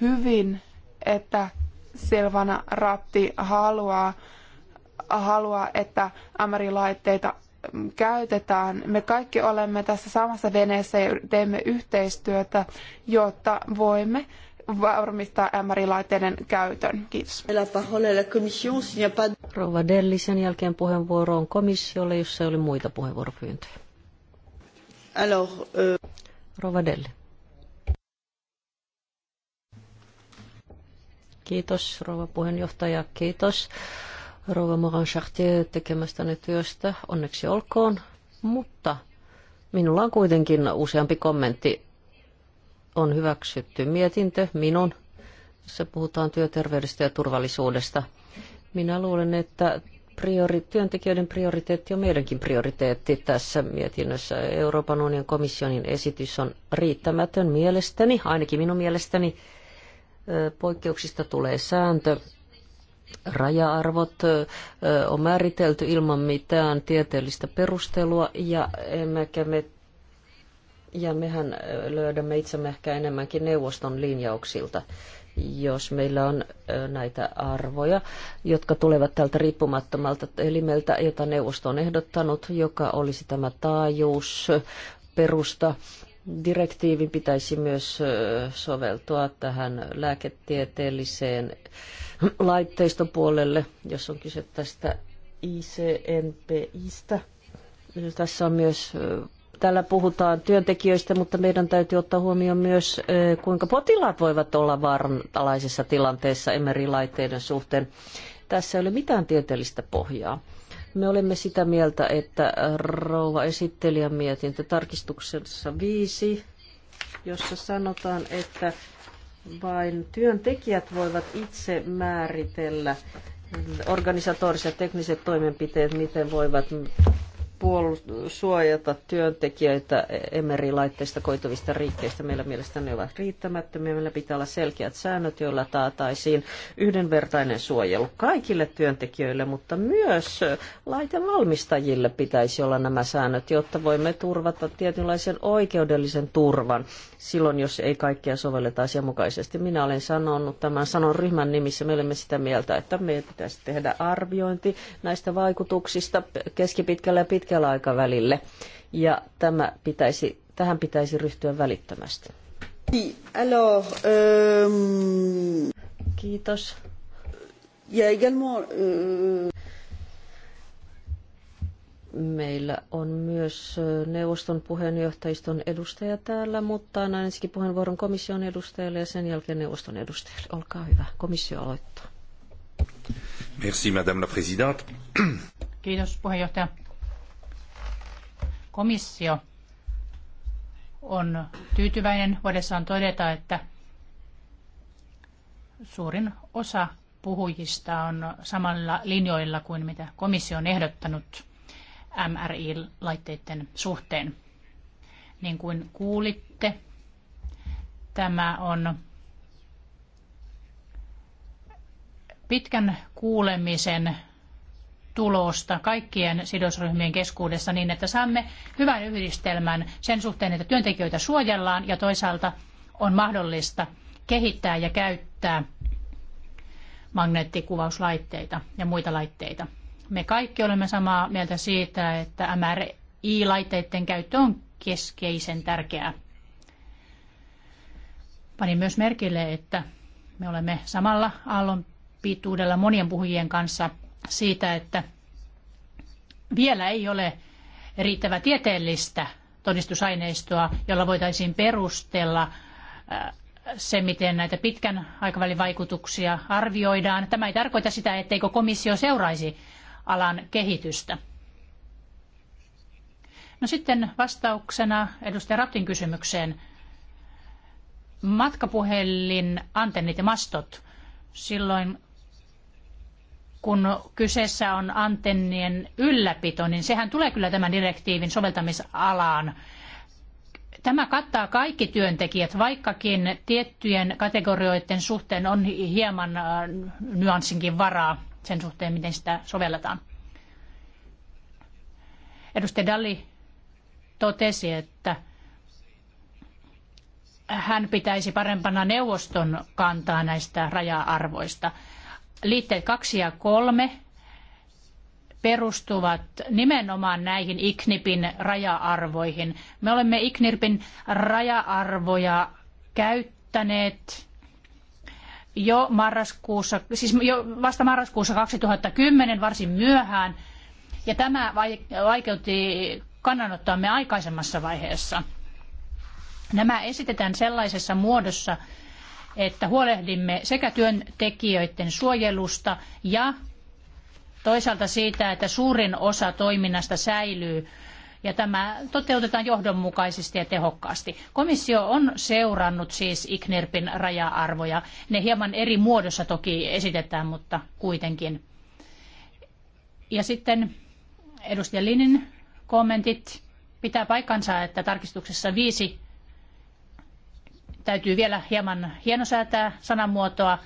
hyvin, että Silvana Ratti haluaa, haluaa että MRI-laitteita mm, käytetään. Me kaikki olemme tässä samassa veneessä ja teemme yhteistyötä, jotta voimme varmistaa MRI-laitteiden käytön. Kiitos. Rouva Delli, sen jälkeen puheenvuoro on komissiolle, jossa oli muita puheenvuoropyyntöjä. Alors, euh... Rouva Delli. Kiitos rouva puheenjohtaja, kiitos rouva Moran Chartier tekemästäne työstä. Onneksi olkoon, mutta minulla on kuitenkin useampi kommentti on hyväksytty mietintö minun, jossa puhutaan työterveydestä ja turvallisuudesta. Minä luulen, että priori, työntekijöiden prioriteetti on meidänkin prioriteetti tässä mietinnössä. Euroopan unionin komissionin esitys on riittämätön mielestäni, ainakin minun mielestäni. Poikkeuksista tulee sääntö. Raja-arvot on määritelty ilman mitään tieteellistä perustelua ja emmekä me ja mehän löydämme itsemme ehkä enemmänkin neuvoston linjauksilta, jos meillä on näitä arvoja, jotka tulevat tältä riippumattomalta elimeltä, jota neuvosto on ehdottanut, joka olisi tämä taajuus, perusta. Direktiivin pitäisi myös soveltua tähän lääketieteelliseen laitteistopuolelle, jos on kyse tästä ICNPIstä. Tässä on myös Täällä puhutaan työntekijöistä, mutta meidän täytyy ottaa huomioon myös, eh, kuinka potilaat voivat olla vaaranalaisessa tilanteessa MRI-laitteiden suhteen. Tässä ei ole mitään tieteellistä pohjaa. Me olemme sitä mieltä, että rouva esittelijän mietintö tarkistuksessa viisi, jossa sanotaan, että vain työntekijät voivat itse määritellä organisatoriset ja tekniset toimenpiteet, miten voivat puol suojata työntekijöitä emerilaitteista koituvista rikkeistä. Meillä mielestäni ne ovat riittämättömiä. Meillä pitää olla selkeät säännöt, joilla taataisiin yhdenvertainen suojelu kaikille työntekijöille, mutta myös laitevalmistajille pitäisi olla nämä säännöt, jotta voimme turvata tietynlaisen oikeudellisen turvan silloin, jos ei kaikkea sovelleta asianmukaisesti. Minä olen sanonut tämän sanon ryhmän nimissä. Me olemme sitä mieltä, että meidän pitäisi tehdä arviointi näistä vaikutuksista keskipitkällä ja pitkällä pitkällä aikavälillä. Ja tämä pitäisi, tähän pitäisi ryhtyä välittömästi. Niin, ähm, Kiitos. Ja également, äh, Meillä on myös äh, neuvoston puheenjohtajiston edustaja täällä, mutta annan ensinnäkin puheenvuoron komission edustajalle ja sen jälkeen neuvoston edustajalle. Olkaa hyvä, komissio aloittaa. Merci, madame la présidente. Kiitos puheenjohtaja. Komissio on tyytyväinen voidessaan todeta, että suurin osa puhujista on samalla linjoilla kuin mitä komissio on ehdottanut MRI-laitteiden suhteen. Niin kuin kuulitte, tämä on pitkän kuulemisen tulosta kaikkien sidosryhmien keskuudessa niin, että saamme hyvän yhdistelmän sen suhteen, että työntekijöitä suojellaan ja toisaalta on mahdollista kehittää ja käyttää magneettikuvauslaitteita ja muita laitteita. Me kaikki olemme samaa mieltä siitä, että MRI-laitteiden käyttö on keskeisen tärkeää. Panin myös merkille, että me olemme samalla aallonpituudella monien puhujien kanssa – siitä, että vielä ei ole riittävää tieteellistä todistusaineistoa, jolla voitaisiin perustella äh, se, miten näitä pitkän aikavälin vaikutuksia arvioidaan. Tämä ei tarkoita sitä, etteikö komissio seuraisi alan kehitystä. No sitten vastauksena edustaja Raptin kysymykseen. Matkapuhelin, antennit ja mastot. Silloin kun kyseessä on antennien ylläpito, niin sehän tulee kyllä tämän direktiivin soveltamisalaan. Tämä kattaa kaikki työntekijät, vaikkakin tiettyjen kategorioiden suhteen on hieman äh, nyanssinkin varaa sen suhteen, miten sitä sovelletaan. Edustaja Dalli totesi, että hän pitäisi parempana neuvoston kantaa näistä raja-arvoista liitteet 2 ja 3 perustuvat nimenomaan näihin ICNIPin raja-arvoihin. Me olemme ICNIPin raja-arvoja käyttäneet jo marraskuussa, siis jo vasta marraskuussa 2010 varsin myöhään, ja tämä vaikeutti kannanottoamme aikaisemmassa vaiheessa. Nämä esitetään sellaisessa muodossa, että huolehdimme sekä työntekijöiden suojelusta ja toisaalta siitä, että suurin osa toiminnasta säilyy ja tämä toteutetaan johdonmukaisesti ja tehokkaasti. Komissio on seurannut siis Iknerpin raja-arvoja. Ne hieman eri muodossa toki esitetään, mutta kuitenkin. Ja sitten edustaja Linin kommentit. Pitää paikkansa, että tarkistuksessa viisi täytyy vielä hieman hienosäätää sanamuotoa.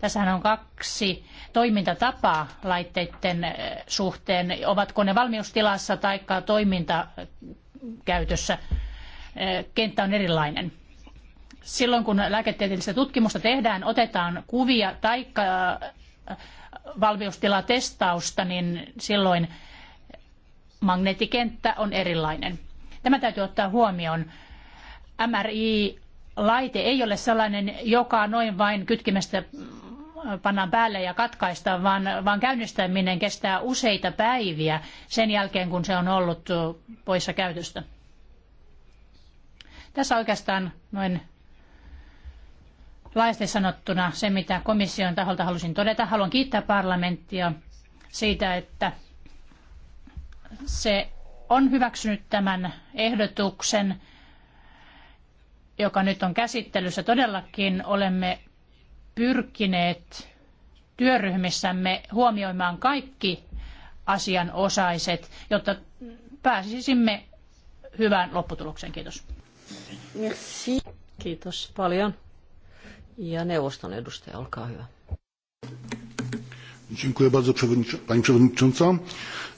Tässähän on kaksi toimintatapaa laitteiden eh, suhteen. Ovatko ne valmiustilassa tai toimintakäytössä? Eh, kenttä on erilainen. Silloin kun lääketieteellistä tutkimusta tehdään, otetaan kuvia tai eh, valmiustilatestausta, niin silloin magneettikenttä on erilainen. Tämä täytyy ottaa huomioon. MRI laite ei ole sellainen, joka noin vain kytkimestä pannaan päälle ja katkaistaan, vaan, vaan käynnistäminen kestää useita päiviä sen jälkeen, kun se on ollut poissa käytöstä. Tässä oikeastaan noin laajasti sanottuna se, mitä komission taholta halusin todeta. Haluan kiittää parlamenttia siitä, että se on hyväksynyt tämän ehdotuksen joka nyt on käsittelyssä, todellakin olemme pyrkineet työryhmissämme huomioimaan kaikki asianosaiset, jotta pääsisimme hyvään lopputulokseen. Kiitos. Merci. Kiitos paljon. Ja neuvoston edustaja, olkaa hyvä. Dziękuję bardzo Pani Przewodnicząca.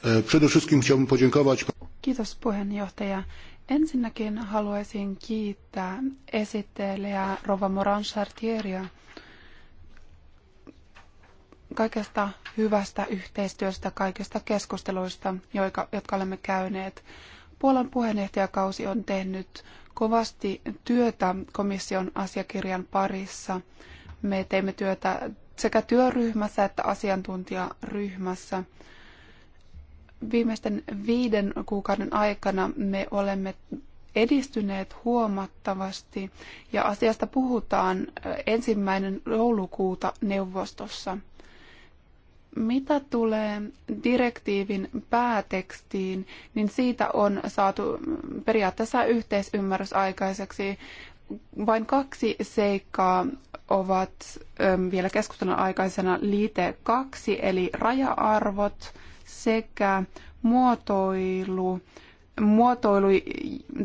E, przede wszystkim chciałbym podziękować. Kiitos puheenjohtaja. Ensinnäkin haluaisin kiittää esittelijä Rova Moran Chartieria kaikesta hyvästä yhteistyöstä, kaikista keskusteluista, jotka olemme käyneet. Puolan puheenjohtajakausi on tehnyt kovasti työtä komission asiakirjan parissa. Me teimme työtä sekä työryhmässä että asiantuntijaryhmässä viimeisten viiden kuukauden aikana me olemme edistyneet huomattavasti ja asiasta puhutaan äh, ensimmäinen joulukuuta neuvostossa. Mitä tulee direktiivin päätekstiin, niin siitä on saatu periaatteessa yhteisymmärrys aikaiseksi. Vain kaksi seikkaa ovat ähm, vielä keskustelun aikaisena liite kaksi, eli raja-arvot – sekä muotoilu, muotoilu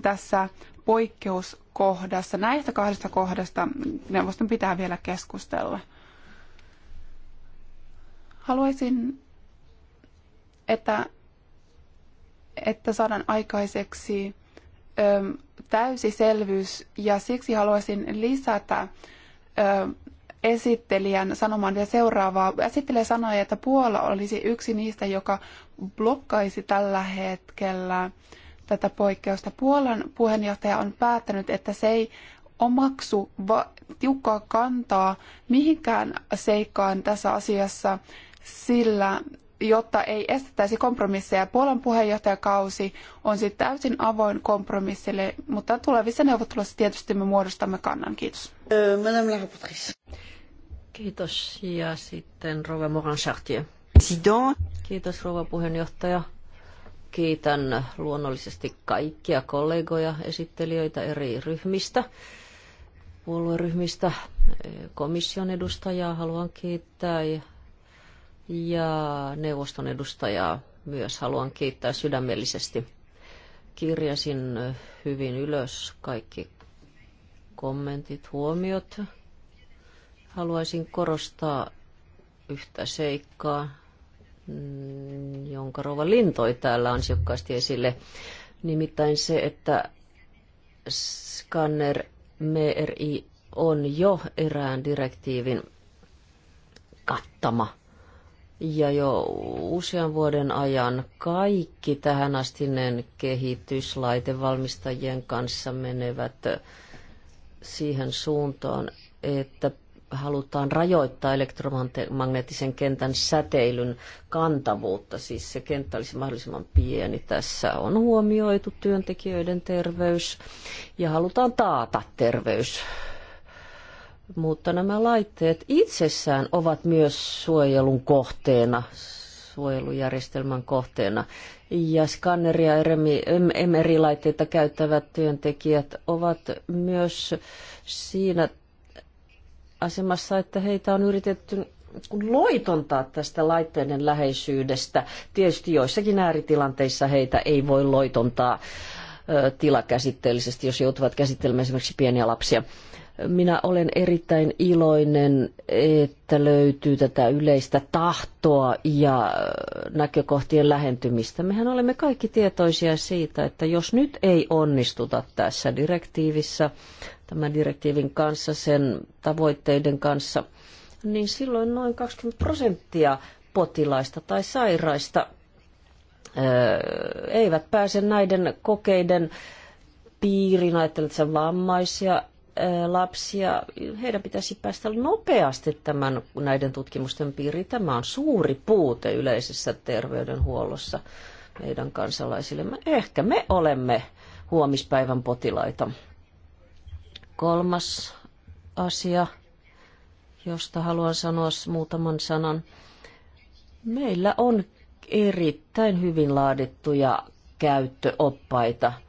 tässä poikkeuskohdassa. Näistä kahdesta kohdasta neuvoston pitää vielä keskustella. Haluaisin, että, että saadaan aikaiseksi ö, täysi selvyys ja siksi haluaisin lisätä ö, esittelijän sanomaan vielä seuraavaa. Esittelijä sanoi, että Puola olisi yksi niistä, joka blokkaisi tällä hetkellä tätä poikkeusta. Puolan puheenjohtaja on päättänyt, että se ei omaksu va- tiukkaa kantaa mihinkään seikkaan tässä asiassa, sillä jotta ei estettäisi kompromisseja. Puolan puheenjohtajakausi on sitten täysin avoin kompromissille, mutta tulevissa neuvotteluissa tietysti me muodostamme kannan. Kiitos. Madame la rapportrice. Kiitos. Ja sitten Rova Moran Chartier. Kiitos rouva puheenjohtaja. Kiitän luonnollisesti kaikkia kollegoja, esittelijöitä eri ryhmistä, puolueryhmistä, komission edustajaa haluan kiittää ja neuvoston edustajaa myös haluan kiittää sydämellisesti. Kirjasin hyvin ylös kaikki kommentit, huomiot, Haluaisin korostaa yhtä seikkaa, jonka Rova Lintoi täällä ansiokkaasti esille. Nimittäin se, että Scanner MRI on jo erään direktiivin kattama. Ja jo usean vuoden ajan kaikki tähän astinen kehitys laitevalmistajien kanssa menevät siihen suuntaan, että halutaan rajoittaa elektromagneettisen kentän säteilyn kantavuutta, siis se kenttä olisi mahdollisimman pieni. Tässä on huomioitu työntekijöiden terveys ja halutaan taata terveys. Mutta nämä laitteet itsessään ovat myös suojelun kohteena, suojelujärjestelmän kohteena. Ja skanneria ja MRI-laitteita käyttävät työntekijät ovat myös siinä asemassa, että heitä on yritetty niin loitontaa tästä laitteiden läheisyydestä. Tietysti joissakin ääritilanteissa heitä ei voi loitontaa tilakäsitteellisesti, jos joutuvat käsittelemään esimerkiksi pieniä lapsia. Minä olen erittäin iloinen, että löytyy tätä yleistä tahtoa ja näkökohtien lähentymistä. Mehän olemme kaikki tietoisia siitä, että jos nyt ei onnistuta tässä direktiivissä, tämän direktiivin kanssa, sen tavoitteiden kanssa, niin silloin noin 20 prosenttia potilaista tai sairaista eivät pääse näiden kokeiden piiriin, ajattelen sen vammaisia, lapsia, heidän pitäisi päästä nopeasti tämän, näiden tutkimusten piiriin. Tämä on suuri puute yleisessä terveydenhuollossa meidän kansalaisillemme. Ehkä me olemme huomispäivän potilaita. Kolmas asia, josta haluan sanoa muutaman sanan. Meillä on erittäin hyvin laadittuja käyttöoppaita –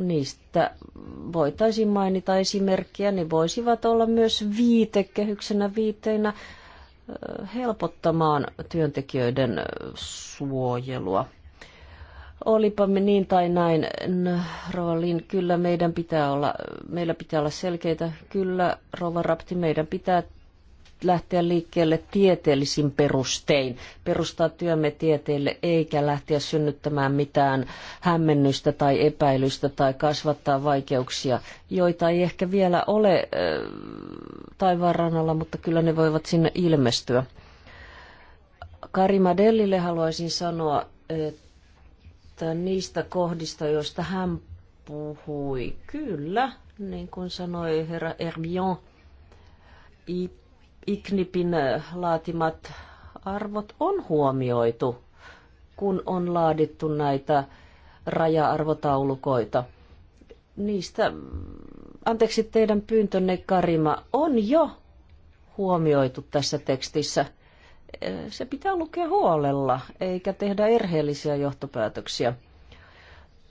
Niistä voitaisiin mainita esimerkkiä, ne voisivat olla myös viitekehyksenä viiteinä helpottamaan työntekijöiden suojelua. Olipa me niin tai näin, Rovalin, kyllä meidän pitää olla, meillä pitää olla selkeitä, kyllä Rova Rapti, meidän pitää lähteä liikkeelle tieteellisin perustein, perustaa työmme tieteelle eikä lähteä synnyttämään mitään hämmennystä tai epäilystä tai kasvattaa vaikeuksia, joita ei ehkä vielä ole äh, taivaan rannalla, mutta kyllä ne voivat sinne ilmestyä. Karima Dellille haluaisin sanoa, että niistä kohdista, joista hän puhui, kyllä, niin kuin sanoi herra Herbion, ICNIPin eh, laatimat arvot on huomioitu, kun on laadittu näitä raja-arvotaulukoita. Niistä, anteeksi teidän pyyntönne Karima, on jo huomioitu tässä tekstissä. Eh, se pitää lukea huolella, eikä tehdä erheellisiä johtopäätöksiä.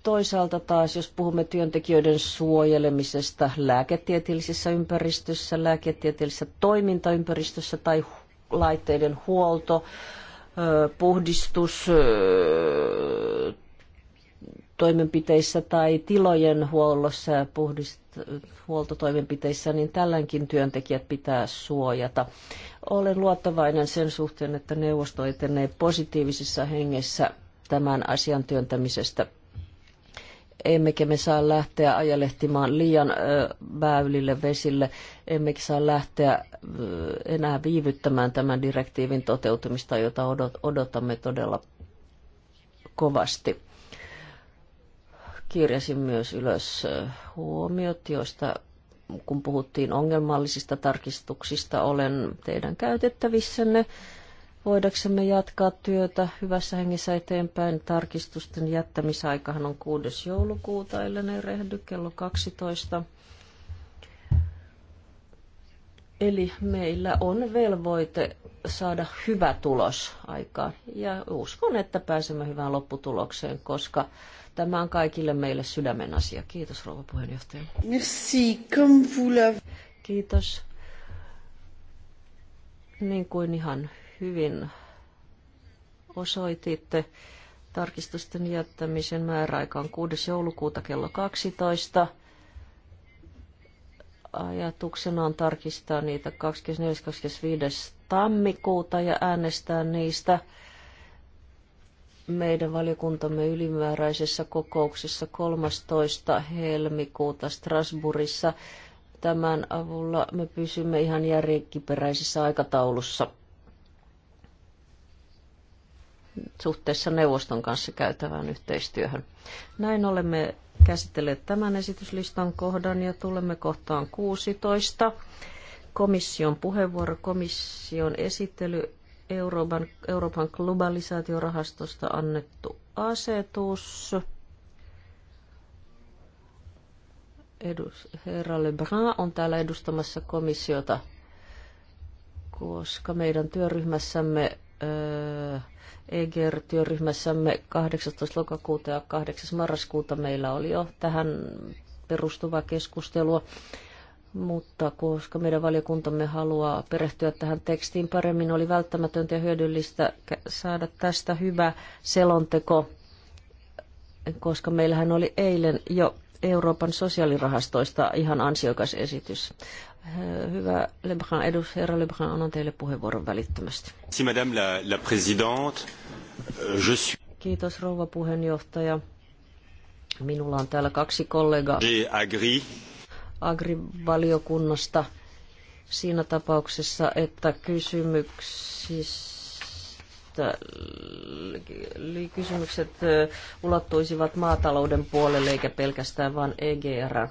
Toisaalta taas, jos puhumme työntekijöiden suojelemisesta lääketieteellisessä ympäristössä, lääketieteellisessä toimintaympäristössä tai laitteiden huolto, puhdistus, toimenpiteissä tai tilojen huollossa ja puhdist- huoltotoimenpiteissä, niin tälläkin työntekijät pitää suojata. Olen luottavainen sen suhteen, että neuvosto etenee positiivisessa hengessä tämän asian työntämisestä emmekä me saa lähteä ajalehtimaan liian väylille vesille, emmekä saa lähteä enää viivyttämään tämän direktiivin toteutumista, jota odotamme todella kovasti. Kirjasin myös ylös huomiot, joista kun puhuttiin ongelmallisista tarkistuksista, olen teidän käytettävissänne voidaksemme jatkaa työtä hyvässä hengessä eteenpäin. Tarkistusten jättämisaikahan on 6. joulukuuta, ellei ne rehdy, kello 12. Eli meillä on velvoite saada hyvä tulos aikaan. Ja uskon, että pääsemme hyvään lopputulokseen, koska tämä on kaikille meille sydämen asia. Kiitos rouva puheenjohtaja. Merci, comme vous Kiitos. Niin kuin ihan hyvin osoititte. Tarkistusten jättämisen määräaika on 6. joulukuuta kello 12. Ajatuksena on tarkistaa niitä 24.–25. tammikuuta ja äänestää niistä meidän valiokuntamme ylimääräisessä kokouksessa 13. helmikuuta Strasbourgissa. Tämän avulla me pysymme ihan järkiperäisessä aikataulussa suhteessa neuvoston kanssa käytävään yhteistyöhön. Näin olemme käsitelleet tämän esityslistan kohdan ja tulemme kohtaan 16. Komission puheenvuoro, komission esittely Euroopan, Euroopan globalisaatiorahastosta annettu asetus. Edus, herra Lebrun on täällä edustamassa komissiota, koska meidän työryhmässämme öö, EGR-työryhmässämme 18. lokakuuta ja 8. marraskuuta meillä oli jo tähän perustuvaa keskustelua, mutta koska meidän valiokuntamme haluaa perehtyä tähän tekstiin paremmin, oli välttämätöntä ja hyödyllistä saada tästä hyvä selonteko, koska meillähän oli eilen jo Euroopan sosiaalirahastoista ihan ansiokas esitys. Äh, hyvä Lebrun, edus, herra Lebrun, annan teille puheenvuoron välittömästi. Si, madame la, la présidente. Euh, je suis... Kiitos rouva puheenjohtaja. Minulla on täällä kaksi kollegaa. Agri. Agri-valiokunnasta siinä tapauksessa, että kysymyksissä että äh, kysymykset äh, ulottuisivat maatalouden puolelle eikä pelkästään vain EGR.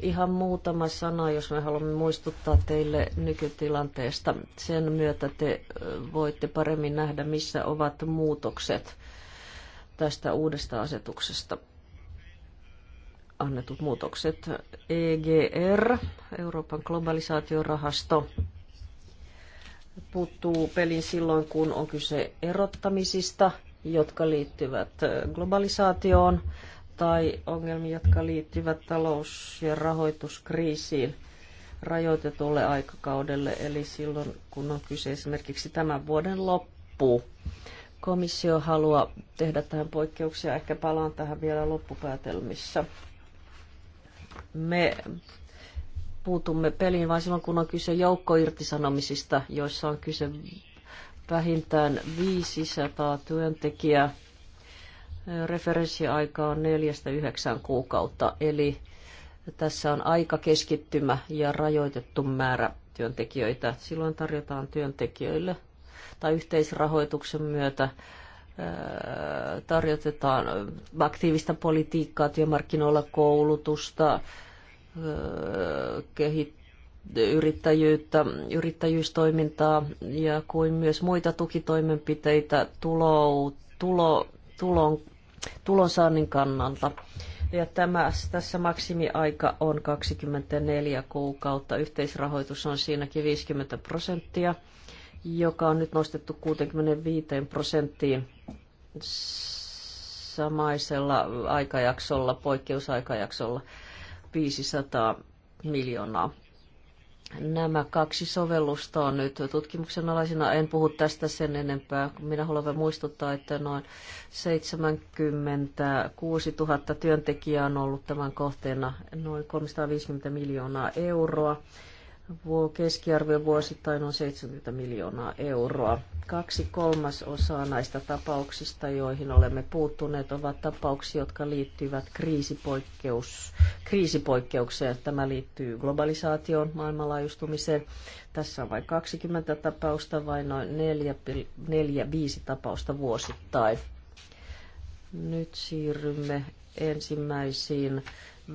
Ihan muutama sana, jos me haluamme muistuttaa teille nykytilanteesta. Sen myötä te äh, voitte paremmin nähdä, missä ovat muutokset tästä uudesta asetuksesta annetut muutokset. EGR, Euroopan globalisaatiorahasto, puuttuu pelin silloin, kun on kyse erottamisista, jotka liittyvät globalisaatioon tai ongelmiin, jotka liittyvät talous- ja rahoituskriisiin rajoitetulle aikakaudelle, eli silloin kun on kyse esimerkiksi tämän vuoden loppuun. Komissio haluaa tehdä tähän poikkeuksia, ehkä palaan tähän vielä loppupäätelmissä. Me puutumme peliin vain silloin, kun on kyse joukkoirtisanomisista, joissa on kyse vähintään 500 työntekijää. Referenssiaika on 4-9 kuukautta, eli tässä on aika keskittymä ja rajoitettu määrä työntekijöitä. Silloin tarjotaan työntekijöille tai yhteisrahoituksen myötä tarjotetaan aktiivista politiikkaa, työmarkkinoilla koulutusta, Öö, kehittää yrittäjyyttä, yrittäjyystoimintaa ja kuin myös muita tukitoimenpiteitä tulo, tulo, tulon, tulonsaannin kannalta. Ja tämä, tässä maksimiaika on 24 kuukautta. Yhteisrahoitus on siinäkin 50 prosenttia, joka on nyt nostettu 65 prosenttiin samaisella aikajaksolla, poikkeusaikajaksolla. 500 miljoonaa. Nämä kaksi sovellusta on nyt tutkimuksen alaisina. En puhu tästä sen enempää. Minä haluan vain muistuttaa, että noin 76 000 työntekijää on ollut tämän kohteena, noin 350 miljoonaa euroa keskiarvio vuosittain on 70 miljoonaa euroa. Kaksi kolmasosaa näistä tapauksista, joihin olemme puuttuneet, ovat tapauksia, jotka liittyvät kriisipoikkeus, kriisipoikkeukseen. Tämä liittyy globalisaatioon, maailmanlaajustumiseen. Tässä on vain 20 tapausta, vain noin 4-5 tapausta vuosittain. Nyt siirrymme ensimmäisiin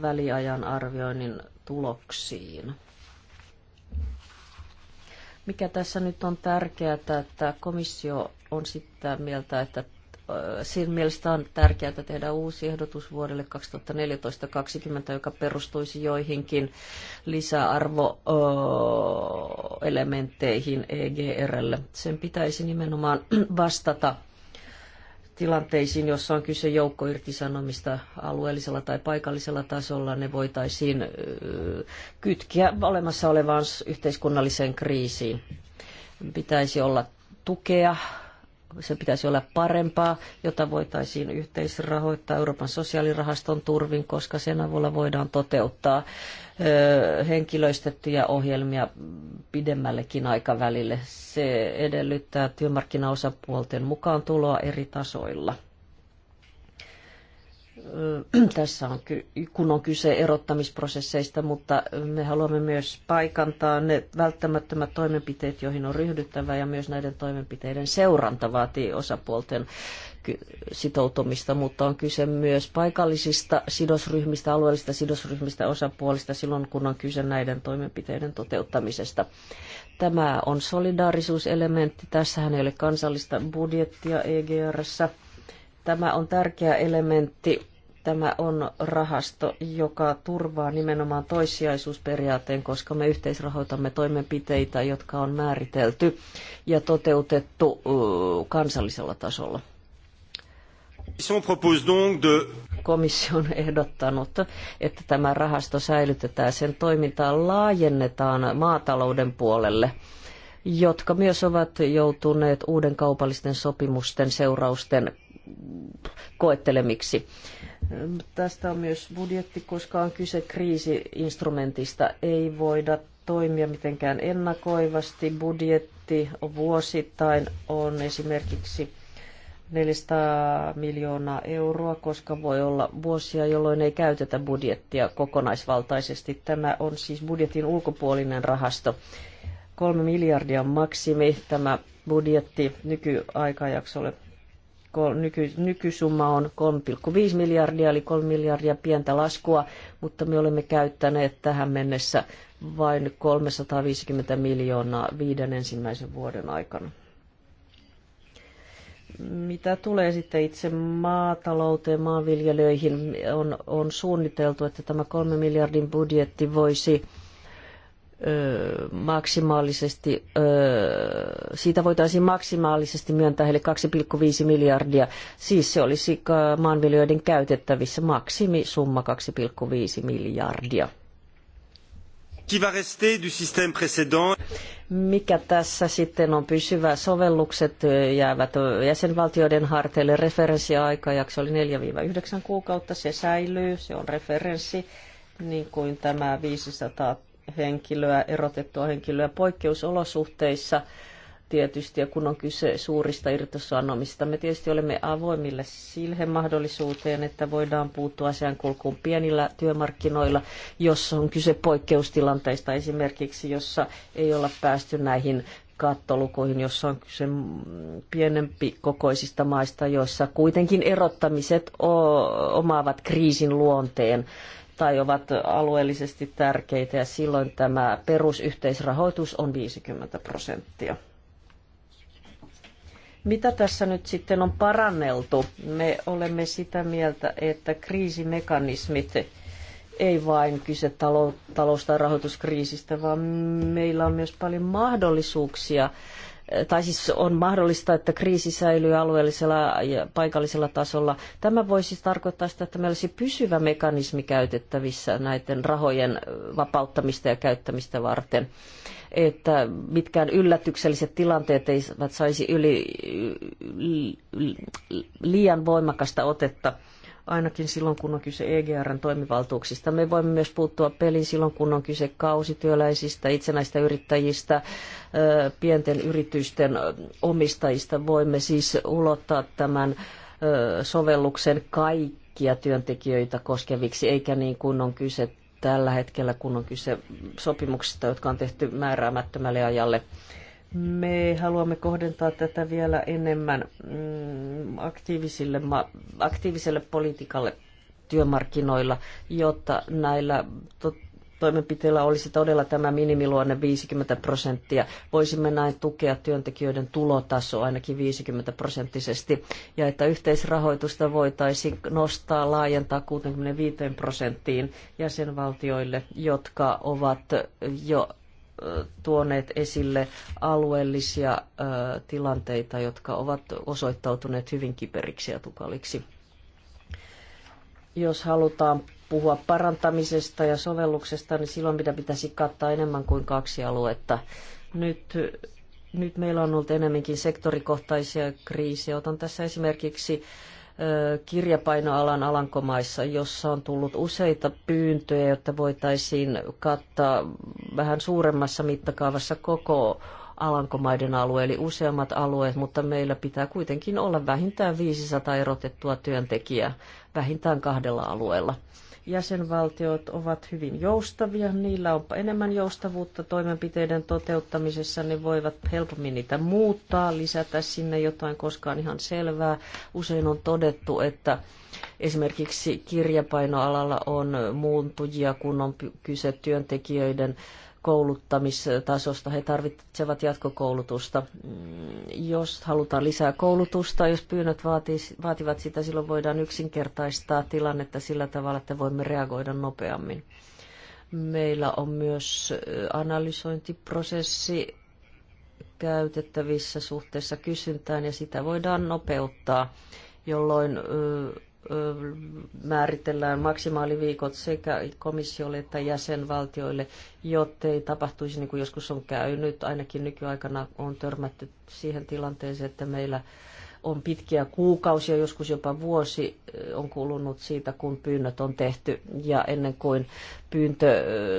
väliajan arvioinnin tuloksiin. Mikä tässä nyt on tärkeää, että komissio on sitä mieltä, että siinä mielestä on tärkeää tehdä uusi ehdotus vuodelle 2014-2020, joka perustuisi joihinkin lisäarvoelementteihin EGRlle. Sen pitäisi nimenomaan vastata tilanteisiin, jossa on kyse joukkoirtisanomista alueellisella tai paikallisella tasolla, ne voitaisiin kytkiä olemassa olevaan yhteiskunnalliseen kriisiin. Pitäisi olla tukea se pitäisi olla parempaa, jota voitaisiin yhteisrahoittaa Euroopan sosiaalirahaston turvin, koska sen avulla voidaan toteuttaa henkilöistettyjä ohjelmia pidemmällekin aikavälille. Se edellyttää työmarkkinaosapuolten mukaan tuloa eri tasoilla. tässä on, kun on kyse erottamisprosesseista, mutta me haluamme myös paikantaa ne välttämättömät toimenpiteet, joihin on ryhdyttävä, ja myös näiden toimenpiteiden seuranta vaatii osapuolten sitoutumista, mutta on kyse myös paikallisista sidosryhmistä, alueellisista sidosryhmistä, osapuolista silloin, kun on kyse näiden toimenpiteiden toteuttamisesta. Tämä on solidaarisuuselementti. Tässähän ei ole kansallista budjettia EGRssä. Tämä on tärkeä elementti. Tämä on rahasto, joka turvaa nimenomaan toissijaisuusperiaatteen, koska me yhteisrahoitamme toimenpiteitä, jotka on määritelty ja toteutettu kansallisella tasolla. Komissio on ehdottanut, että tämä rahasto säilytetään, sen toimintaa laajennetaan maatalouden puolelle, jotka myös ovat joutuneet uuden kaupallisten sopimusten seurausten koettelemiksi. Tästä on myös budjetti, koska on kyse kriisiinstrumentista. Ei voida toimia mitenkään ennakoivasti. Budjetti vuosittain on esimerkiksi 400 miljoonaa euroa, koska voi olla vuosia, jolloin ei käytetä budjettia kokonaisvaltaisesti. Tämä on siis budjetin ulkopuolinen rahasto. Kolme miljardia maksimi tämä budjetti nykyaikajaksolle nyky, nykysumma on 3,5 miljardia, eli 3 miljardia pientä laskua, mutta me olemme käyttäneet tähän mennessä vain 350 miljoonaa viiden ensimmäisen vuoden aikana. Mitä tulee sitten itse maatalouteen, maanviljelijöihin, on, on suunniteltu, että tämä 3 miljardin budjetti voisi maksimaalisesti, siitä voitaisiin maksimaalisesti myöntää heille 2,5 miljardia. Siis se olisi maanviljelijöiden käytettävissä maksimisumma 2,5 miljardia. Mikä tässä sitten on pysyvä? Sovellukset jäävät jäsenvaltioiden harteille. Referenssiaikajakso oli 4-9 kuukautta. Se säilyy, se on referenssi, niin kuin tämä 500 henkilöä, erotettua henkilöä poikkeusolosuhteissa tietysti, ja kun on kyse suurista irtosanomista. Me tietysti olemme avoimille sille mahdollisuuteen, että voidaan puuttua asian kulkuun pienillä työmarkkinoilla, jos on kyse poikkeustilanteista esimerkiksi, jossa ei olla päästy näihin kattolukuihin, jossa on kyse pienempi kokoisista maista, joissa kuitenkin erottamiset omaavat kriisin luonteen tai ovat alueellisesti tärkeitä ja silloin tämä perusyhteisrahoitus on 50 prosenttia. Mitä tässä nyt sitten on paranneltu? Me olemme sitä mieltä, että kriisimekanismit ei vain kyse talous- tai rahoituskriisistä, vaan meillä on myös paljon mahdollisuuksia tai siis on mahdollista, että kriisi säilyy alueellisella ja paikallisella tasolla. Tämä voisi tarkoittaa sitä, että meillä olisi pysyvä mekanismi käytettävissä näiden rahojen vapauttamista ja käyttämistä varten että mitkään yllätykselliset tilanteet eivät saisi yli, liian voimakasta otetta ainakin silloin, kun on kyse EGRn toimivaltuuksista. Me voimme myös puuttua peliin silloin, kun on kyse kausityöläisistä, itsenäistä yrittäjistä, pienten yritysten omistajista. Voimme siis ulottaa tämän sovelluksen kaikkia työntekijöitä koskeviksi, eikä niin kuin on kyse tällä hetkellä, kun on kyse sopimuksista, jotka on tehty määräämättömälle ajalle. Me haluamme kohdentaa tätä vielä enemmän mm, aktiivisille, aktiiviselle politiikalle työmarkkinoilla, jotta näillä toimenpiteillä olisi todella tämä minimiluonne 50 prosenttia. Voisimme näin tukea työntekijöiden tulotaso ainakin 50 prosenttisesti ja että yhteisrahoitusta voitaisiin nostaa laajentaa 65 prosenttiin jäsenvaltioille, jotka ovat jo tuoneet esille alueellisia tilanteita, jotka ovat osoittautuneet hyvin kiperiksi ja tukaliksi. Jos halutaan puhua parantamisesta ja sovelluksesta, niin silloin mitä pitäisi kattaa enemmän kuin kaksi aluetta. Nyt, nyt meillä on ollut enemmänkin sektorikohtaisia kriisejä. Otan tässä esimerkiksi äh, kirjapainoalan Alankomaissa, jossa on tullut useita pyyntöjä, jotta voitaisiin kattaa vähän suuremmassa mittakaavassa koko Alankomaiden alue, eli useammat alueet, mutta meillä pitää kuitenkin olla vähintään 500 erotettua työntekijää vähintään kahdella alueella. Jäsenvaltiot ovat hyvin joustavia, niillä on enemmän joustavuutta toimenpiteiden toteuttamisessa, ne voivat helpommin niitä muuttaa, lisätä sinne jotain, koska on ihan selvää. Usein on todettu, että esimerkiksi kirjapainoalalla on muuntujia, kun on kyse työntekijöiden kouluttamistasosta. He tarvitsevat jatkokoulutusta. Mm, jos halutaan lisää koulutusta, jos pyynnöt vaativat sitä, silloin voidaan yksinkertaistaa tilannetta sillä tavalla, että voimme reagoida nopeammin. Meillä on myös analysointiprosessi käytettävissä suhteessa kysyntään ja sitä voidaan nopeuttaa, jolloin määritellään maksimaaliviikot sekä komissiolle että jäsenvaltioille, jottei tapahtuisi niin kuin joskus on käynyt. Ainakin nykyaikana on törmätty siihen tilanteeseen, että meillä on pitkiä kuukausia, joskus jopa vuosi eh, on kulunut siitä, kun pyynnöt on tehty ja ennen kuin pyyntö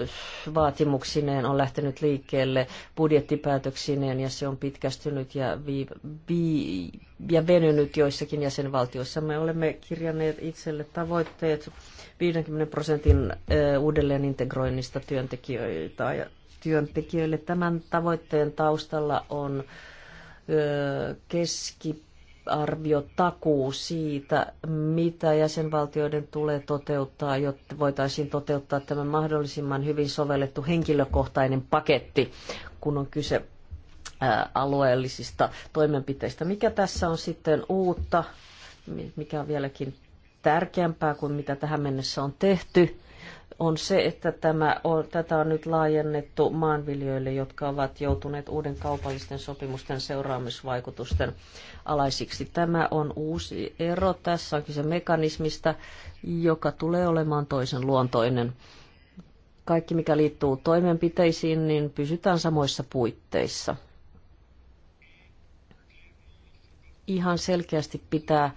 eh, vaatimuksineen on lähtenyt liikkeelle budjettipäätöksineen ja se on pitkästynyt ja, vi, vi, ja venynyt joissakin jäsenvaltioissa. Me olemme kirjanneet itselle tavoitteet 50 prosentin eh, uudelleen integroinnista työntekijöitä ja työntekijöille. Tämän tavoitteen taustalla on keski arviotakuu siitä, mitä jäsenvaltioiden tulee toteuttaa, jotta voitaisiin toteuttaa tämä mahdollisimman hyvin sovellettu henkilökohtainen paketti, kun on kyse alueellisista toimenpiteistä. Mikä tässä on sitten uutta, mikä on vieläkin tärkeämpää kuin mitä tähän mennessä on tehty? on se, että tämä on, tätä on nyt laajennettu maanviljoille, jotka ovat joutuneet uuden kaupallisten sopimusten seuraamisvaikutusten alaisiksi. Tämä on uusi ero. Tässä on kyse mekanismista, joka tulee olemaan toisen luontoinen. Kaikki, mikä liittyy toimenpiteisiin, niin pysytään samoissa puitteissa. Ihan selkeästi pitää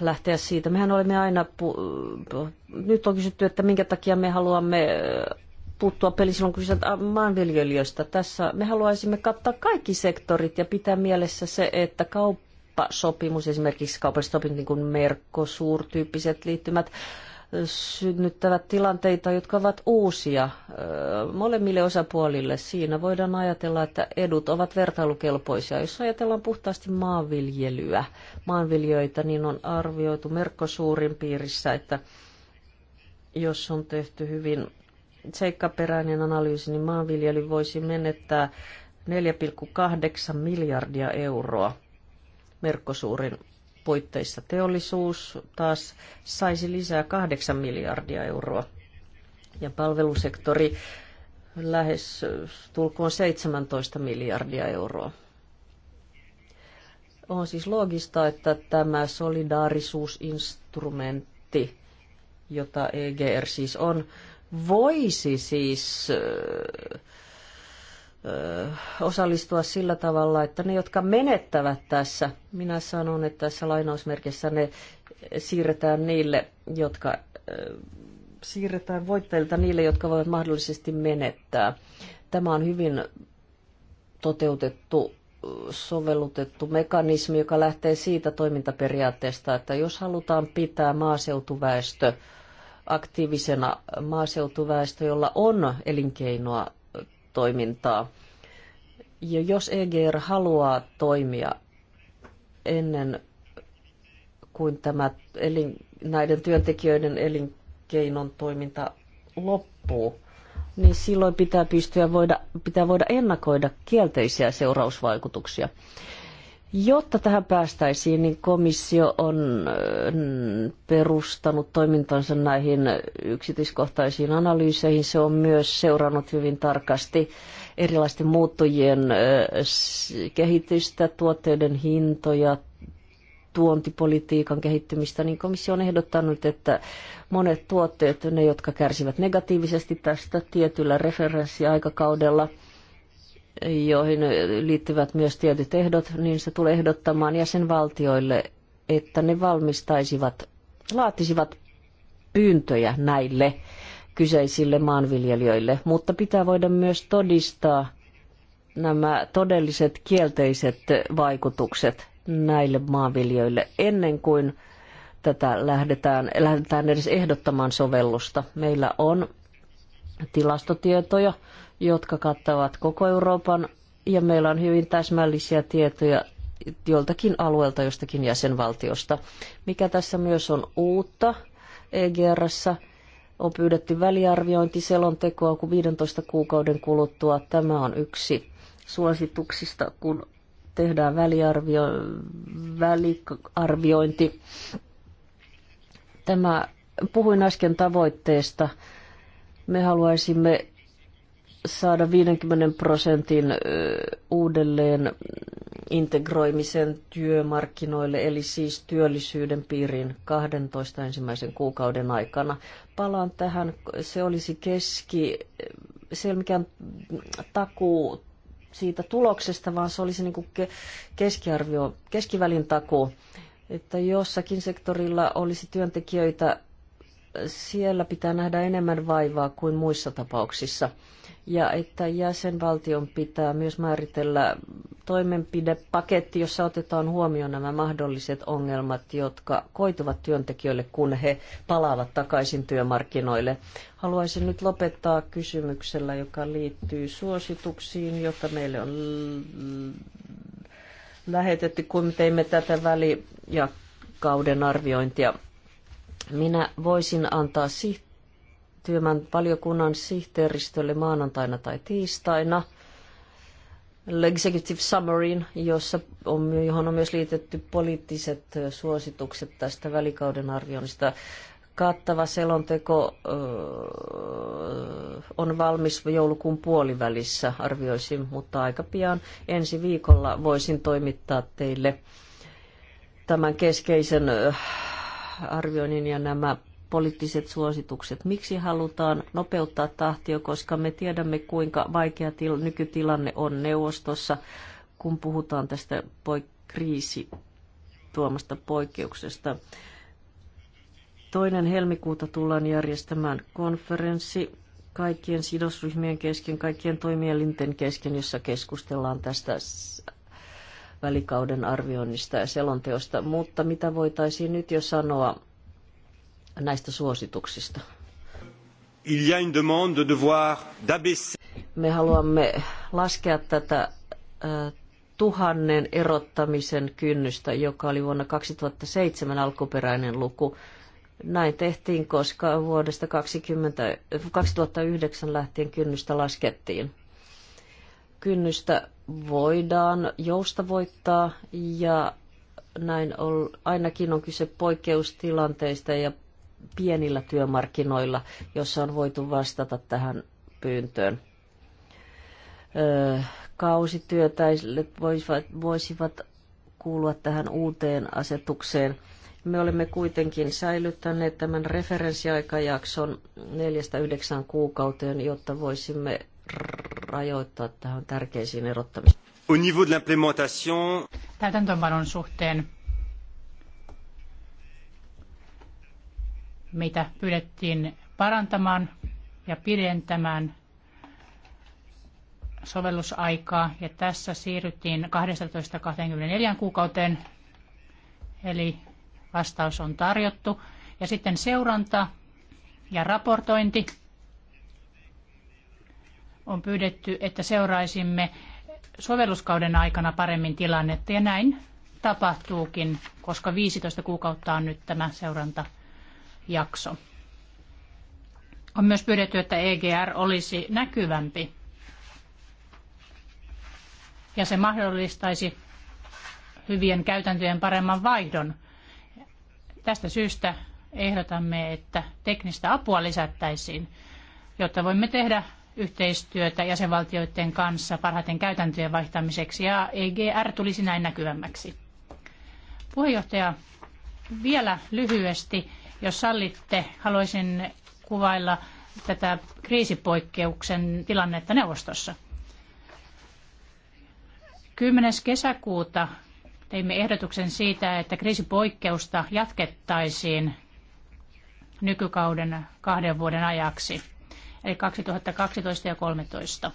lähteä siitä. Mehän olemme aina, pu- nyt on kysytty, että minkä takia me haluamme äh, puuttua peliin silloin, kun kysytään äh, maanviljelijöistä. Tässä me haluaisimme kattaa kaikki sektorit ja pitää mielessä se, että kauppasopimus, esimerkiksi kaupalliset sopimukset, niin kuin Merkko, suurtyyppiset liittymät, synnyttävät tilanteita, jotka ovat uusia molemmille osapuolille. Siinä voidaan ajatella, että edut ovat vertailukelpoisia. Jos ajatellaan puhtaasti maanviljelyä, maanviljoita, niin on arvioitu suurin piirissä, että jos on tehty hyvin seikkaperäinen analyysi, niin maanviljely voisi menettää 4,8 miljardia euroa merkkosuurin puitteissa teollisuus taas saisi lisää 8 miljardia euroa ja palvelusektori lähes tulkoon 17 miljardia euroa. On siis loogista, että tämä solidaarisuusinstrumentti, jota EGR siis on, voisi siis äh, osallistua sillä tavalla, että ne, jotka menettävät tässä, minä sanon, että tässä lainausmerkissä ne siirretään niille, jotka siirretään voittajilta niille, jotka voivat mahdollisesti menettää. Tämä on hyvin toteutettu, sovellutettu mekanismi, joka lähtee siitä toimintaperiaatteesta, että jos halutaan pitää maaseutuväestö aktiivisena maaseutuväestö, jolla on elinkeinoa toimintaa. Ja jos EGR haluaa toimia ennen kuin tämä elin, näiden työntekijöiden elinkeinon toiminta loppuu, niin silloin pitää pystyä voida, pitää voida ennakoida kielteisiä seurausvaikutuksia. Jotta tähän päästäisiin, niin komissio on äh, perustanut toimintansa näihin yksityiskohtaisiin analyyseihin. Se on myös seurannut hyvin tarkasti erilaisten muuttujien äh, kehitystä, tuotteiden hintoja, tuontipolitiikan kehittymistä, niin komissio on ehdottanut, että monet tuotteet, ne jotka kärsivät negatiivisesti tästä tietyllä referenssiaikakaudella – joihin liittyvät myös tietyt ehdot, niin se tulee ehdottamaan jäsenvaltioille, että ne valmistaisivat, laatisivat pyyntöjä näille kyseisille maanviljelijöille, mutta pitää voida myös todistaa nämä todelliset kielteiset vaikutukset näille maanviljelijöille ennen kuin tätä lähdetään, lähdetään edes ehdottamaan sovellusta. Meillä on tilastotietoja jotka kattavat koko Euroopan, ja meillä on hyvin täsmällisiä tietoja joltakin alueelta, jostakin jäsenvaltiosta. Mikä tässä myös on uutta egr on pyydetty väliarviointiselontekoa, kuin 15 kuukauden kuluttua tämä on yksi suosituksista, kun tehdään väliarvio, väliarviointi. Tämä, puhuin äsken tavoitteesta. Me haluaisimme saada 50 prosentin uudelleen integroimisen työmarkkinoille, eli siis työllisyyden piiriin 12 ensimmäisen kuukauden aikana. Palaan tähän, se olisi keski, se ei ole mikään takuu siitä tuloksesta, vaan se olisi niin kuin keskiarvio, keskivälin takuu, että jossakin sektorilla olisi työntekijöitä siellä pitää nähdä enemmän vaivaa kuin muissa tapauksissa ja että jäsenvaltion pitää myös määritellä toimenpidepaketti, jossa otetaan huomioon nämä mahdolliset ongelmat, jotka koituvat työntekijöille, kun he palaavat takaisin työmarkkinoille. Haluaisin nyt lopettaa kysymyksellä, joka liittyy suosituksiin, jota meille on lähetetty, kun teimme tätä väli- ja kauden arviointia. Minä voisin antaa sihteeriä tämän valiokunnan sihteeristölle maanantaina tai tiistaina executive summary, jossa on, johon on myös liitetty poliittiset suositukset tästä välikauden arvioinnista. Kattava selonteko öö, on valmis joulukuun puolivälissä, arvioisin, mutta aika pian ensi viikolla voisin toimittaa teille tämän keskeisen öö, arvioinnin ja nämä poliittiset suositukset. Miksi halutaan nopeuttaa tahtia, koska me tiedämme, kuinka vaikea til- nykytilanne on neuvostossa, kun puhutaan tästä poik- kriisi tuomasta poikkeuksesta. Toinen helmikuuta tullaan järjestämään konferenssi kaikkien sidosryhmien kesken, kaikkien toimielinten kesken, jossa keskustellaan tästä välikauden arvioinnista ja selonteosta. Mutta mitä voitaisiin nyt jo sanoa näistä suosituksista. Il y a une demande de devoir Me haluamme laskea tätä äh, tuhannen erottamisen kynnystä, joka oli vuonna 2007 alkuperäinen luku. Näin tehtiin, koska vuodesta 20, 2009 lähtien kynnystä laskettiin. Kynnystä voidaan joustavoittaa ja näin on, ainakin on kyse poikkeustilanteista ja pienillä työmarkkinoilla, jossa on voitu vastata tähän pyyntöön. Kausityötäiset voisivat kuulua tähän uuteen asetukseen. Me olemme kuitenkin säilyttäneet tämän referenssiaikajakson 4-9 kuukauteen, jotta voisimme rajoittaa tähän tärkeisiin erottamiseen. Au niveau de l'implémentation. Täytäntöönpanon suhteen Meitä pyydettiin parantamaan ja pidentämään sovellusaikaa ja tässä siirryttiin 12-24 kuukauteen, eli vastaus on tarjottu. Ja sitten seuranta ja raportointi on pyydetty, että seuraisimme sovelluskauden aikana paremmin tilannetta ja näin tapahtuukin, koska 15 kuukautta on nyt tämä seuranta jakso. On myös pyydetty, että EGR olisi näkyvämpi ja se mahdollistaisi hyvien käytäntöjen paremman vaihdon. Tästä syystä ehdotamme, että teknistä apua lisättäisiin, jotta voimme tehdä yhteistyötä jäsenvaltioiden kanssa parhaiten käytäntöjen vaihtamiseksi ja EGR tulisi näin näkyvämmäksi. Puheenjohtaja, vielä lyhyesti jos sallitte, haluaisin kuvailla tätä kriisipoikkeuksen tilannetta neuvostossa. 10. kesäkuuta teimme ehdotuksen siitä, että kriisipoikkeusta jatkettaisiin nykykauden kahden vuoden ajaksi, eli 2012 ja 2013.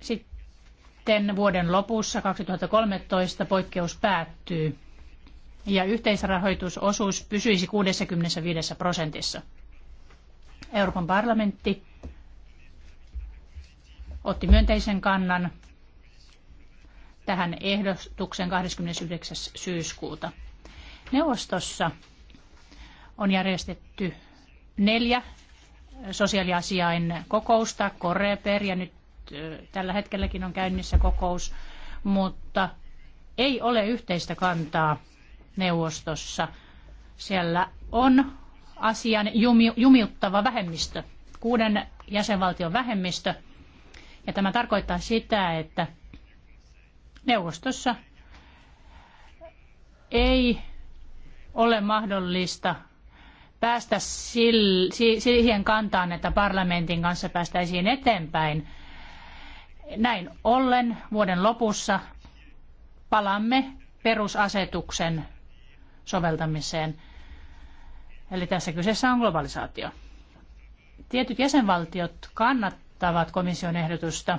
Sitten vuoden lopussa 2013 poikkeus päättyy ja yhteisrahoitusosuus pysyisi 65 prosentissa. Euroopan parlamentti otti myönteisen kannan tähän ehdotuksen 29. syyskuuta. Neuvostossa on järjestetty neljä sosiaaliasiain kokousta, Koreper ja nyt tällä hetkelläkin on käynnissä kokous, mutta ei ole yhteistä kantaa neuvostossa. Siellä on asian jumiuttava vähemmistö, kuuden jäsenvaltion vähemmistö. Ja tämä tarkoittaa sitä, että neuvostossa ei ole mahdollista päästä siihen kantaan, että parlamentin kanssa päästäisiin eteenpäin. Näin ollen vuoden lopussa palamme perusasetuksen soveltamiseen. Eli tässä kyseessä on globalisaatio. Tietyt jäsenvaltiot kannattavat komission ehdotusta.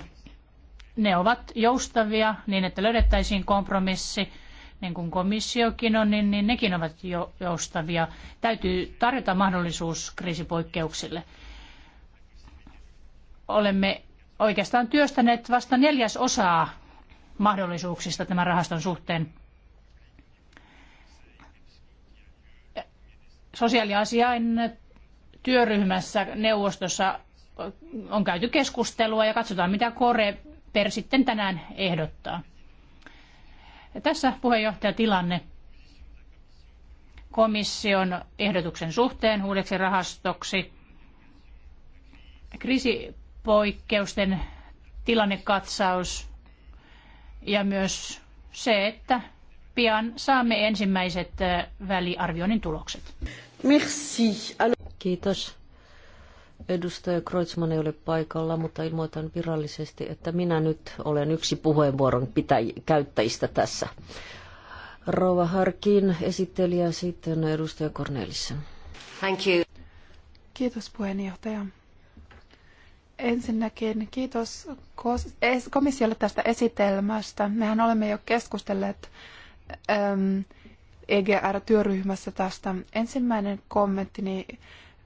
Ne ovat joustavia niin, että löydettäisiin kompromissi niin kuin komissiokin on, niin, niin nekin ovat jo, joustavia. Täytyy tarjota mahdollisuus kriisipoikkeuksille. Olemme oikeastaan työstäneet vasta neljäs osaa mahdollisuuksista tämän rahaston suhteen. sosiaaliasiain työryhmässä neuvostossa on käyty keskustelua ja katsotaan, mitä per sitten tänään ehdottaa. Ja tässä puheenjohtaja tilanne komission ehdotuksen suhteen uudeksi rahastoksi. Kriisipoikkeusten tilannekatsaus ja myös se, että pian saamme ensimmäiset äh, väliarvioinnin tulokset. Merci. Kiitos. Edustaja Kreutzmann ei ole paikalla, mutta ilmoitan virallisesti, että minä nyt olen yksi puheenvuoron pitäj- käyttäjistä tässä. Rouva Harkin esittelijä sitten edustaja Cornelissen. Thank you. Kiitos puheenjohtaja. Ensinnäkin kiitos komissiolle tästä esitelmästä. Mehän olemme jo keskustelleet EGR-työryhmässä tästä. Ensimmäinen kommenttini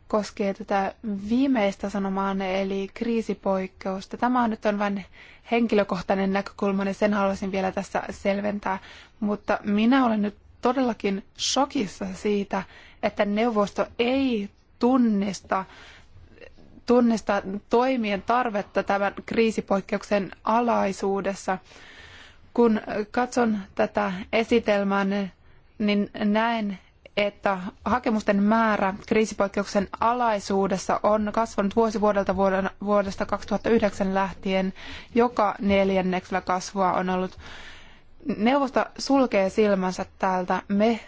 koskee tätä viimeistä sanomaanne, eli kriisipoikkeusta. Tämä on nyt on vain henkilökohtainen näkökulma, niin sen haluaisin vielä tässä selventää. Mutta minä olen nyt todellakin shokissa siitä, että neuvosto ei tunnista tunnista toimien tarvetta tämän kriisipoikkeuksen alaisuudessa. Kun katson tätä esitelmää, niin niin näen, että hakemusten määrä kriisipoikkeuksen alaisuudessa on kasvanut vuosi vuodelta vuodesta 2009 lähtien. Joka neljänneksellä kasvua on ollut. Neuvosto sulkee silmänsä tältä. Me,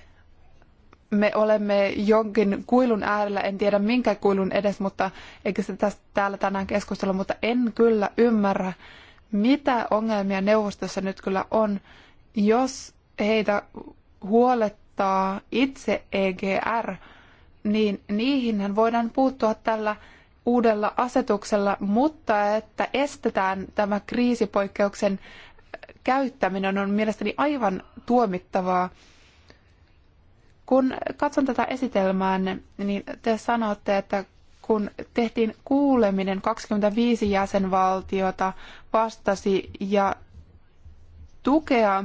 me olemme jonkin kuilun äärellä, en tiedä minkä kuilun edes, mutta eikö se tästä täällä tänään keskustella, mutta en kyllä ymmärrä, mitä ongelmia neuvostossa nyt kyllä on, jos heitä huolettaa itse EGR, niin niihin voidaan puuttua tällä uudella asetuksella, mutta että estetään tämä kriisipoikkeuksen käyttäminen on mielestäni aivan tuomittavaa. Kun katson tätä esitelmää, niin te sanotte, että kun tehtiin kuuleminen, 25 jäsenvaltiota vastasi ja tukea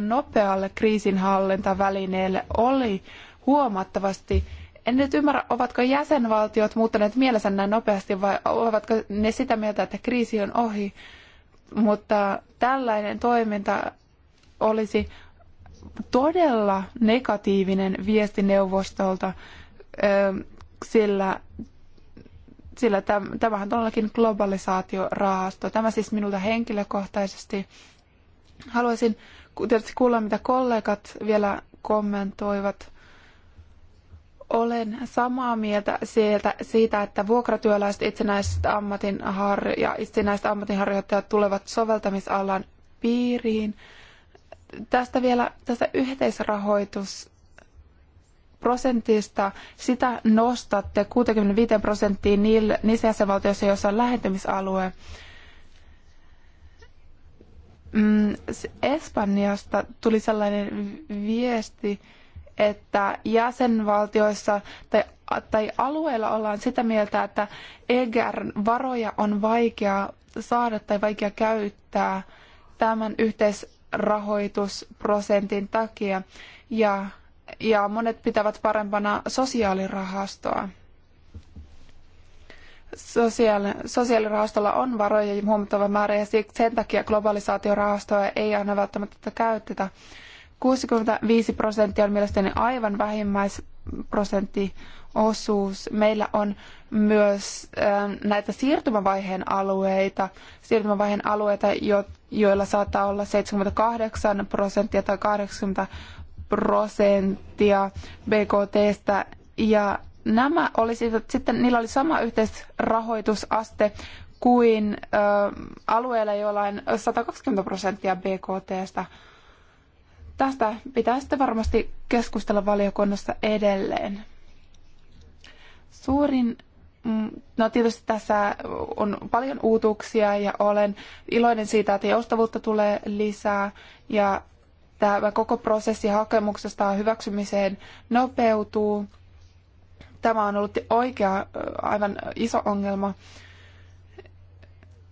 nopealle kriisinhallintavälineelle oli huomattavasti. En nyt ymmärrä, ovatko jäsenvaltiot muuttaneet mielensä näin nopeasti vai ovatko ne sitä mieltä, että kriisi on ohi. Mutta tällainen toiminta olisi todella negatiivinen viesti neuvostolta, sillä, sillä täm, tämähän on todellakin globalisaatiorahasto. Tämä siis minulta henkilökohtaisesti. Haluaisin tietysti kuulla, mitä kollegat vielä kommentoivat. Olen samaa mieltä sieltä, siitä, että vuokratyöläiset itsenäiset ammatinharjo- ja itsenäiset ammatinharjoittajat tulevat soveltamisalan piiriin. Tästä vielä tästä yhteisrahoitusprosentista, sitä nostatte 65 prosenttiin niissä jäsenvaltioissa, joissa on lähentymisalue. Mm, Espanjasta tuli sellainen viesti, että jäsenvaltioissa tai, tai alueilla ollaan sitä mieltä, että EGR-varoja on vaikea saada tai vaikea käyttää tämän yhteisrahoitusprosentin takia. Ja, ja monet pitävät parempana sosiaalirahastoa sosiaali- sosiaalirahastolla on varoja huomattava määrä ja sen takia globalisaatiorahastoa ei aina välttämättä käytetä. 65 prosenttia on mielestäni aivan vähimmäisprosenttiosuus. Meillä on myös ähm, näitä siirtymävaiheen alueita, siirtymävaiheen alueita, joilla saattaa olla 78 prosenttia tai 80 prosenttia BKTstä ja nämä olisivat sitten, niillä oli sama yhteisrahoitusaste kuin ö, alueella jollain 120 prosenttia BKTstä. Tästä pitää sitten varmasti keskustella valiokunnassa edelleen. Suurin, mm, no tietysti tässä on paljon uutuuksia ja olen iloinen siitä, että joustavuutta tulee lisää ja tämä koko prosessi hakemuksesta hyväksymiseen nopeutuu – Tämä on ollut oikea aivan iso ongelma.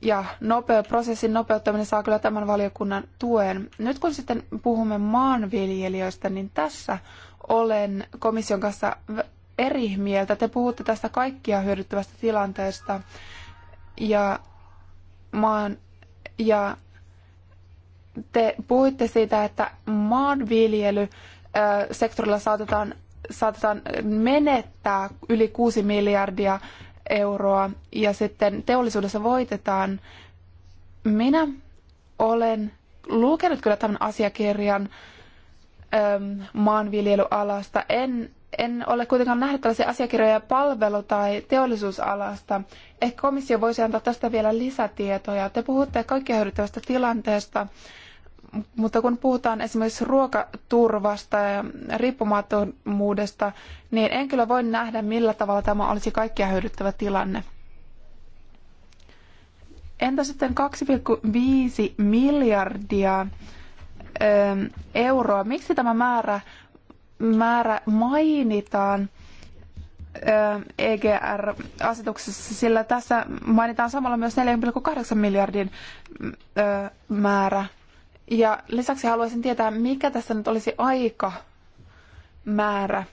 Ja nopea, prosessin nopeuttaminen saa kyllä tämän valiokunnan tuen. Nyt kun sitten puhumme maanviljelijöistä, niin tässä olen komission kanssa eri mieltä. Te puhutte tästä kaikkia hyödyttävästä tilanteesta ja, maan, ja te puhuitte siitä, että maanviljely sektorilla saatetaan saatetaan menettää yli 6 miljardia euroa ja sitten teollisuudessa voitetaan. Minä olen lukenut kyllä tämän asiakirjan äm, maanviljelyalasta. En, en ole kuitenkaan nähnyt tällaisia asiakirjoja palvelu- tai teollisuusalasta. Ehkä komissio voisi antaa tästä vielä lisätietoja. Te puhutte kaikkia hyödyttävästä tilanteesta mutta kun puhutaan esimerkiksi ruokaturvasta ja riippumattomuudesta, niin en kyllä voi nähdä, millä tavalla tämä olisi kaikkia hyödyttävä tilanne. Entä sitten 2,5 miljardia ähm, euroa? Miksi tämä määrä, määrä mainitaan ähm, EGR-asetuksessa, sillä tässä mainitaan samalla myös 4,8 miljardin äh, määrä ja lisäksi haluaisin tietää, mikä tässä nyt olisi aika määrä.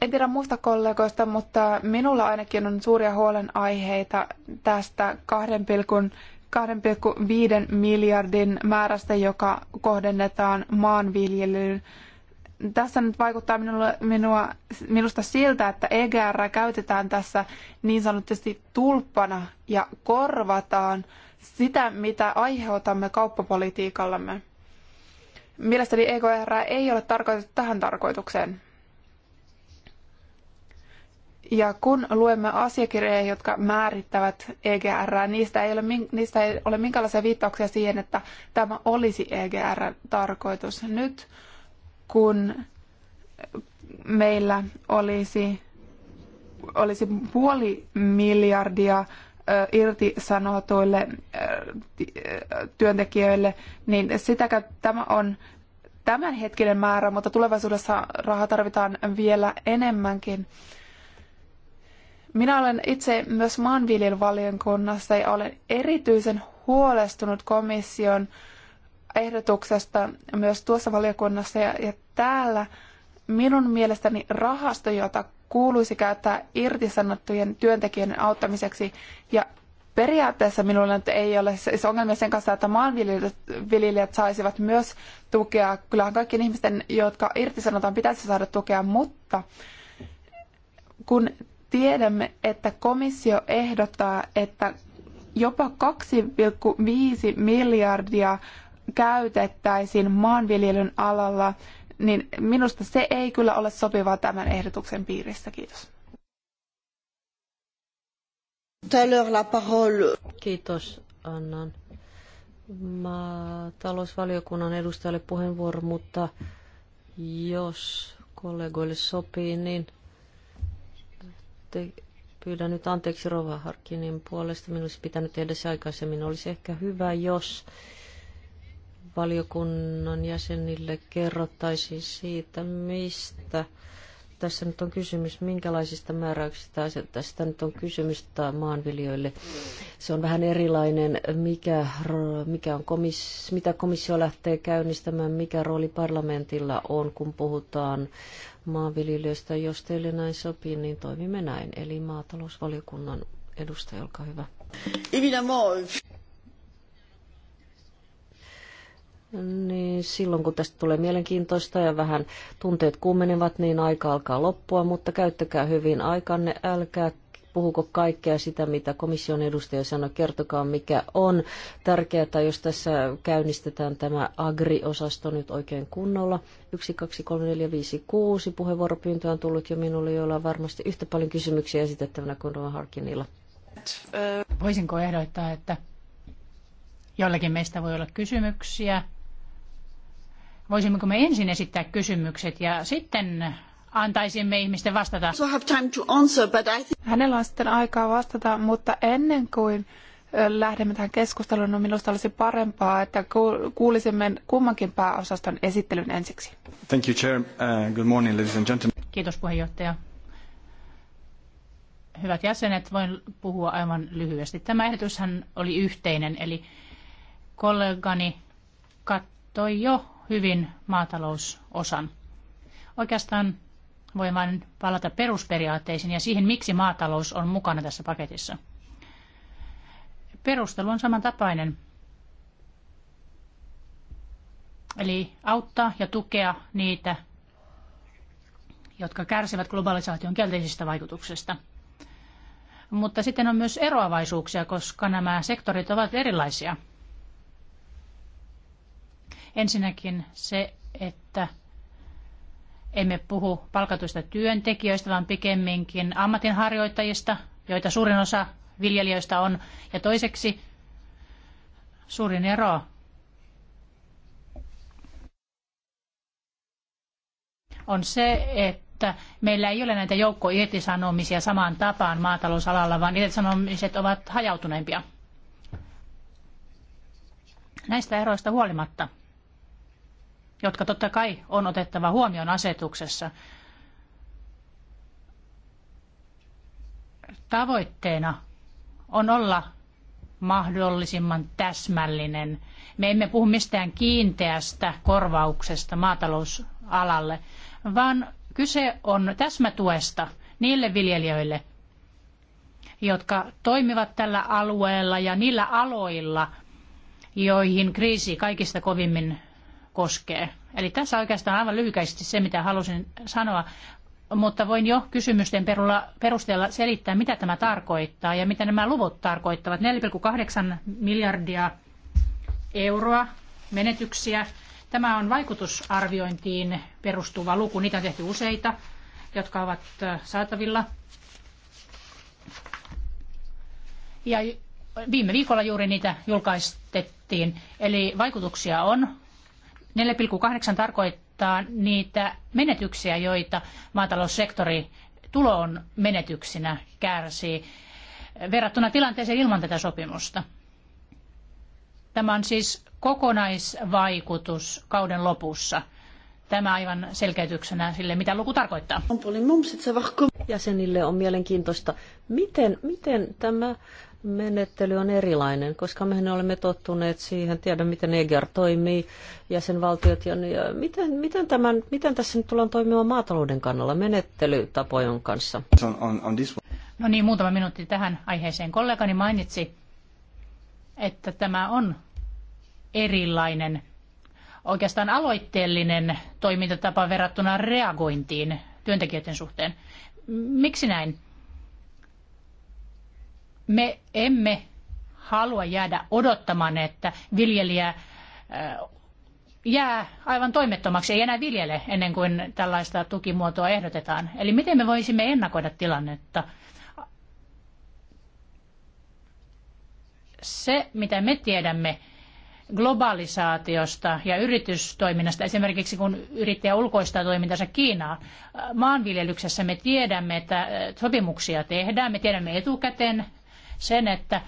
En tiedä muista kollegoista, mutta minulla ainakin on suuria huolenaiheita tästä 2,5 miljardin määrästä, joka kohdennetaan maanviljelyyn. Tässä nyt vaikuttaa minulle, minua, minusta siltä, että EGR käytetään tässä niin sanotusti tulppana ja korvataan sitä, mitä aiheutamme kauppapolitiikallamme. Mielestäni EKR ei ole tarkoitettu tähän tarkoitukseen. Ja kun luemme asiakirjoja, jotka määrittävät EGR, niistä ei ole, niistä ei ole minkäänlaisia viittauksia siihen, että tämä olisi EGR-tarkoitus. Nyt kun meillä olisi, olisi puoli miljardia irtisanotuille työntekijöille, niin sitäkö tämä on tämänhetkinen määrä, mutta tulevaisuudessa rahaa tarvitaan vielä enemmänkin. Minä olen itse myös maanviljelyvaliokunnassa ja olen erityisen huolestunut komission ehdotuksesta myös tuossa valiokunnassa ja, ja täällä minun mielestäni rahasto, jota kuuluisi käyttää irtisanottujen työntekijöiden auttamiseksi. Ja periaatteessa minulla nyt ei ole siis ongelmia sen kanssa, että maanviljelijät saisivat myös tukea. Kyllähän kaikkien ihmisten, jotka irtisanotaan, pitäisi saada tukea, mutta kun tiedämme, että komissio ehdottaa, että jopa 2,5 miljardia käytettäisiin maanviljelyn alalla niin minusta se ei kyllä ole sopivaa tämän ehdotuksen piirissä. Kiitos. Kiitos, annan talousvaliokunnan edustajalle puheenvuoro, mutta jos kollegoille sopii, niin te, pyydän nyt anteeksi Rova Harkinin puolesta. Minun olisi pitänyt tehdä se aikaisemmin. Olisi ehkä hyvä, jos valiokunnan jäsenille kerrottaisiin siitä, mistä tässä nyt on kysymys, minkälaisista määräyksistä tästä nyt on kysymys maanviljoille. Se on vähän erilainen, mikä, mikä on komis, mitä komissio lähtee käynnistämään, mikä rooli parlamentilla on, kun puhutaan maanviljelijöistä. Jos teille näin sopii, niin toimimme näin. Eli maatalousvaliokunnan edustaja, olkaa hyvä. niin silloin kun tästä tulee mielenkiintoista ja vähän tunteet kuumenevat, niin aika alkaa loppua, mutta käyttäkää hyvin aikanne, älkää puhuko kaikkea sitä, mitä komission edustaja sanoi, kertokaa mikä on tärkeää, jos tässä käynnistetään tämä agri-osasto nyt oikein kunnolla. 1, 2, 3, 4, 5, 6 puheenvuoropyyntö on tullut jo minulle, joilla on varmasti yhtä paljon kysymyksiä esitettävänä kuin Rohan Harkinilla. Voisinko ehdottaa, että jollakin meistä voi olla kysymyksiä Voisimmeko me ensin esittää kysymykset ja sitten antaisimme ihmisten vastata? Hänellä on sitten aikaa vastata, mutta ennen kuin lähdemme tähän keskusteluun, no minusta olisi parempaa, että kuulisimme kummankin pääosaston esittelyn ensiksi. Thank you, Chair. Uh, good morning, ladies and gentlemen. Kiitos puheenjohtaja. Hyvät jäsenet, voin puhua aivan lyhyesti. Tämä ehdotushan oli yhteinen, eli kollegani katsoi jo hyvin maatalousosan. Oikeastaan voin vain palata perusperiaatteisiin ja siihen, miksi maatalous on mukana tässä paketissa. Perustelu on samantapainen. Eli auttaa ja tukea niitä, jotka kärsivät globalisaation kielteisistä vaikutuksista. Mutta sitten on myös eroavaisuuksia, koska nämä sektorit ovat erilaisia – Ensinnäkin se, että emme puhu palkatuista työntekijöistä, vaan pikemminkin ammatinharjoittajista, joita suurin osa viljelijöistä on. Ja toiseksi suurin ero on se, että meillä ei ole näitä joukkoirtisanomisia samaan tapaan maatalousalalla, vaan irtisanomiset ovat hajautuneempia. Näistä eroista huolimatta jotka totta kai on otettava huomioon asetuksessa. Tavoitteena on olla mahdollisimman täsmällinen. Me emme puhu mistään kiinteästä korvauksesta maatalousalalle, vaan kyse on täsmätuesta niille viljelijöille, jotka toimivat tällä alueella ja niillä aloilla, joihin kriisi kaikista kovimmin koskee. Eli tässä oikeastaan aivan lyhykäisesti se, mitä halusin sanoa, mutta voin jo kysymysten perusteella selittää, mitä tämä tarkoittaa ja mitä nämä luvut tarkoittavat. 4,8 miljardia euroa menetyksiä. Tämä on vaikutusarviointiin perustuva luku. Niitä on tehty useita, jotka ovat saatavilla. Ja viime viikolla juuri niitä julkaistettiin. Eli vaikutuksia on 4,8 tarkoittaa niitä menetyksiä, joita maataloussektori tulon menetyksinä kärsii verrattuna tilanteeseen ilman tätä sopimusta. Tämä on siis kokonaisvaikutus kauden lopussa – Tämä aivan selkeytyksenä sille, mitä luku tarkoittaa. Jäsenille on mielenkiintoista, miten, miten tämä menettely on erilainen, koska mehän olemme tottuneet siihen, tiedä miten EGR toimii, jäsenvaltiot ja niin, miten, miten, tämän, miten tässä nyt tullaan toimimaan maatalouden kannalla menettelytapojen kanssa? No niin, muutama minuutti tähän aiheeseen. Kollegani mainitsi, että tämä on erilainen oikeastaan aloitteellinen toimintatapa verrattuna reagointiin työntekijöiden suhteen. Miksi näin? Me emme halua jäädä odottamaan, että viljelijä jää aivan toimettomaksi, ei enää viljele ennen kuin tällaista tukimuotoa ehdotetaan. Eli miten me voisimme ennakoida tilannetta? Se, mitä me tiedämme, globalisaatiosta ja yritystoiminnasta. Esimerkiksi kun yrittäjä ulkoistaa toimintansa Kiinaan, maanviljelyksessä me tiedämme, että äh, sopimuksia tehdään, me tiedämme etukäteen sen, että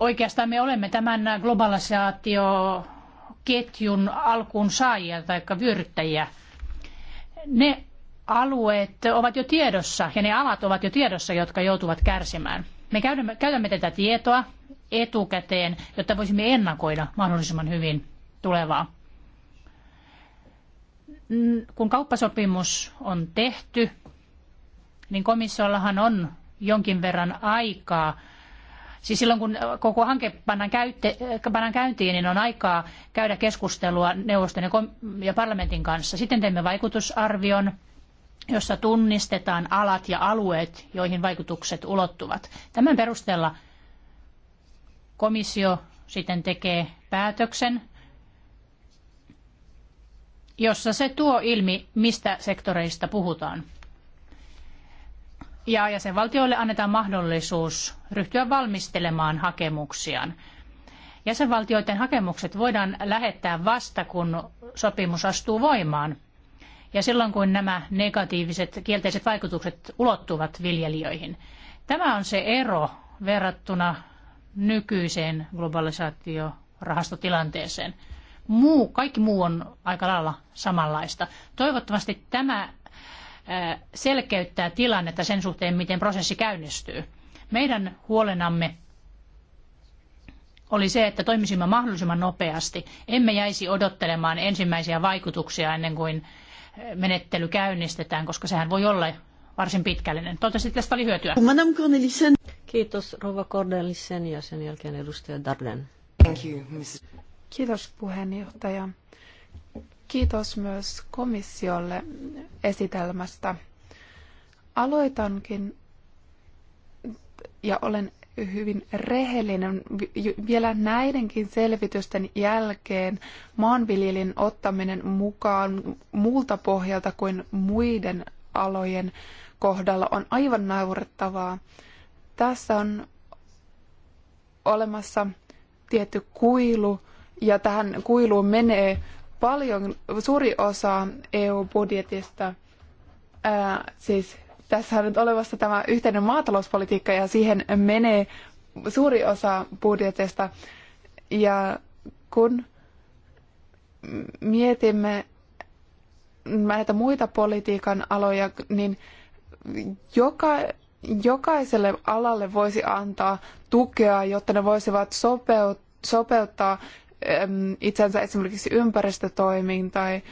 oikeastaan me olemme tämän globalisaatioketjun alkuun saajia tai vyöryttäjiä. Ne alueet ovat jo tiedossa ja ne alat ovat jo tiedossa, jotka joutuvat kärsimään. Me käytämme, käytämme tätä tietoa etukäteen, jotta voisimme ennakoida mahdollisimman hyvin tulevaa. Kun kauppasopimus on tehty, niin komissiollahan on jonkin verran aikaa. Siis silloin kun koko hanke pannaan, käytte, pannaan käyntiin, niin on aikaa käydä keskustelua neuvoston ja, ja parlamentin kanssa. Sitten teemme vaikutusarvion jossa tunnistetaan alat ja alueet, joihin vaikutukset ulottuvat. Tämän perusteella komissio sitten tekee päätöksen, jossa se tuo ilmi, mistä sektoreista puhutaan. Ja jäsenvaltioille annetaan mahdollisuus ryhtyä valmistelemaan hakemuksiaan. Jäsenvaltioiden hakemukset voidaan lähettää vasta, kun sopimus astuu voimaan ja silloin kun nämä negatiiviset kielteiset vaikutukset ulottuvat viljelijöihin. Tämä on se ero verrattuna nykyiseen globalisaatiorahastotilanteeseen. Muu, kaikki muu on aika lailla samanlaista. Toivottavasti tämä selkeyttää tilannetta sen suhteen, miten prosessi käynnistyy. Meidän huolenamme oli se, että toimisimme mahdollisimman nopeasti. Emme jäisi odottelemaan ensimmäisiä vaikutuksia ennen kuin menettely käynnistetään, koska sehän voi olla varsin pitkällinen. Toivottavasti tästä oli hyötyä. Madame Cornelissen. Kiitos Rova Cornelissen ja sen jälkeen edustaja Darden. Thank you, Mrs. Kiitos puheenjohtaja. Kiitos myös komissiolle esitelmästä. Aloitankin ja olen hyvin rehellinen. Vielä näidenkin selvitysten jälkeen maanviljelin ottaminen mukaan muulta pohjalta kuin muiden alojen kohdalla on aivan naurettavaa. Tässä on olemassa tietty kuilu, ja tähän kuiluun menee paljon, suuri osa EU-budjetista, siis tässä on nyt olevassa tämä yhteinen maatalouspolitiikka ja siihen menee suuri osa budjetista. Ja kun mietimme näitä muita politiikan aloja, niin joka, jokaiselle alalle voisi antaa tukea, jotta ne voisivat sopeut, sopeuttaa itsensä esimerkiksi ympäristötoimiin tai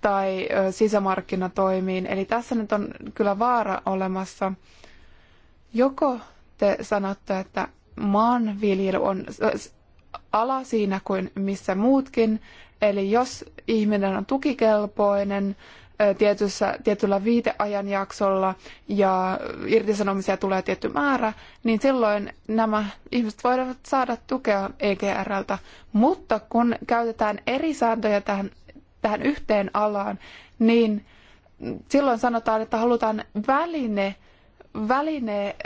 tai sisämarkkinatoimiin. Eli tässä nyt on kyllä vaara olemassa. Joko te sanotte, että maanviljely on ala siinä kuin missä muutkin, eli jos ihminen on tukikelpoinen tietyssä, tietyllä viiteajanjaksolla ja irtisanomisia tulee tietty määrä, niin silloin nämä ihmiset voivat saada tukea EGRltä. Mutta kun käytetään eri sääntöjä tähän tähän yhteen alaan, niin silloin sanotaan, että halutaan väline, väline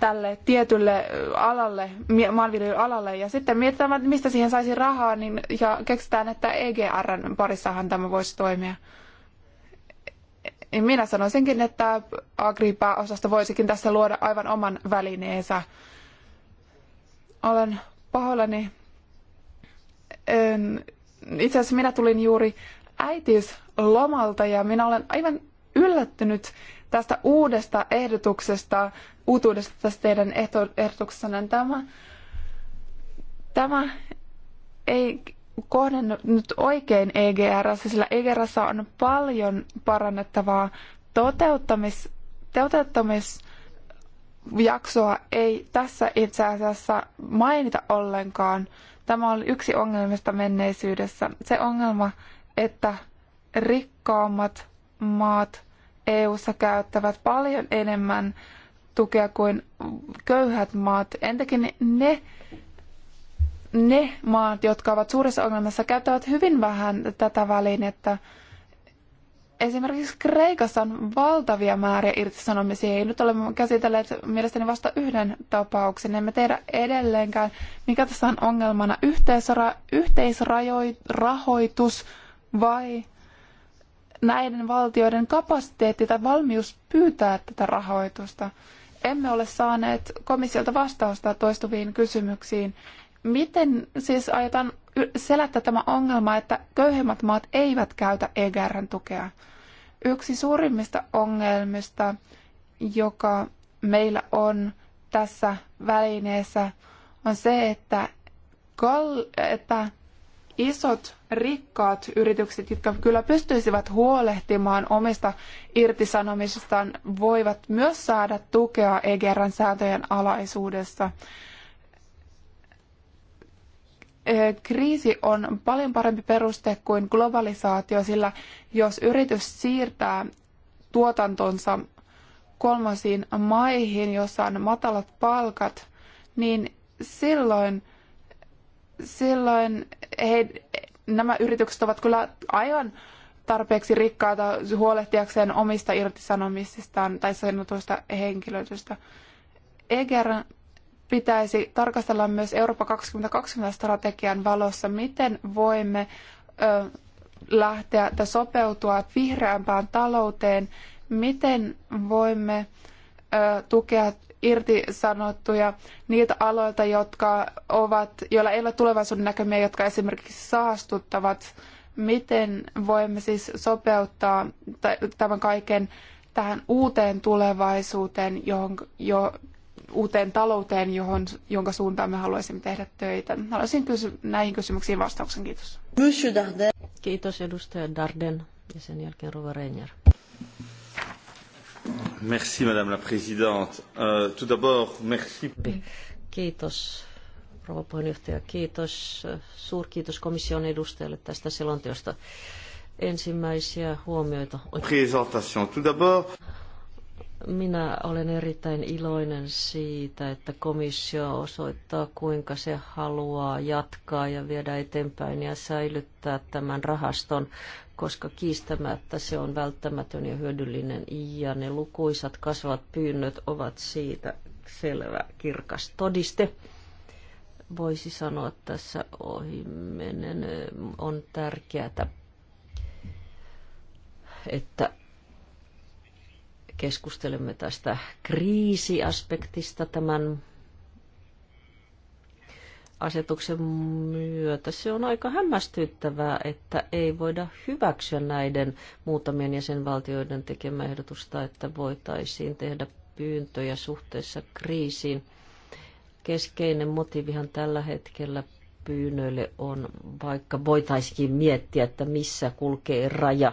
tälle tietylle alalle, maanviljelyalalle, ja sitten mietitään, mistä siihen saisi rahaa, niin, ja keksitään, että EGRn parissahan tämä voisi toimia. Ja minä sanoisinkin, että Agripa-osasta voisikin tässä luoda aivan oman välineensä. Olen pahoillani en itse asiassa minä tulin juuri äitiyslomalta ja minä olen aivan yllättynyt tästä uudesta ehdotuksesta, uutuudesta tästä teidän ehdotuksestanne. Tämä, tämä ei kohdennut oikein EGR, sillä EGR on paljon parannettavaa toteuttamis, jaksoa ei tässä itse asiassa mainita ollenkaan. Tämä oli yksi ongelmista menneisyydessä. Se ongelma, että rikkaammat maat EU:ssa käyttävät paljon enemmän tukea kuin köyhät maat. Entäkin ne, ne maat, jotka ovat suuressa ongelmassa, käyttävät hyvin vähän tätä välinettä esimerkiksi Kreikassa on valtavia määriä irtisanomisia. ei nyt olemme käsitelleet mielestäni vasta yhden tapauksen. Emme tiedä edelleenkään, mikä tässä on ongelmana. Yhteisra- yhteisrahoitus vai näiden valtioiden kapasiteetti tai valmius pyytää tätä rahoitusta. Emme ole saaneet komissiolta vastausta toistuviin kysymyksiin. Miten siis aiotaan selättää tämä ongelma, että köyhemmät maat eivät käytä EGRn tukea. Yksi suurimmista ongelmista, joka meillä on tässä välineessä, on se, että, että isot rikkaat yritykset, jotka kyllä pystyisivät huolehtimaan omista irtisanomisistaan, voivat myös saada tukea EGRn sääntöjen alaisuudessa kriisi on paljon parempi peruste kuin globalisaatio, sillä jos yritys siirtää tuotantonsa kolmansiin maihin, jossa on matalat palkat, niin silloin, silloin he, nämä yritykset ovat kyllä aivan tarpeeksi rikkaata huolehtiakseen omista irtisanomisistaan tai sanotuista henkilöistä. Egeran pitäisi tarkastella myös Eurooppa 2020-strategian valossa, miten voimme ö, lähteä tai sopeutua vihreämpään talouteen, miten voimme ö, tukea irtisanottuja niiltä aloilta, jotka ovat, joilla ei ole tulevaisuuden näkymiä, jotka esimerkiksi saastuttavat. Miten voimme siis sopeuttaa tämän kaiken tähän uuteen tulevaisuuteen, johon, jo, uuteen talouteen, johon, jonka suuntaan me haluaisimme tehdä töitä. Haluaisin kysyä näihin kysymyksiin vastauksen. Kiitos. Kiitos edustaja Darden ja sen jälkeen Rova Reiner. Merci madame la présidente. Uh, tout d'abord, merci. Kiitos rouva puheenjohtaja. Kiitos. Suurkiitos komission edustajalle tästä selonteosta ensimmäisiä huomioita. Présentation. Tout d'abord. Minä olen erittäin iloinen siitä, että komissio osoittaa, kuinka se haluaa jatkaa ja viedä eteenpäin ja säilyttää tämän rahaston, koska kiistämättä se on välttämätön ja hyödyllinen. Ja ne lukuisat kasvavat pyynnöt ovat siitä selvä kirkas todiste. Voisi sanoa että tässä ohimenen eh, on tärkeää, että Keskustelemme tästä kriisiaspektista tämän asetuksen myötä. Se on aika hämmästyttävää, että ei voida hyväksyä näiden muutamien jäsenvaltioiden tekemä ehdotusta, että voitaisiin tehdä pyyntöjä suhteessa kriisiin. Keskeinen motiivihan tällä hetkellä pyynnöille on, vaikka voitaisikin miettiä, että missä kulkee raja,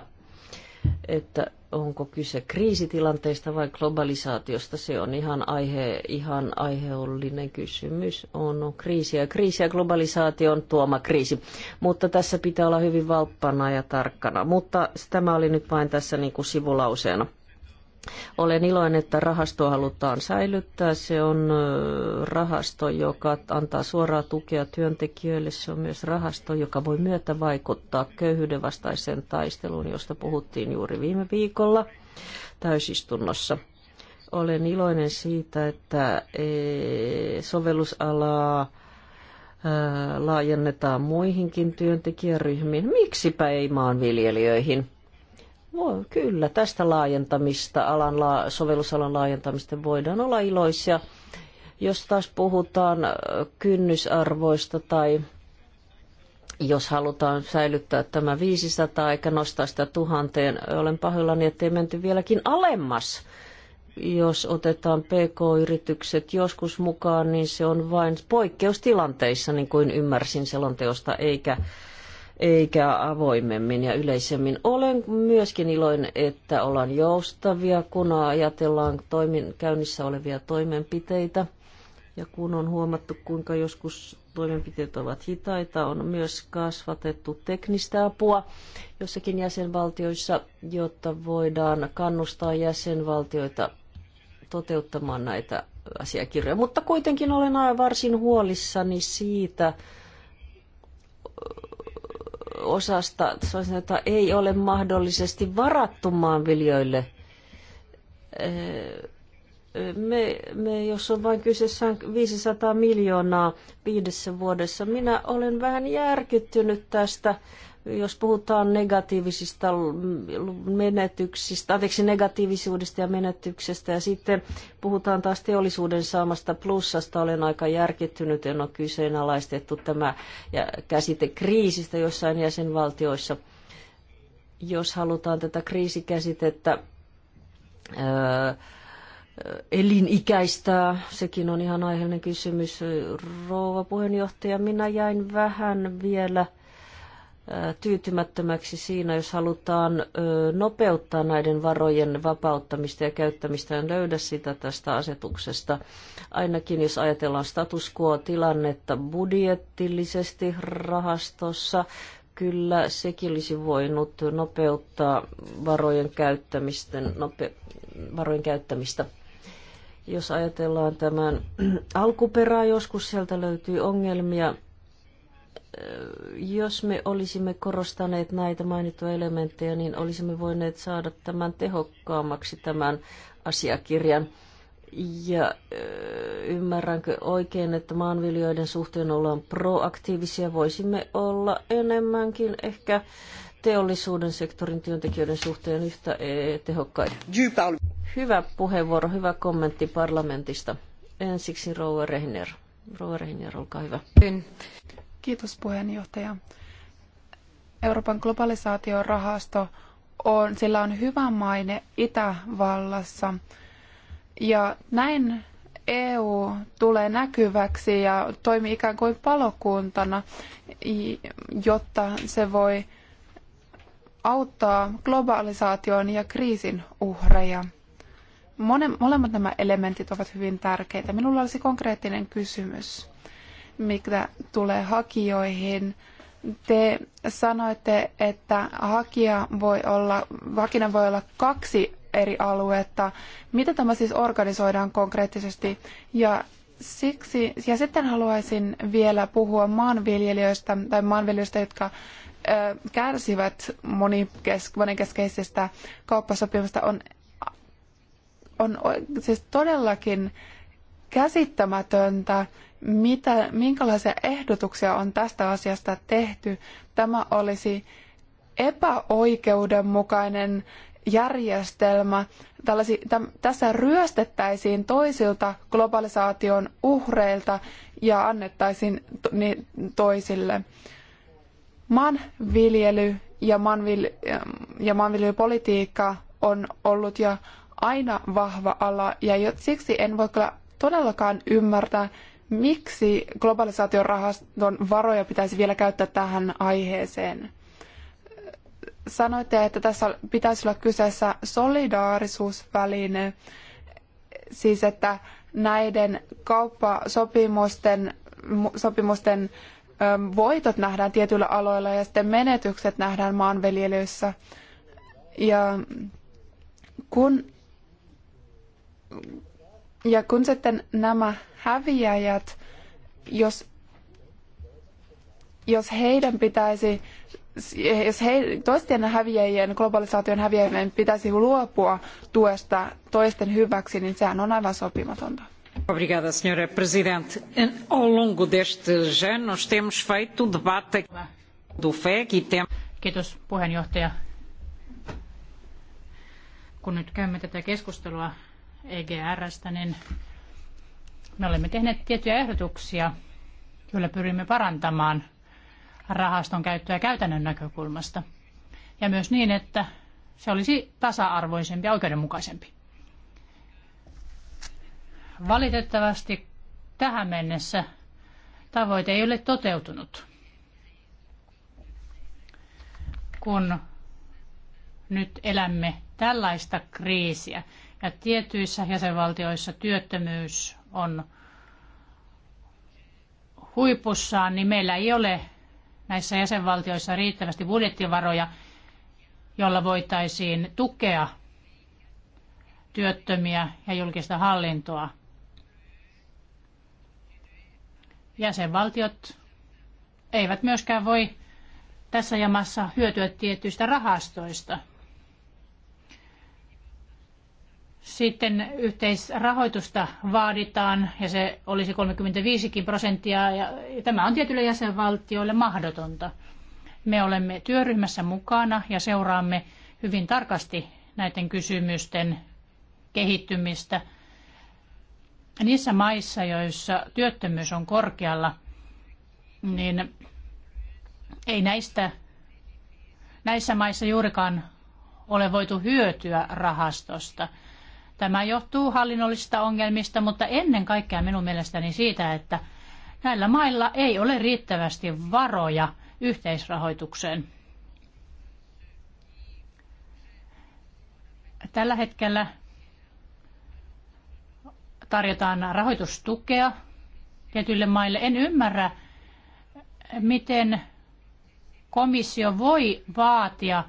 että onko kyse kriisitilanteesta vai globalisaatiosta, se on ihan, aihe, ihan aiheollinen kysymys. On kriisi ja kriisi ja globalisaatio on tuoma kriisi, mutta tässä pitää olla hyvin valppana ja tarkkana. Mutta tämä oli nyt vain tässä niin kuin sivulauseena. Olen iloinen, että rahasto halutaan säilyttää. Se on rahasto, joka antaa suoraa tukea työntekijöille. Se on myös rahasto, joka voi myötä vaikuttaa köyhyyden vastaiseen taisteluun, josta puhuttiin juuri viime viikolla täysistunnossa. Olen iloinen siitä, että e, sovellusalaa laajennetaan muihinkin työntekijäryhmiin. Miksipä ei maanviljelijöihin? Voi, kyllä, tästä laajentamista, alan la, sovellusalan laajentamista voidaan olla iloisia. Jos taas puhutaan kynnysarvoista tai jos halutaan säilyttää tämä 500 eikä nostaa sitä tuhanteen, olen pahoillani, ettei menty vieläkin alemmas. Jos otetaan PK-yritykset joskus mukaan, niin se on vain poikkeustilanteissa, niin kuin ymmärsin selonteosta, eikä eikä avoimemmin ja yleisemmin. Olen myöskin iloinen, että ollaan joustavia, kun ajatellaan toimin, käynnissä olevia toimenpiteitä. Ja kun on huomattu, kuinka joskus toimenpiteet ovat hitaita, on myös kasvatettu teknistä apua jossakin jäsenvaltioissa, jotta voidaan kannustaa jäsenvaltioita toteuttamaan näitä asiakirjoja. Mutta kuitenkin olen varsin huolissani siitä, osasta, jota ei ole mahdollisesti varattu maanviljoille. Me, me, jos on vain kyseessä 500 miljoonaa viidessä vuodessa, minä olen vähän järkyttynyt tästä jos puhutaan negatiivisista menetyksistä, anteeksi negatiivisuudesta ja menetyksestä ja sitten puhutaan taas teollisuuden saamasta plussasta, olen aika järkittynyt, en ole kyseenalaistettu tämä käsite kriisistä jossain jäsenvaltioissa. Jos halutaan tätä kriisikäsitettä öö, elinikäistää? Sekin on ihan aiheellinen kysymys. Rouva puheenjohtaja, minä jäin vähän vielä tyytymättömäksi siinä, jos halutaan nopeuttaa näiden varojen vapauttamista ja käyttämistä. En löydä sitä tästä asetuksesta. Ainakin jos ajatellaan status quo-tilannetta budjettillisesti rahastossa, kyllä sekin olisi voinut nopeuttaa varojen käyttämistä. Nope, varojen käyttämistä. Jos ajatellaan tämän alkuperää, joskus sieltä löytyy ongelmia jos me olisimme korostaneet näitä mainittuja elementtejä, niin olisimme voineet saada tämän tehokkaammaksi tämän asiakirjan. Ja ymmärränkö oikein, että maanviljoiden suhteen ollaan proaktiivisia, voisimme olla enemmänkin ehkä teollisuuden sektorin työntekijöiden suhteen yhtä e, tehokkaita. Hyvä puheenvuoro, hyvä kommentti parlamentista. Ensiksi Rouva Rehner. Rouva Rehner, olkaa hyvä. Kiitos puheenjohtaja. Euroopan globalisaatiorahasto on, sillä on hyvä maine Itävallassa. Ja näin EU tulee näkyväksi ja toimii ikään kuin palokuntana, jotta se voi auttaa globalisaation ja kriisin uhreja. Molemmat nämä elementit ovat hyvin tärkeitä. Minulla olisi konkreettinen kysymys mikä tulee hakijoihin. Te sanoitte, että hakija voi olla, hakijana voi olla kaksi eri aluetta. Mitä tämä siis organisoidaan konkreettisesti? Ja siksi, ja sitten haluaisin vielä puhua maanviljelijöistä tai maanviljelijöistä, jotka ö, kärsivät monikesk- monikeskeisestä kauppasopimusta on, on siis todellakin käsittämätöntä, mitä, minkälaisia ehdotuksia on tästä asiasta tehty. Tämä olisi epäoikeudenmukainen järjestelmä. Tällaisi, täm, tässä ryöstettäisiin toisilta globalisaation uhreilta ja annettaisiin to, ni, toisille. Maanviljely ja, maanvil, ja maanviljelypolitiikka on ollut ja aina vahva ala ja siksi en voi kyllä todellakaan ymmärtää, Miksi globalisaation rahaston varoja pitäisi vielä käyttää tähän aiheeseen? Sanoitte, että tässä pitäisi olla kyseessä solidaarisuusväline, siis että näiden kauppasopimusten sopimusten voitot nähdään tietyillä aloilla ja sitten menetykset nähdään maanviljelyssä. Ja kun ja kun sitten nämä häviäjät, jos, jos heidän pitäisi, jos he, toisten häviäjien, globalisaation häviäjien pitäisi luopua tuesta toisten hyväksi, niin sehän on aivan sopimatonta. Obrigada, senhora Presidente. Ao longo destes anos temos feito debate do FEG e temos... Kiitos puheenjohtaja. Kun nyt käymme tätä keskustelua EGRstä, niin me olemme tehneet tiettyjä ehdotuksia, joilla pyrimme parantamaan rahaston käyttöä käytännön näkökulmasta. Ja myös niin, että se olisi tasa-arvoisempi ja oikeudenmukaisempi. Valitettavasti tähän mennessä tavoite ei ole toteutunut. Kun nyt elämme tällaista kriisiä, ja tietyissä jäsenvaltioissa työttömyys on huipussaan, niin meillä ei ole näissä jäsenvaltioissa riittävästi budjettivaroja, jolla voitaisiin tukea työttömiä ja julkista hallintoa. Jäsenvaltiot eivät myöskään voi tässä jamassa hyötyä tietyistä rahastoista – Sitten yhteisrahoitusta vaaditaan ja se olisi 35 prosenttia ja tämä on tietyille jäsenvaltioille mahdotonta. Me olemme työryhmässä mukana ja seuraamme hyvin tarkasti näiden kysymysten kehittymistä. Niissä maissa, joissa työttömyys on korkealla, niin ei näistä, näissä maissa juurikaan ole voitu hyötyä rahastosta – Tämä johtuu hallinnollisista ongelmista, mutta ennen kaikkea minun mielestäni siitä, että näillä mailla ei ole riittävästi varoja yhteisrahoitukseen. Tällä hetkellä tarjotaan rahoitustukea tietyille maille. En ymmärrä, miten komissio voi vaatia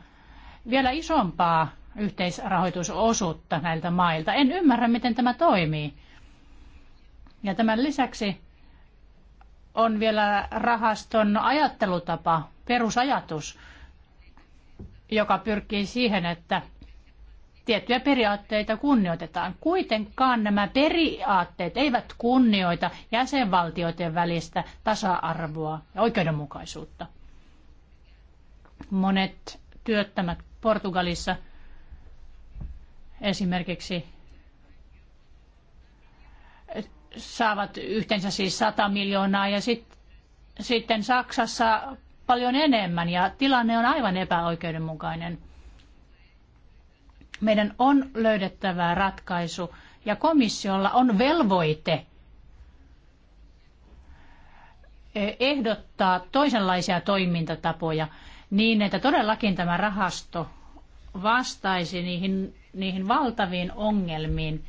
vielä isompaa yhteisrahoitusosuutta näiltä mailta. En ymmärrä, miten tämä toimii. Ja tämän lisäksi on vielä rahaston ajattelutapa, perusajatus, joka pyrkii siihen, että tiettyjä periaatteita kunnioitetaan. Kuitenkaan nämä periaatteet eivät kunnioita jäsenvaltioiden välistä tasa-arvoa ja oikeudenmukaisuutta. Monet työttömät Portugalissa – esimerkiksi eh, saavat yhteensä siis 100 miljoonaa ja sit, sitten Saksassa paljon enemmän ja tilanne on aivan epäoikeudenmukainen. Meidän on löydettävä ratkaisu ja komissiolla on velvoite eh, ehdottaa toisenlaisia toimintatapoja niin, että todellakin tämä rahasto vastaisi niihin niihin valtaviin ongelmiin,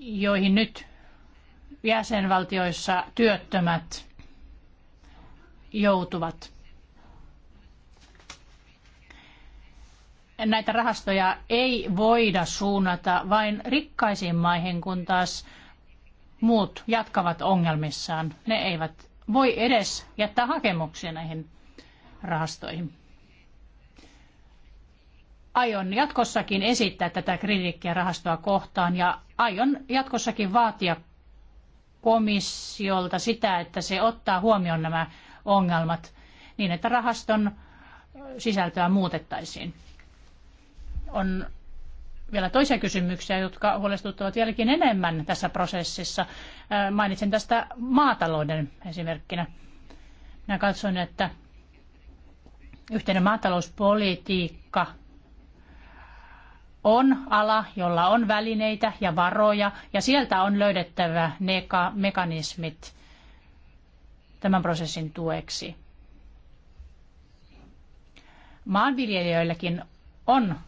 joihin nyt jäsenvaltioissa työttömät joutuvat. Näitä rahastoja ei voida suunnata vain rikkaisiin maihin, kun taas muut jatkavat ongelmissaan. Ne eivät voi edes jättää hakemuksia näihin rahastoihin aion jatkossakin esittää tätä kritiikkiä rahastoa kohtaan ja aion jatkossakin vaatia komissiolta sitä, että se ottaa huomioon nämä ongelmat niin, että rahaston sisältöä muutettaisiin. On vielä toisia kysymyksiä, jotka huolestuttavat vieläkin enemmän tässä prosessissa. Mainitsen tästä maatalouden esimerkkinä. Minä katson, että yhteinen maatalouspolitiikka on ala, jolla on välineitä ja varoja, ja sieltä on löydettävä ne mekanismit tämän prosessin tueksi. Maanviljelijöilläkin on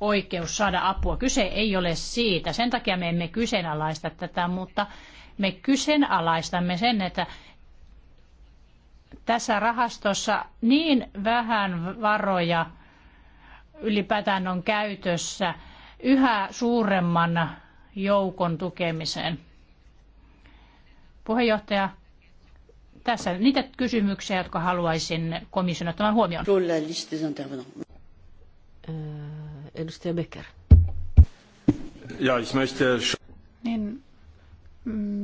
oikeus saada apua. Kyse ei ole siitä. Sen takia me emme kyseenalaista tätä, mutta me kyseenalaistamme sen, että tässä rahastossa niin vähän varoja – ylipäätään on käytössä yhä suuremman joukon tukemiseen. Puheenjohtaja, tässä niitä kysymyksiä, jotka haluaisin komission ottamaan huomioon. Äh, edustaja Becker. Ja, möchte... Niin,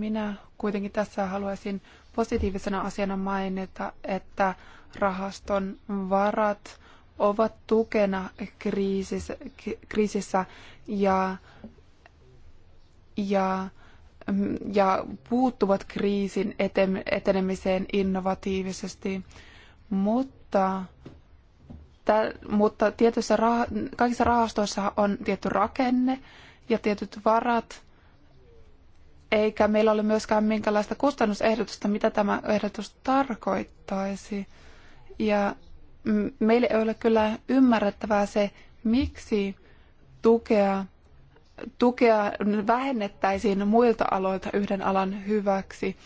minä kuitenkin tässä haluaisin positiivisena asiana mainita, että rahaston varat ovat tukena kriisissä, kriisissä ja, ja, mm, ja puuttuvat kriisin etenemiseen innovatiivisesti, mutta mutta tietyissä rah, kaikissa rahastoissa on tietty rakenne ja tietyt varat, eikä meillä ole myöskään minkäänlaista kustannusehdotusta, mitä tämä ehdotus tarkoittaisi. Ja meille ei ole kyllä ymmärrettävää se, miksi tukea, tukea vähennettäisiin muilta aloilta yhden alan hyväksi.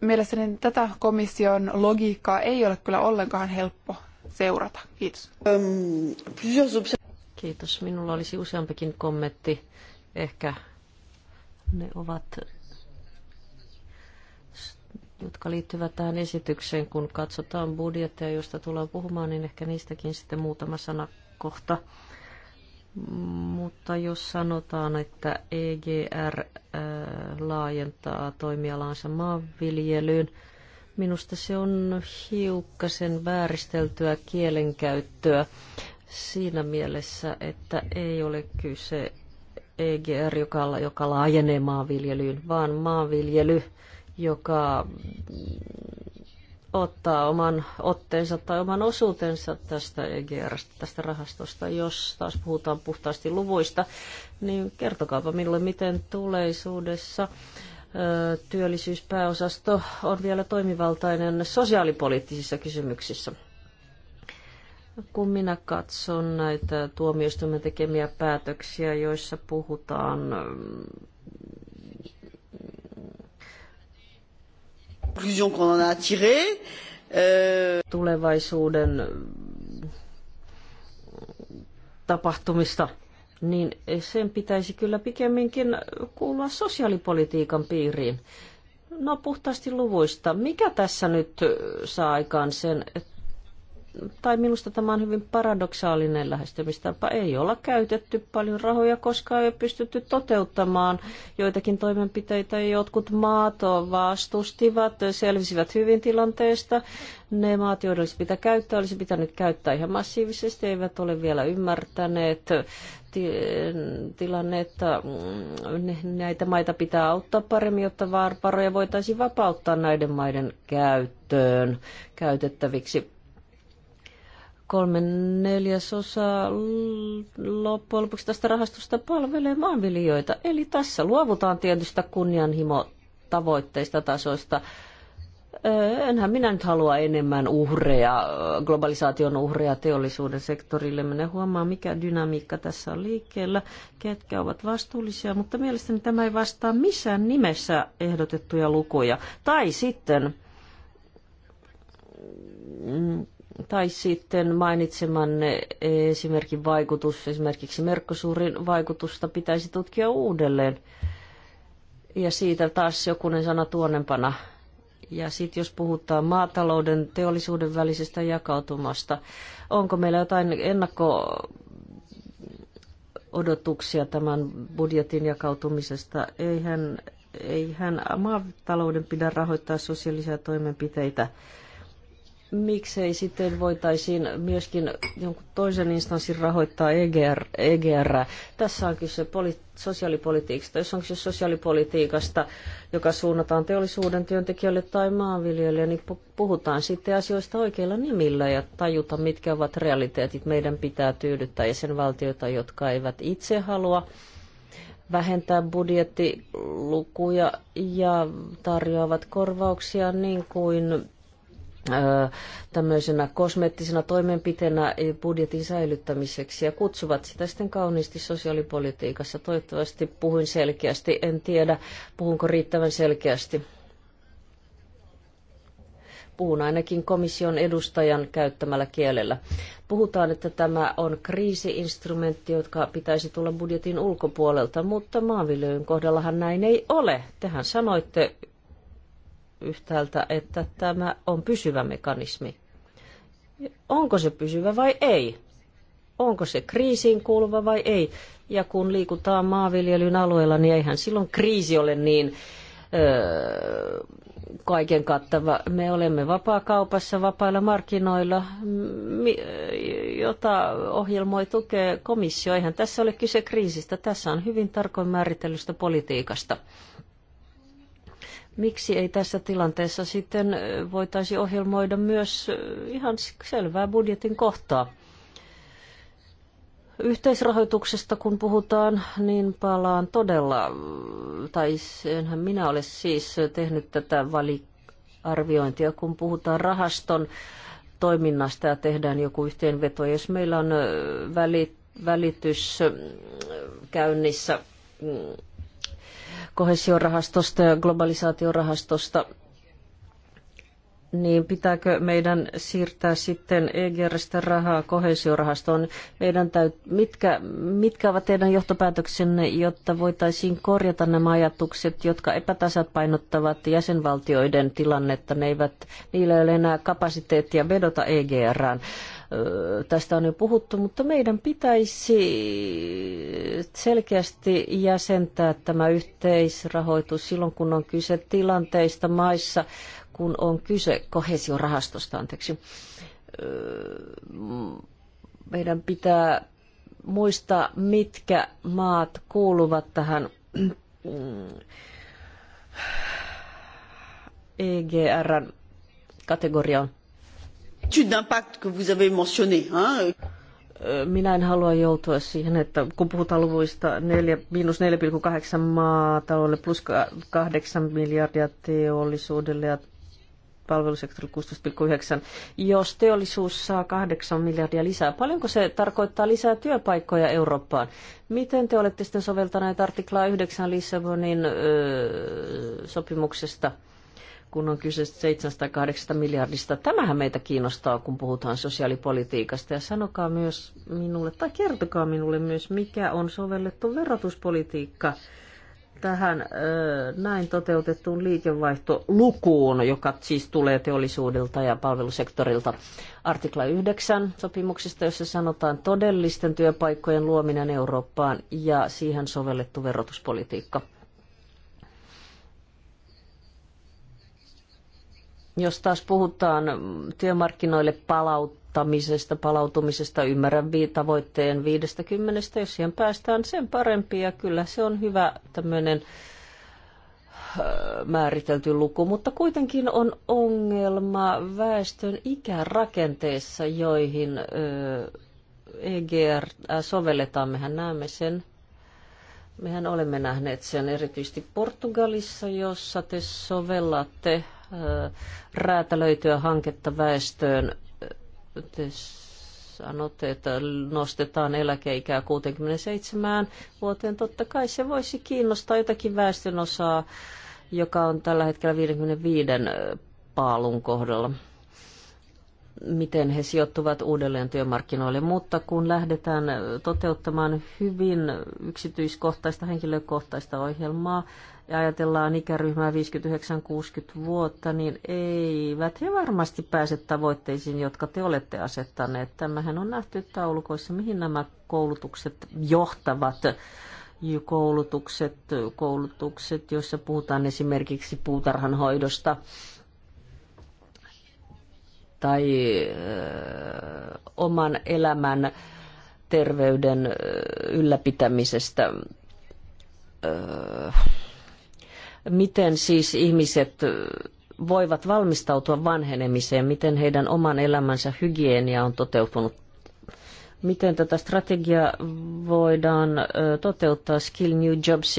Mielestäni tätä komission logiikkaa ei ole kyllä ollenkaan helppo seurata. Kiitos. Kiitos. Minulla olisi useampikin kommentti. Ehkä ne ovat jotka liittyvät tähän esitykseen. Kun katsotaan budjettia, josta tullaan puhumaan, niin ehkä niistäkin sitten muutama sana kohta. Mutta jos sanotaan, että EGR äh, laajentaa toimialansa maanviljelyyn, minusta se on hiukkasen vääristeltyä kielenkäyttöä siinä mielessä, että ei ole kyse EGR, joka, joka laajenee maanviljelyyn, vaan maanviljely – joka ottaa oman otteensa tai oman osuutensa tästä EGR, tästä rahastosta. Jos taas puhutaan puhtaasti luvuista, niin kertokaapa minulle, miten tuleisuudessa työllisyyspääosasto on vielä toimivaltainen sosiaalipoliittisissa kysymyksissä. Kun minä katson näitä tuomioistuimen tekemiä päätöksiä, joissa puhutaan Euh, tulevaisuuden äh, tapahtumista, niin sen pitäisi kyllä pikemminkin kuulua sosiaalipolitiikan piiriin. No puhtaasti luvuista. Mikä tässä nyt äh, saa aikaan sen, että tai minusta tämä on hyvin paradoksaalinen lähestymistapa. Ei olla käytetty paljon rahoja, koska ei pystytty toteuttamaan joitakin toimenpiteitä. Jotkut maat vastustivat, selvisivät hyvin tilanteesta. Ne maat, joiden olisi pitänyt käyttää, olisi pitänyt käyttää ihan massiivisesti, eivät ole vielä ymmärtäneet tilanne, että näitä maita pitää auttaa paremmin, jotta varoja voitaisiin vapauttaa näiden maiden käyttöön käytettäviksi kolme neljäsosa loppujen lopuksi tästä rahastosta palvelee maanviljoita. Eli tässä luovutaan tietystä kunnianhimotavoitteista tasoista. Öö, enhän minä nyt halua enemmän uhreja, globalisaation uhreja teollisuuden sektorille. Minä huomaa, mikä dynamiikka tässä on liikkeellä, ketkä ovat vastuullisia, mutta mielestäni tämä ei vastaa missään nimessä ehdotettuja lukuja. Tai sitten mm, tai sitten mainitsemanne esimerkin vaikutus, esimerkiksi merkkosuurin vaikutusta pitäisi tutkia uudelleen. Ja siitä taas jokunen sana tuonempana. Ja sitten jos puhutaan maatalouden teollisuuden välisestä jakautumasta, onko meillä jotain ennakko odotuksia tämän budjetin jakautumisesta? Eihän, eihän maatalouden pidä rahoittaa sosiaalisia toimenpiteitä miksei sitten voitaisiin myöskin jonkun toisen instanssin rahoittaa EGR. EGR. Tässä on kyse poli- sosiaalipolitiikasta. Jos on kyse sosiaalipolitiikasta, joka suunnataan teollisuuden työntekijöille tai maanviljelijöille, niin puhutaan sitten asioista oikeilla nimillä ja tajuta, mitkä ovat realiteetit. Meidän pitää tyydyttää jäsenvaltioita, jotka eivät itse halua vähentää budjettilukuja ja tarjoavat korvauksia niin kuin tämmöisenä kosmeettisena toimenpiteenä budjetin säilyttämiseksi ja kutsuvat sitä sitten kauniisti sosiaalipolitiikassa. Toivottavasti puhuin selkeästi, en tiedä puhunko riittävän selkeästi. Puhun ainakin komission edustajan käyttämällä kielellä. Puhutaan, että tämä on kriisiinstrumentti, joka pitäisi tulla budjetin ulkopuolelta, mutta maanviljelyn kohdallahan näin ei ole. Tehän sanoitte yhtäältä, että tämä on pysyvä mekanismi. Onko se pysyvä vai ei? Onko se kriisiin kuuluva vai ei? Ja kun liikutaan maanviljelyn alueella, niin eihän silloin kriisi ole niin öö, kaiken kattava. Me olemme vapaa kaupassa, vapailla markkinoilla, jota ohjelmoi tukee komissio. Eihän tässä ole kyse kriisistä, tässä on hyvin tarkoin määritellystä politiikasta. Miksi ei tässä tilanteessa sitten voitaisi ohjelmoida myös ihan selvää budjetin kohtaa? Yhteisrahoituksesta kun puhutaan, niin palaan todella, tai enhän minä ole siis tehnyt tätä valiarviointia, kun puhutaan rahaston toiminnasta ja tehdään joku yhteenveto. Jos meillä on välitys käynnissä mm, kohesiorahastosta ja globalisaatiorahastosta, niin pitääkö meidän siirtää sitten EGRstä rahaa kohesiorahastoon? Meidän täyt, mitkä, mitkä ovat teidän johtopäätöksenne, jotta voitaisiin korjata nämä ajatukset, jotka epätasapainottavat jäsenvaltioiden tilannetta? Ne eivät, niillä ei ole enää kapasiteettia vedota EGRään. Tästä on jo puhuttu, mutta meidän pitäisi selkeästi jäsentää tämä yhteisrahoitus silloin, kun on kyse tilanteista maissa, kun on kyse kohesiorahastosta, anteeksi. Meidän pitää muistaa, mitkä maat kuuluvat tähän mm, EGRn kategoriaan étude d'impact que vous avez mentionnée. Hein minä en halua joutua siihen, että kun puhutaan luvuista miinus 4,8 maataloudelle plus 8 miljardia teollisuudelle ja palvelusektorille 16,9. Jos teollisuus saa 8 miljardia lisää, paljonko se tarkoittaa lisää työpaikkoja Eurooppaan? Miten te olette sitten soveltaneet artiklaa 9 Lissabonin öö, sopimuksesta – kun on kyse 708 miljardista. Tämähän meitä kiinnostaa, kun puhutaan sosiaalipolitiikasta. Ja sanokaa myös minulle, tai kertokaa minulle myös, mikä on sovellettu verotuspolitiikka tähän näin toteutettuun liikevaihtolukuun, joka siis tulee teollisuudelta ja palvelusektorilta. Artikla 9 sopimuksesta, jossa sanotaan todellisten työpaikkojen luominen Eurooppaan ja siihen sovellettu verotuspolitiikka. Jos taas puhutaan työmarkkinoille palauttamisesta, palautumisesta, ymmärrän tavoitteen 50, jos siihen päästään, sen parempi ja kyllä se on hyvä tämmöinen äh, määritelty luku, mutta kuitenkin on ongelma väestön ikärakenteessa, joihin äh, EGR äh, sovelletaan. Mehän näemme sen Mehän olemme nähneet sen erityisesti Portugalissa, jossa te sovellatte Äh, räätälöityä hanketta väestöön. Te sanotte, että nostetaan eläkeikää 67 vuoteen. Totta kai se voisi kiinnostaa jotakin väestönosaa, joka on tällä hetkellä 55 äh, paalun kohdalla miten he sijoittuvat uudelleen työmarkkinoille, mutta kun lähdetään äh, toteuttamaan hyvin yksityiskohtaista, henkilökohtaista ohjelmaa, ja ajatellaan ikäryhmää 59-60 vuotta, niin eivät he varmasti pääse tavoitteisiin, jotka te olette asettaneet. Tämähän on nähty taulukoissa, mihin nämä koulutukset johtavat koulutukset, koulutukset, joissa puhutaan esimerkiksi puutarhanhoidosta tai ö, oman elämän terveyden ylläpitämisestä. Ö, Miten siis ihmiset voivat valmistautua vanhenemiseen, miten heidän oman elämänsä hygienia on toteutunut. Miten tätä strategiaa voidaan toteuttaa Skill New Jobs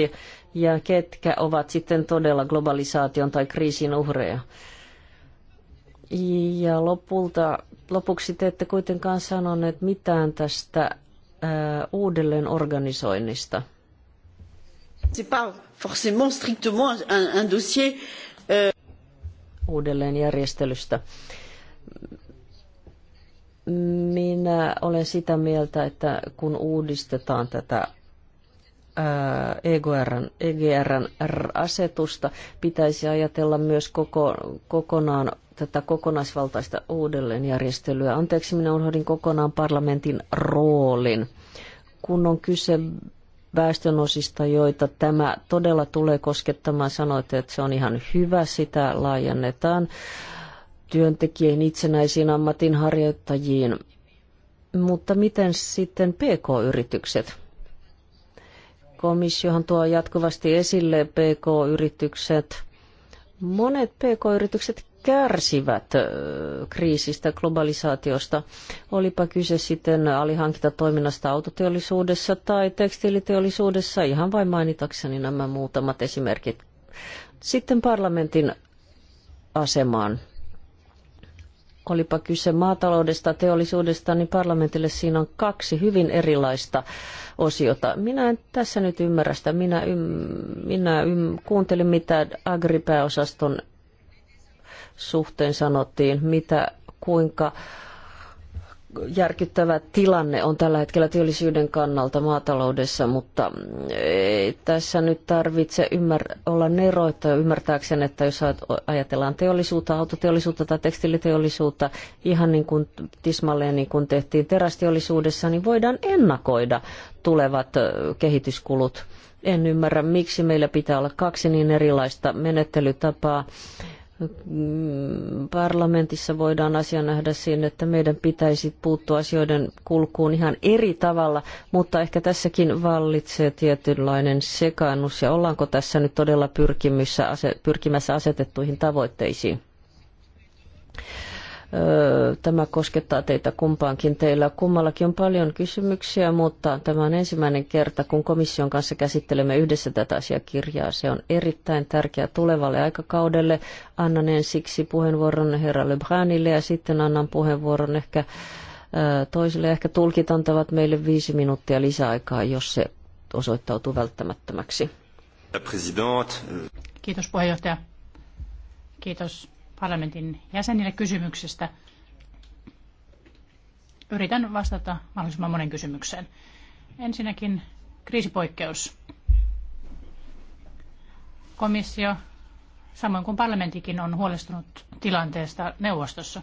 ja ketkä ovat sitten todella globalisaation tai kriisin uhreja. Ja lopulta, lopuksi te ette kuitenkaan sanoneet mitään tästä ää, uudelleen organisoinnista forcément strictement un, un dossier euh... uudelleenjärjestelystä. Minä olen sitä mieltä, että kun uudistetaan tätä EGRn, äh, EGRn e asetusta, pitäisi ajatella myös koko, kokonaan tätä kokonaisvaltaista uudelleenjärjestelyä. Anteeksi, minä unohdin kokonaan parlamentin roolin kun on kyse väestönosista, joita tämä todella tulee koskettamaan. Sanoitte, että se on ihan hyvä, sitä laajennetaan työntekijän itsenäisiin ammatinharjoittajiin. Mutta miten sitten PK-yritykset? Komissiohan tuo jatkuvasti esille PK-yritykset. Monet PK-yritykset kärsivät kriisistä, globalisaatiosta. Olipa kyse sitten alihankintatoiminnasta autoteollisuudessa tai tekstiiliteollisuudessa, ihan vain mainitakseni nämä muutamat esimerkit. Sitten parlamentin asemaan. Olipa kyse maataloudesta, teollisuudesta, niin parlamentille siinä on kaksi hyvin erilaista osiota. Minä en tässä nyt ymmärrä sitä. Minä, minä kuuntelin, mitä Agri-pääosaston suhteen sanottiin, mitä, kuinka järkyttävä tilanne on tällä hetkellä työllisyyden kannalta maataloudessa, mutta ei tässä nyt tarvitse ymmär- olla että ymmärtääkseni, että jos ajatellaan teollisuutta, autoteollisuutta tai tekstiiliteollisuutta, ihan niin kuin tismalleen niin kuin tehtiin terästeollisuudessa, niin voidaan ennakoida tulevat kehityskulut. En ymmärrä, miksi meillä pitää olla kaksi niin erilaista menettelytapaa parlamentissa voidaan asia nähdä siinä, että meidän pitäisi puuttua asioiden kulkuun ihan eri tavalla, mutta ehkä tässäkin vallitsee tietynlainen sekaannus ja ollaanko tässä nyt todella pyrkimässä asetettuihin tavoitteisiin. Tämä koskettaa teitä kumpaankin teillä. Kummallakin on paljon kysymyksiä, mutta tämä on ensimmäinen kerta, kun komission kanssa käsittelemme yhdessä tätä asiakirjaa. Se on erittäin tärkeä tulevalle aikakaudelle. Annan ensiksi puheenvuoron herra Lebranille ja sitten annan puheenvuoron ehkä toisille. Ehkä tulkit antavat meille viisi minuuttia lisäaikaa, jos se osoittautuu välttämättömäksi. Kiitos puheenjohtaja. Kiitos parlamentin jäsenille kysymyksestä. Yritän vastata mahdollisimman monen kysymykseen. Ensinnäkin kriisipoikkeus. Komissio, samoin kuin parlamenttikin, on huolestunut tilanteesta neuvostossa.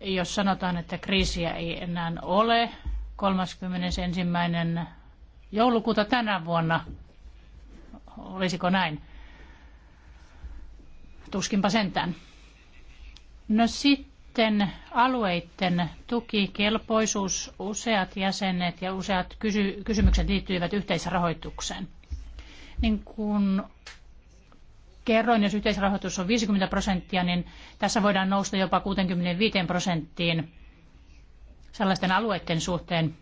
Jos sanotaan, että kriisiä ei enää ole, 31. joulukuuta tänä vuonna, olisiko näin? Tuskinpa sentään. No sitten alueiden tukikelpoisuus, useat jäsenet ja useat kysy- kysymykset liittyivät yhteisrahoitukseen. Niin kun kerroin, jos yhteisrahoitus on 50 prosenttia, niin tässä voidaan nousta jopa 65 prosenttiin sellaisten alueiden suhteen,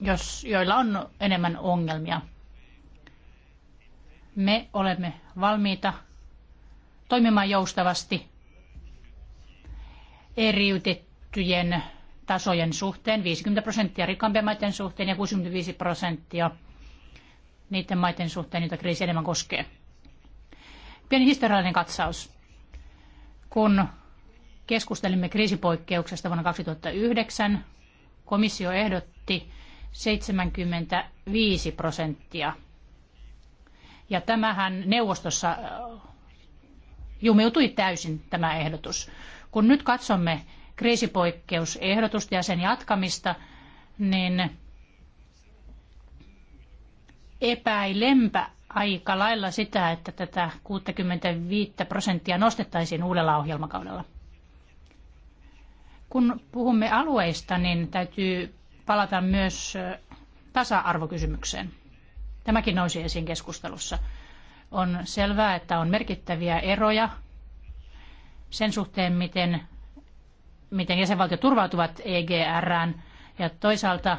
jos, joilla on enemmän ongelmia me olemme valmiita toimimaan joustavasti eriytettyjen tasojen suhteen, 50 prosenttia rikkaampien maiden suhteen ja 65 prosenttia niiden maiden suhteen, joita kriisi enemmän koskee. Pieni historiallinen katsaus. Kun keskustelimme kriisipoikkeuksesta vuonna 2009, komissio ehdotti 75 prosenttia ja tämähän neuvostossa jumiutui täysin tämä ehdotus. Kun nyt katsomme kriisipoikkeusehdotusta ja sen jatkamista, niin epäilempä aika lailla sitä, että tätä 65 prosenttia nostettaisiin uudella ohjelmakaudella. Kun puhumme alueista, niin täytyy palata myös tasa-arvokysymykseen. Tämäkin nousi esiin keskustelussa. On selvää, että on merkittäviä eroja sen suhteen, miten, miten jäsenvaltiot turvautuvat EGRään ja toisaalta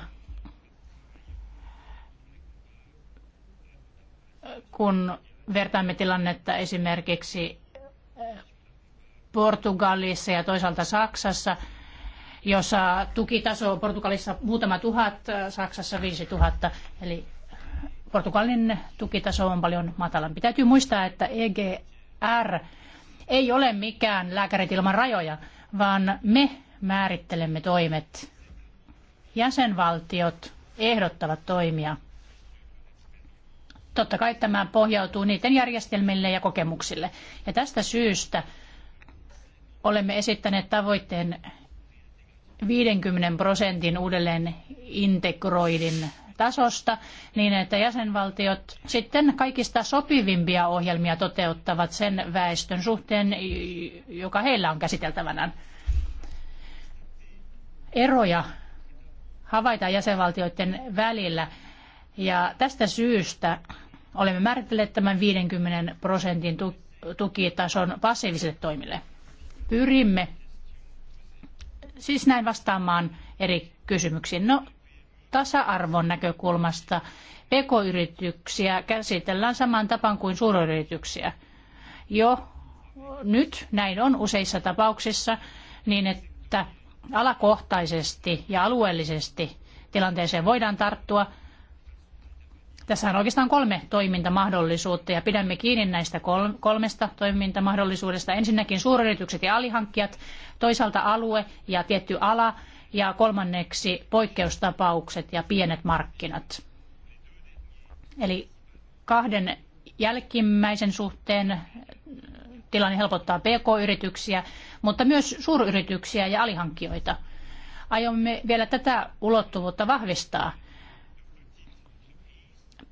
kun vertaamme tilannetta esimerkiksi eh, Portugalissa ja toisaalta Saksassa, jossa tukitaso on Portugalissa muutama tuhat, eh, Saksassa viisi tuhatta. Eli Portugalin tukitaso on paljon matalampi. Täytyy muistaa, että EGR ei ole mikään lääkärit ilman rajoja, vaan me määrittelemme toimet. Jäsenvaltiot ehdottavat toimia. Totta kai tämä pohjautuu niiden järjestelmille ja kokemuksille. Ja tästä syystä olemme esittäneet tavoitteen 50 prosentin uudelleen integroidin tasosta niin, että jäsenvaltiot sitten kaikista sopivimpia ohjelmia toteuttavat sen väestön suhteen, joka heillä on käsiteltävänään. Eroja havaitaan jäsenvaltioiden välillä ja tästä syystä olemme määritelleet tämän 50 prosentin tukitason passiivisille toimille. Pyrimme siis näin vastaamaan eri kysymyksiin. No, tasa-arvon näkökulmasta pk-yrityksiä käsitellään saman tapaan kuin suuryrityksiä. Jo nyt näin on useissa tapauksissa niin, että alakohtaisesti ja alueellisesti tilanteeseen voidaan tarttua. Tässä on oikeastaan kolme toimintamahdollisuutta ja pidämme kiinni näistä kolmesta toimintamahdollisuudesta. Ensinnäkin suuryritykset ja alihankkijat, toisaalta alue ja tietty ala ja kolmanneksi poikkeustapaukset ja pienet markkinat. Eli kahden jälkimmäisen suhteen tilanne helpottaa pk-yrityksiä, mutta myös suuryrityksiä ja alihankkijoita. Aiomme vielä tätä ulottuvuutta vahvistaa.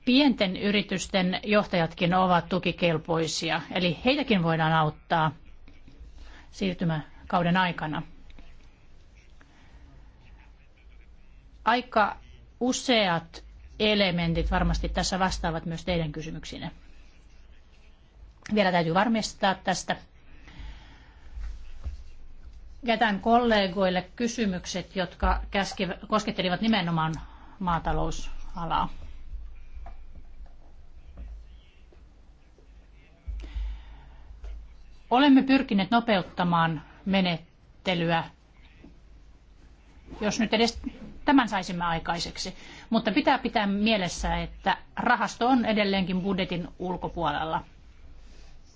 Pienten yritysten johtajatkin ovat tukikelpoisia, eli heitäkin voidaan auttaa siirtymäkauden aikana. Aika useat elementit varmasti tässä vastaavat myös teidän kysymyksiinne. Vielä täytyy varmistaa tästä. Jätän kollegoille kysymykset, jotka koskettelivat nimenomaan maatalousalaa. Olemme pyrkineet nopeuttamaan menettelyä jos nyt edes tämän saisimme aikaiseksi. Mutta pitää pitää mielessä, että rahasto on edelleenkin budjetin ulkopuolella.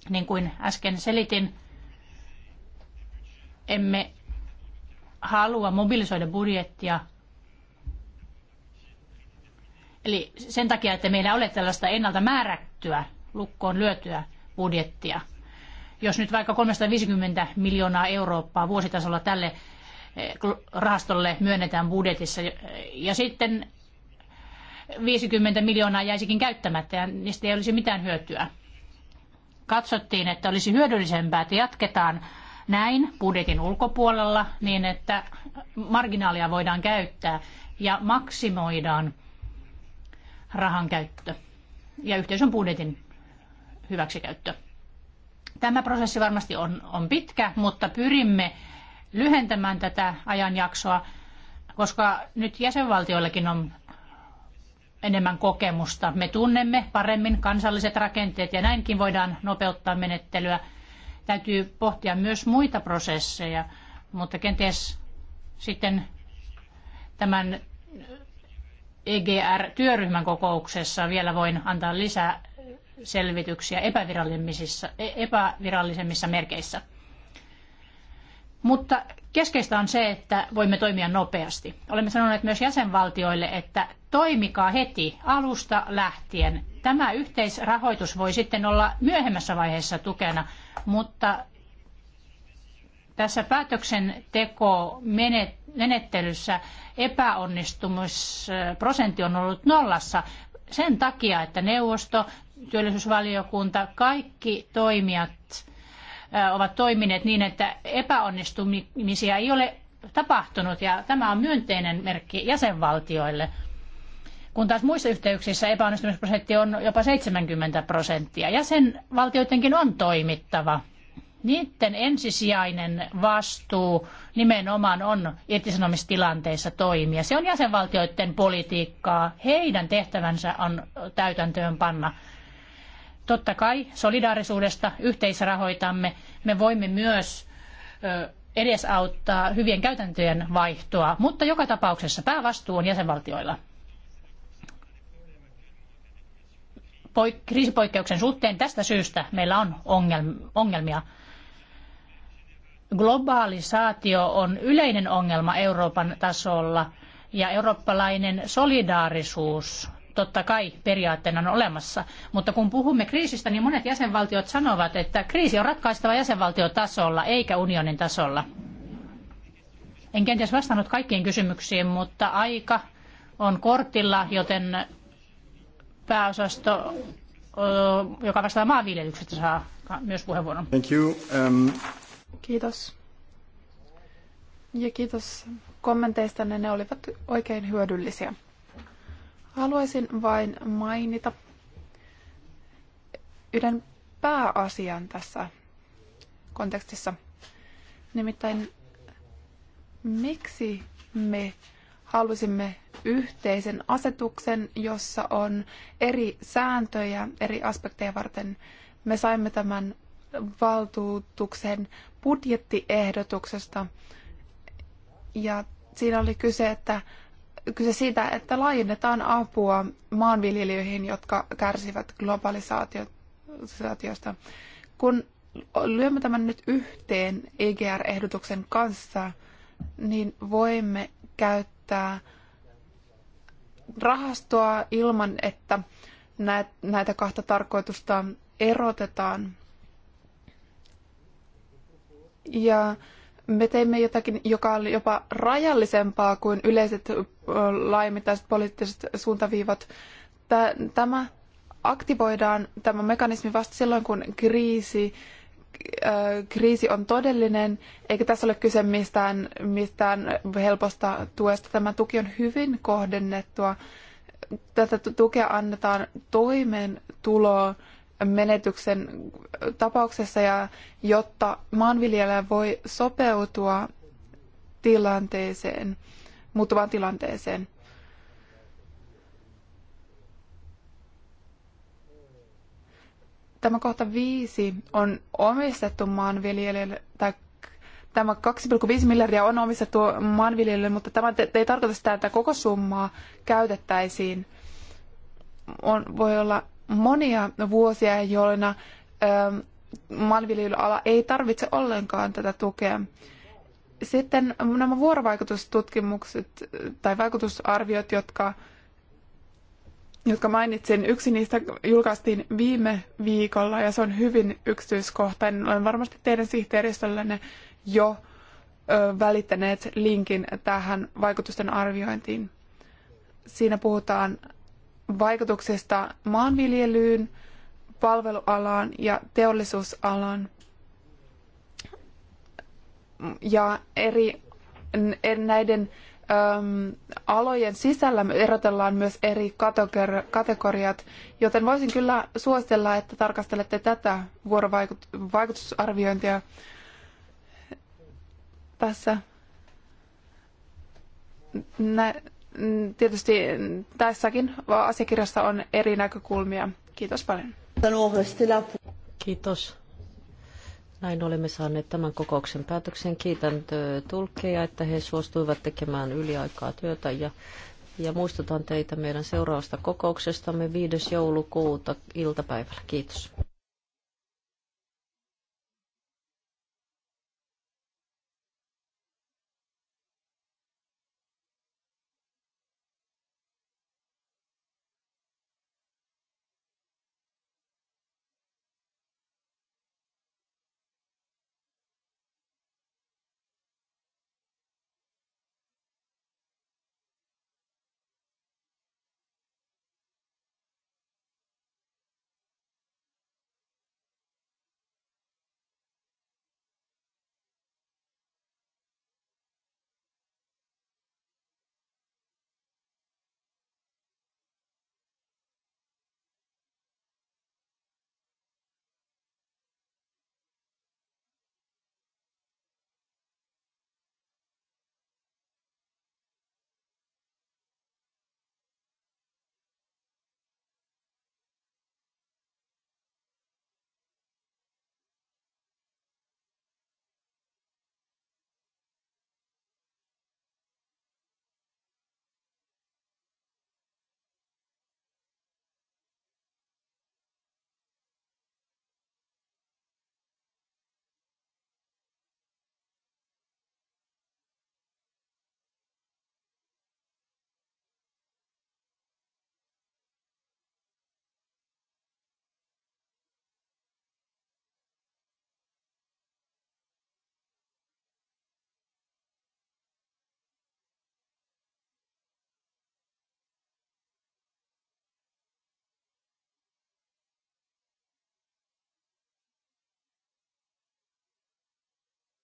Niin kuin äsken selitin, emme halua mobilisoida budjettia. Eli sen takia, että meillä ole tällaista ennalta määrättyä, lukkoon lyötyä budjettia. Jos nyt vaikka 350 miljoonaa Eurooppaa vuositasolla tälle Eh, rahastolle myönnetään budjetissa. Ja sitten 50 miljoonaa jäisikin käyttämättä ja niistä ei olisi mitään hyötyä. Katsottiin, että olisi hyödyllisempää, että jatketaan näin budjetin ulkopuolella niin, että marginaalia voidaan käyttää ja maksimoidaan rahan käyttö ja yhteisön budjetin hyväksikäyttö. Tämä prosessi varmasti on, on pitkä, mutta pyrimme lyhentämään tätä ajanjaksoa, koska nyt jäsenvaltioillakin on enemmän kokemusta. Me tunnemme paremmin kansalliset rakenteet ja näinkin voidaan nopeuttaa menettelyä. Täytyy pohtia myös muita prosesseja, mutta kenties sitten tämän EGR-työryhmän kokouksessa vielä voin antaa lisää selvityksiä epävirallisemmissa e-, merkeissä. Mutta keskeistä on se, että voimme toimia nopeasti. Olemme sanoneet myös jäsenvaltioille, että toimikaa heti alusta lähtien. Tämä yhteisrahoitus voi sitten olla myöhemmässä vaiheessa tukena, mutta tässä päätöksentekomenettelyssä epäonnistumisprosentti on ollut nollassa sen takia, että neuvosto, työllisyysvaliokunta, kaikki toimijat ovat toimineet niin, että epäonnistumisia ei ole tapahtunut ja tämä on myönteinen merkki jäsenvaltioille. Kun taas muissa yhteyksissä epäonnistumisprosentti on jopa 70 prosenttia. Jäsenvaltioidenkin on toimittava. Niiden ensisijainen vastuu nimenomaan on irtisanomistilanteissa toimia. Se on jäsenvaltioiden politiikkaa. Heidän tehtävänsä on täytäntöön panna Totta kai solidaarisuudesta yhteisrahoitamme. Me voimme myös edesauttaa hyvien käytäntöjen vaihtoa, mutta joka tapauksessa päävastuu on jäsenvaltioilla. Poik- kriisipoikkeuksen suhteen tästä syystä meillä on ongelmia. Globaalisaatio on yleinen ongelma Euroopan tasolla ja eurooppalainen solidaarisuus totta kai periaatteena on olemassa. Mutta kun puhumme kriisistä, niin monet jäsenvaltiot sanovat, että kriisi on ratkaistava jäsenvaltiotasolla eikä unionin tasolla. En kenties vastannut kaikkiin kysymyksiin, mutta aika on kortilla, joten pääosasto, joka vastaa maanviljelyksestä, saa myös puheenvuoron. Thank you. Um... Kiitos. Ja kiitos kommenteistanne, ne olivat oikein hyödyllisiä. Haluaisin vain mainita yhden pääasian tässä kontekstissa. Nimittäin miksi me halusimme yhteisen asetuksen, jossa on eri sääntöjä eri aspekteja varten. Me saimme tämän valtuutuksen budjettiehdotuksesta ja siinä oli kyse, että kyse siitä, että laajennetaan apua maanviljelijöihin, jotka kärsivät globalisaatiosta. Kun lyömme tämän nyt yhteen EGR-ehdotuksen kanssa, niin voimme käyttää rahastoa ilman, että näitä kahta tarkoitusta erotetaan. Ja me teimme jotakin, joka oli jopa rajallisempaa kuin yleiset laajamittaiset poliittiset suuntaviivat. Tämä aktivoidaan, tämä mekanismi vasta silloin, kun kriisi, kriisi on todellinen, eikä tässä ole kyse mistään, mistään helposta tuesta. Tämä tuki on hyvin kohdennettua. Tätä tukea annetaan toimeentuloon menetyksen tapauksessa ja jotta maanviljelijä voi sopeutua tilanteeseen, muuttuvaan tilanteeseen. Tämä kohta viisi on omistettu maanviljelijälle, tai tämä 2,5 miljardia on omistettu maanviljelijälle, mutta tämä ei tarkoita sitä, että koko summaa käytettäisiin. On, voi olla monia vuosia, jolloin ähm, maanviljelyala ei tarvitse ollenkaan tätä tukea. Sitten nämä vuorovaikutustutkimukset äh, tai vaikutusarviot, jotka, jotka mainitsin, yksi niistä julkaistiin viime viikolla ja se on hyvin yksityiskohtainen. Olen varmasti teidän sihteeristöllänne jo ö, välittäneet linkin tähän vaikutusten arviointiin. Siinä puhutaan vaikutuksista maanviljelyyn, palvelualaan ja teollisuusalaan ja eri näiden äm, alojen sisällä erotellaan myös eri kategoriat, joten voisin kyllä suositella, että tarkastelette tätä vuorovaikutusarviointia tässä. Nä, Mm, tietysti tässäkin asiakirjassa on eri näkökulmia. Kiitos paljon. Kiitos. Näin olemme saaneet tämän kokouksen päätöksen. Kiitän tulkkeja, että he suostuivat tekemään yliaikaa työtä ja, ja muistutan teitä meidän seuraavasta kokouksestamme 5. joulukuuta iltapäivällä. Kiitos.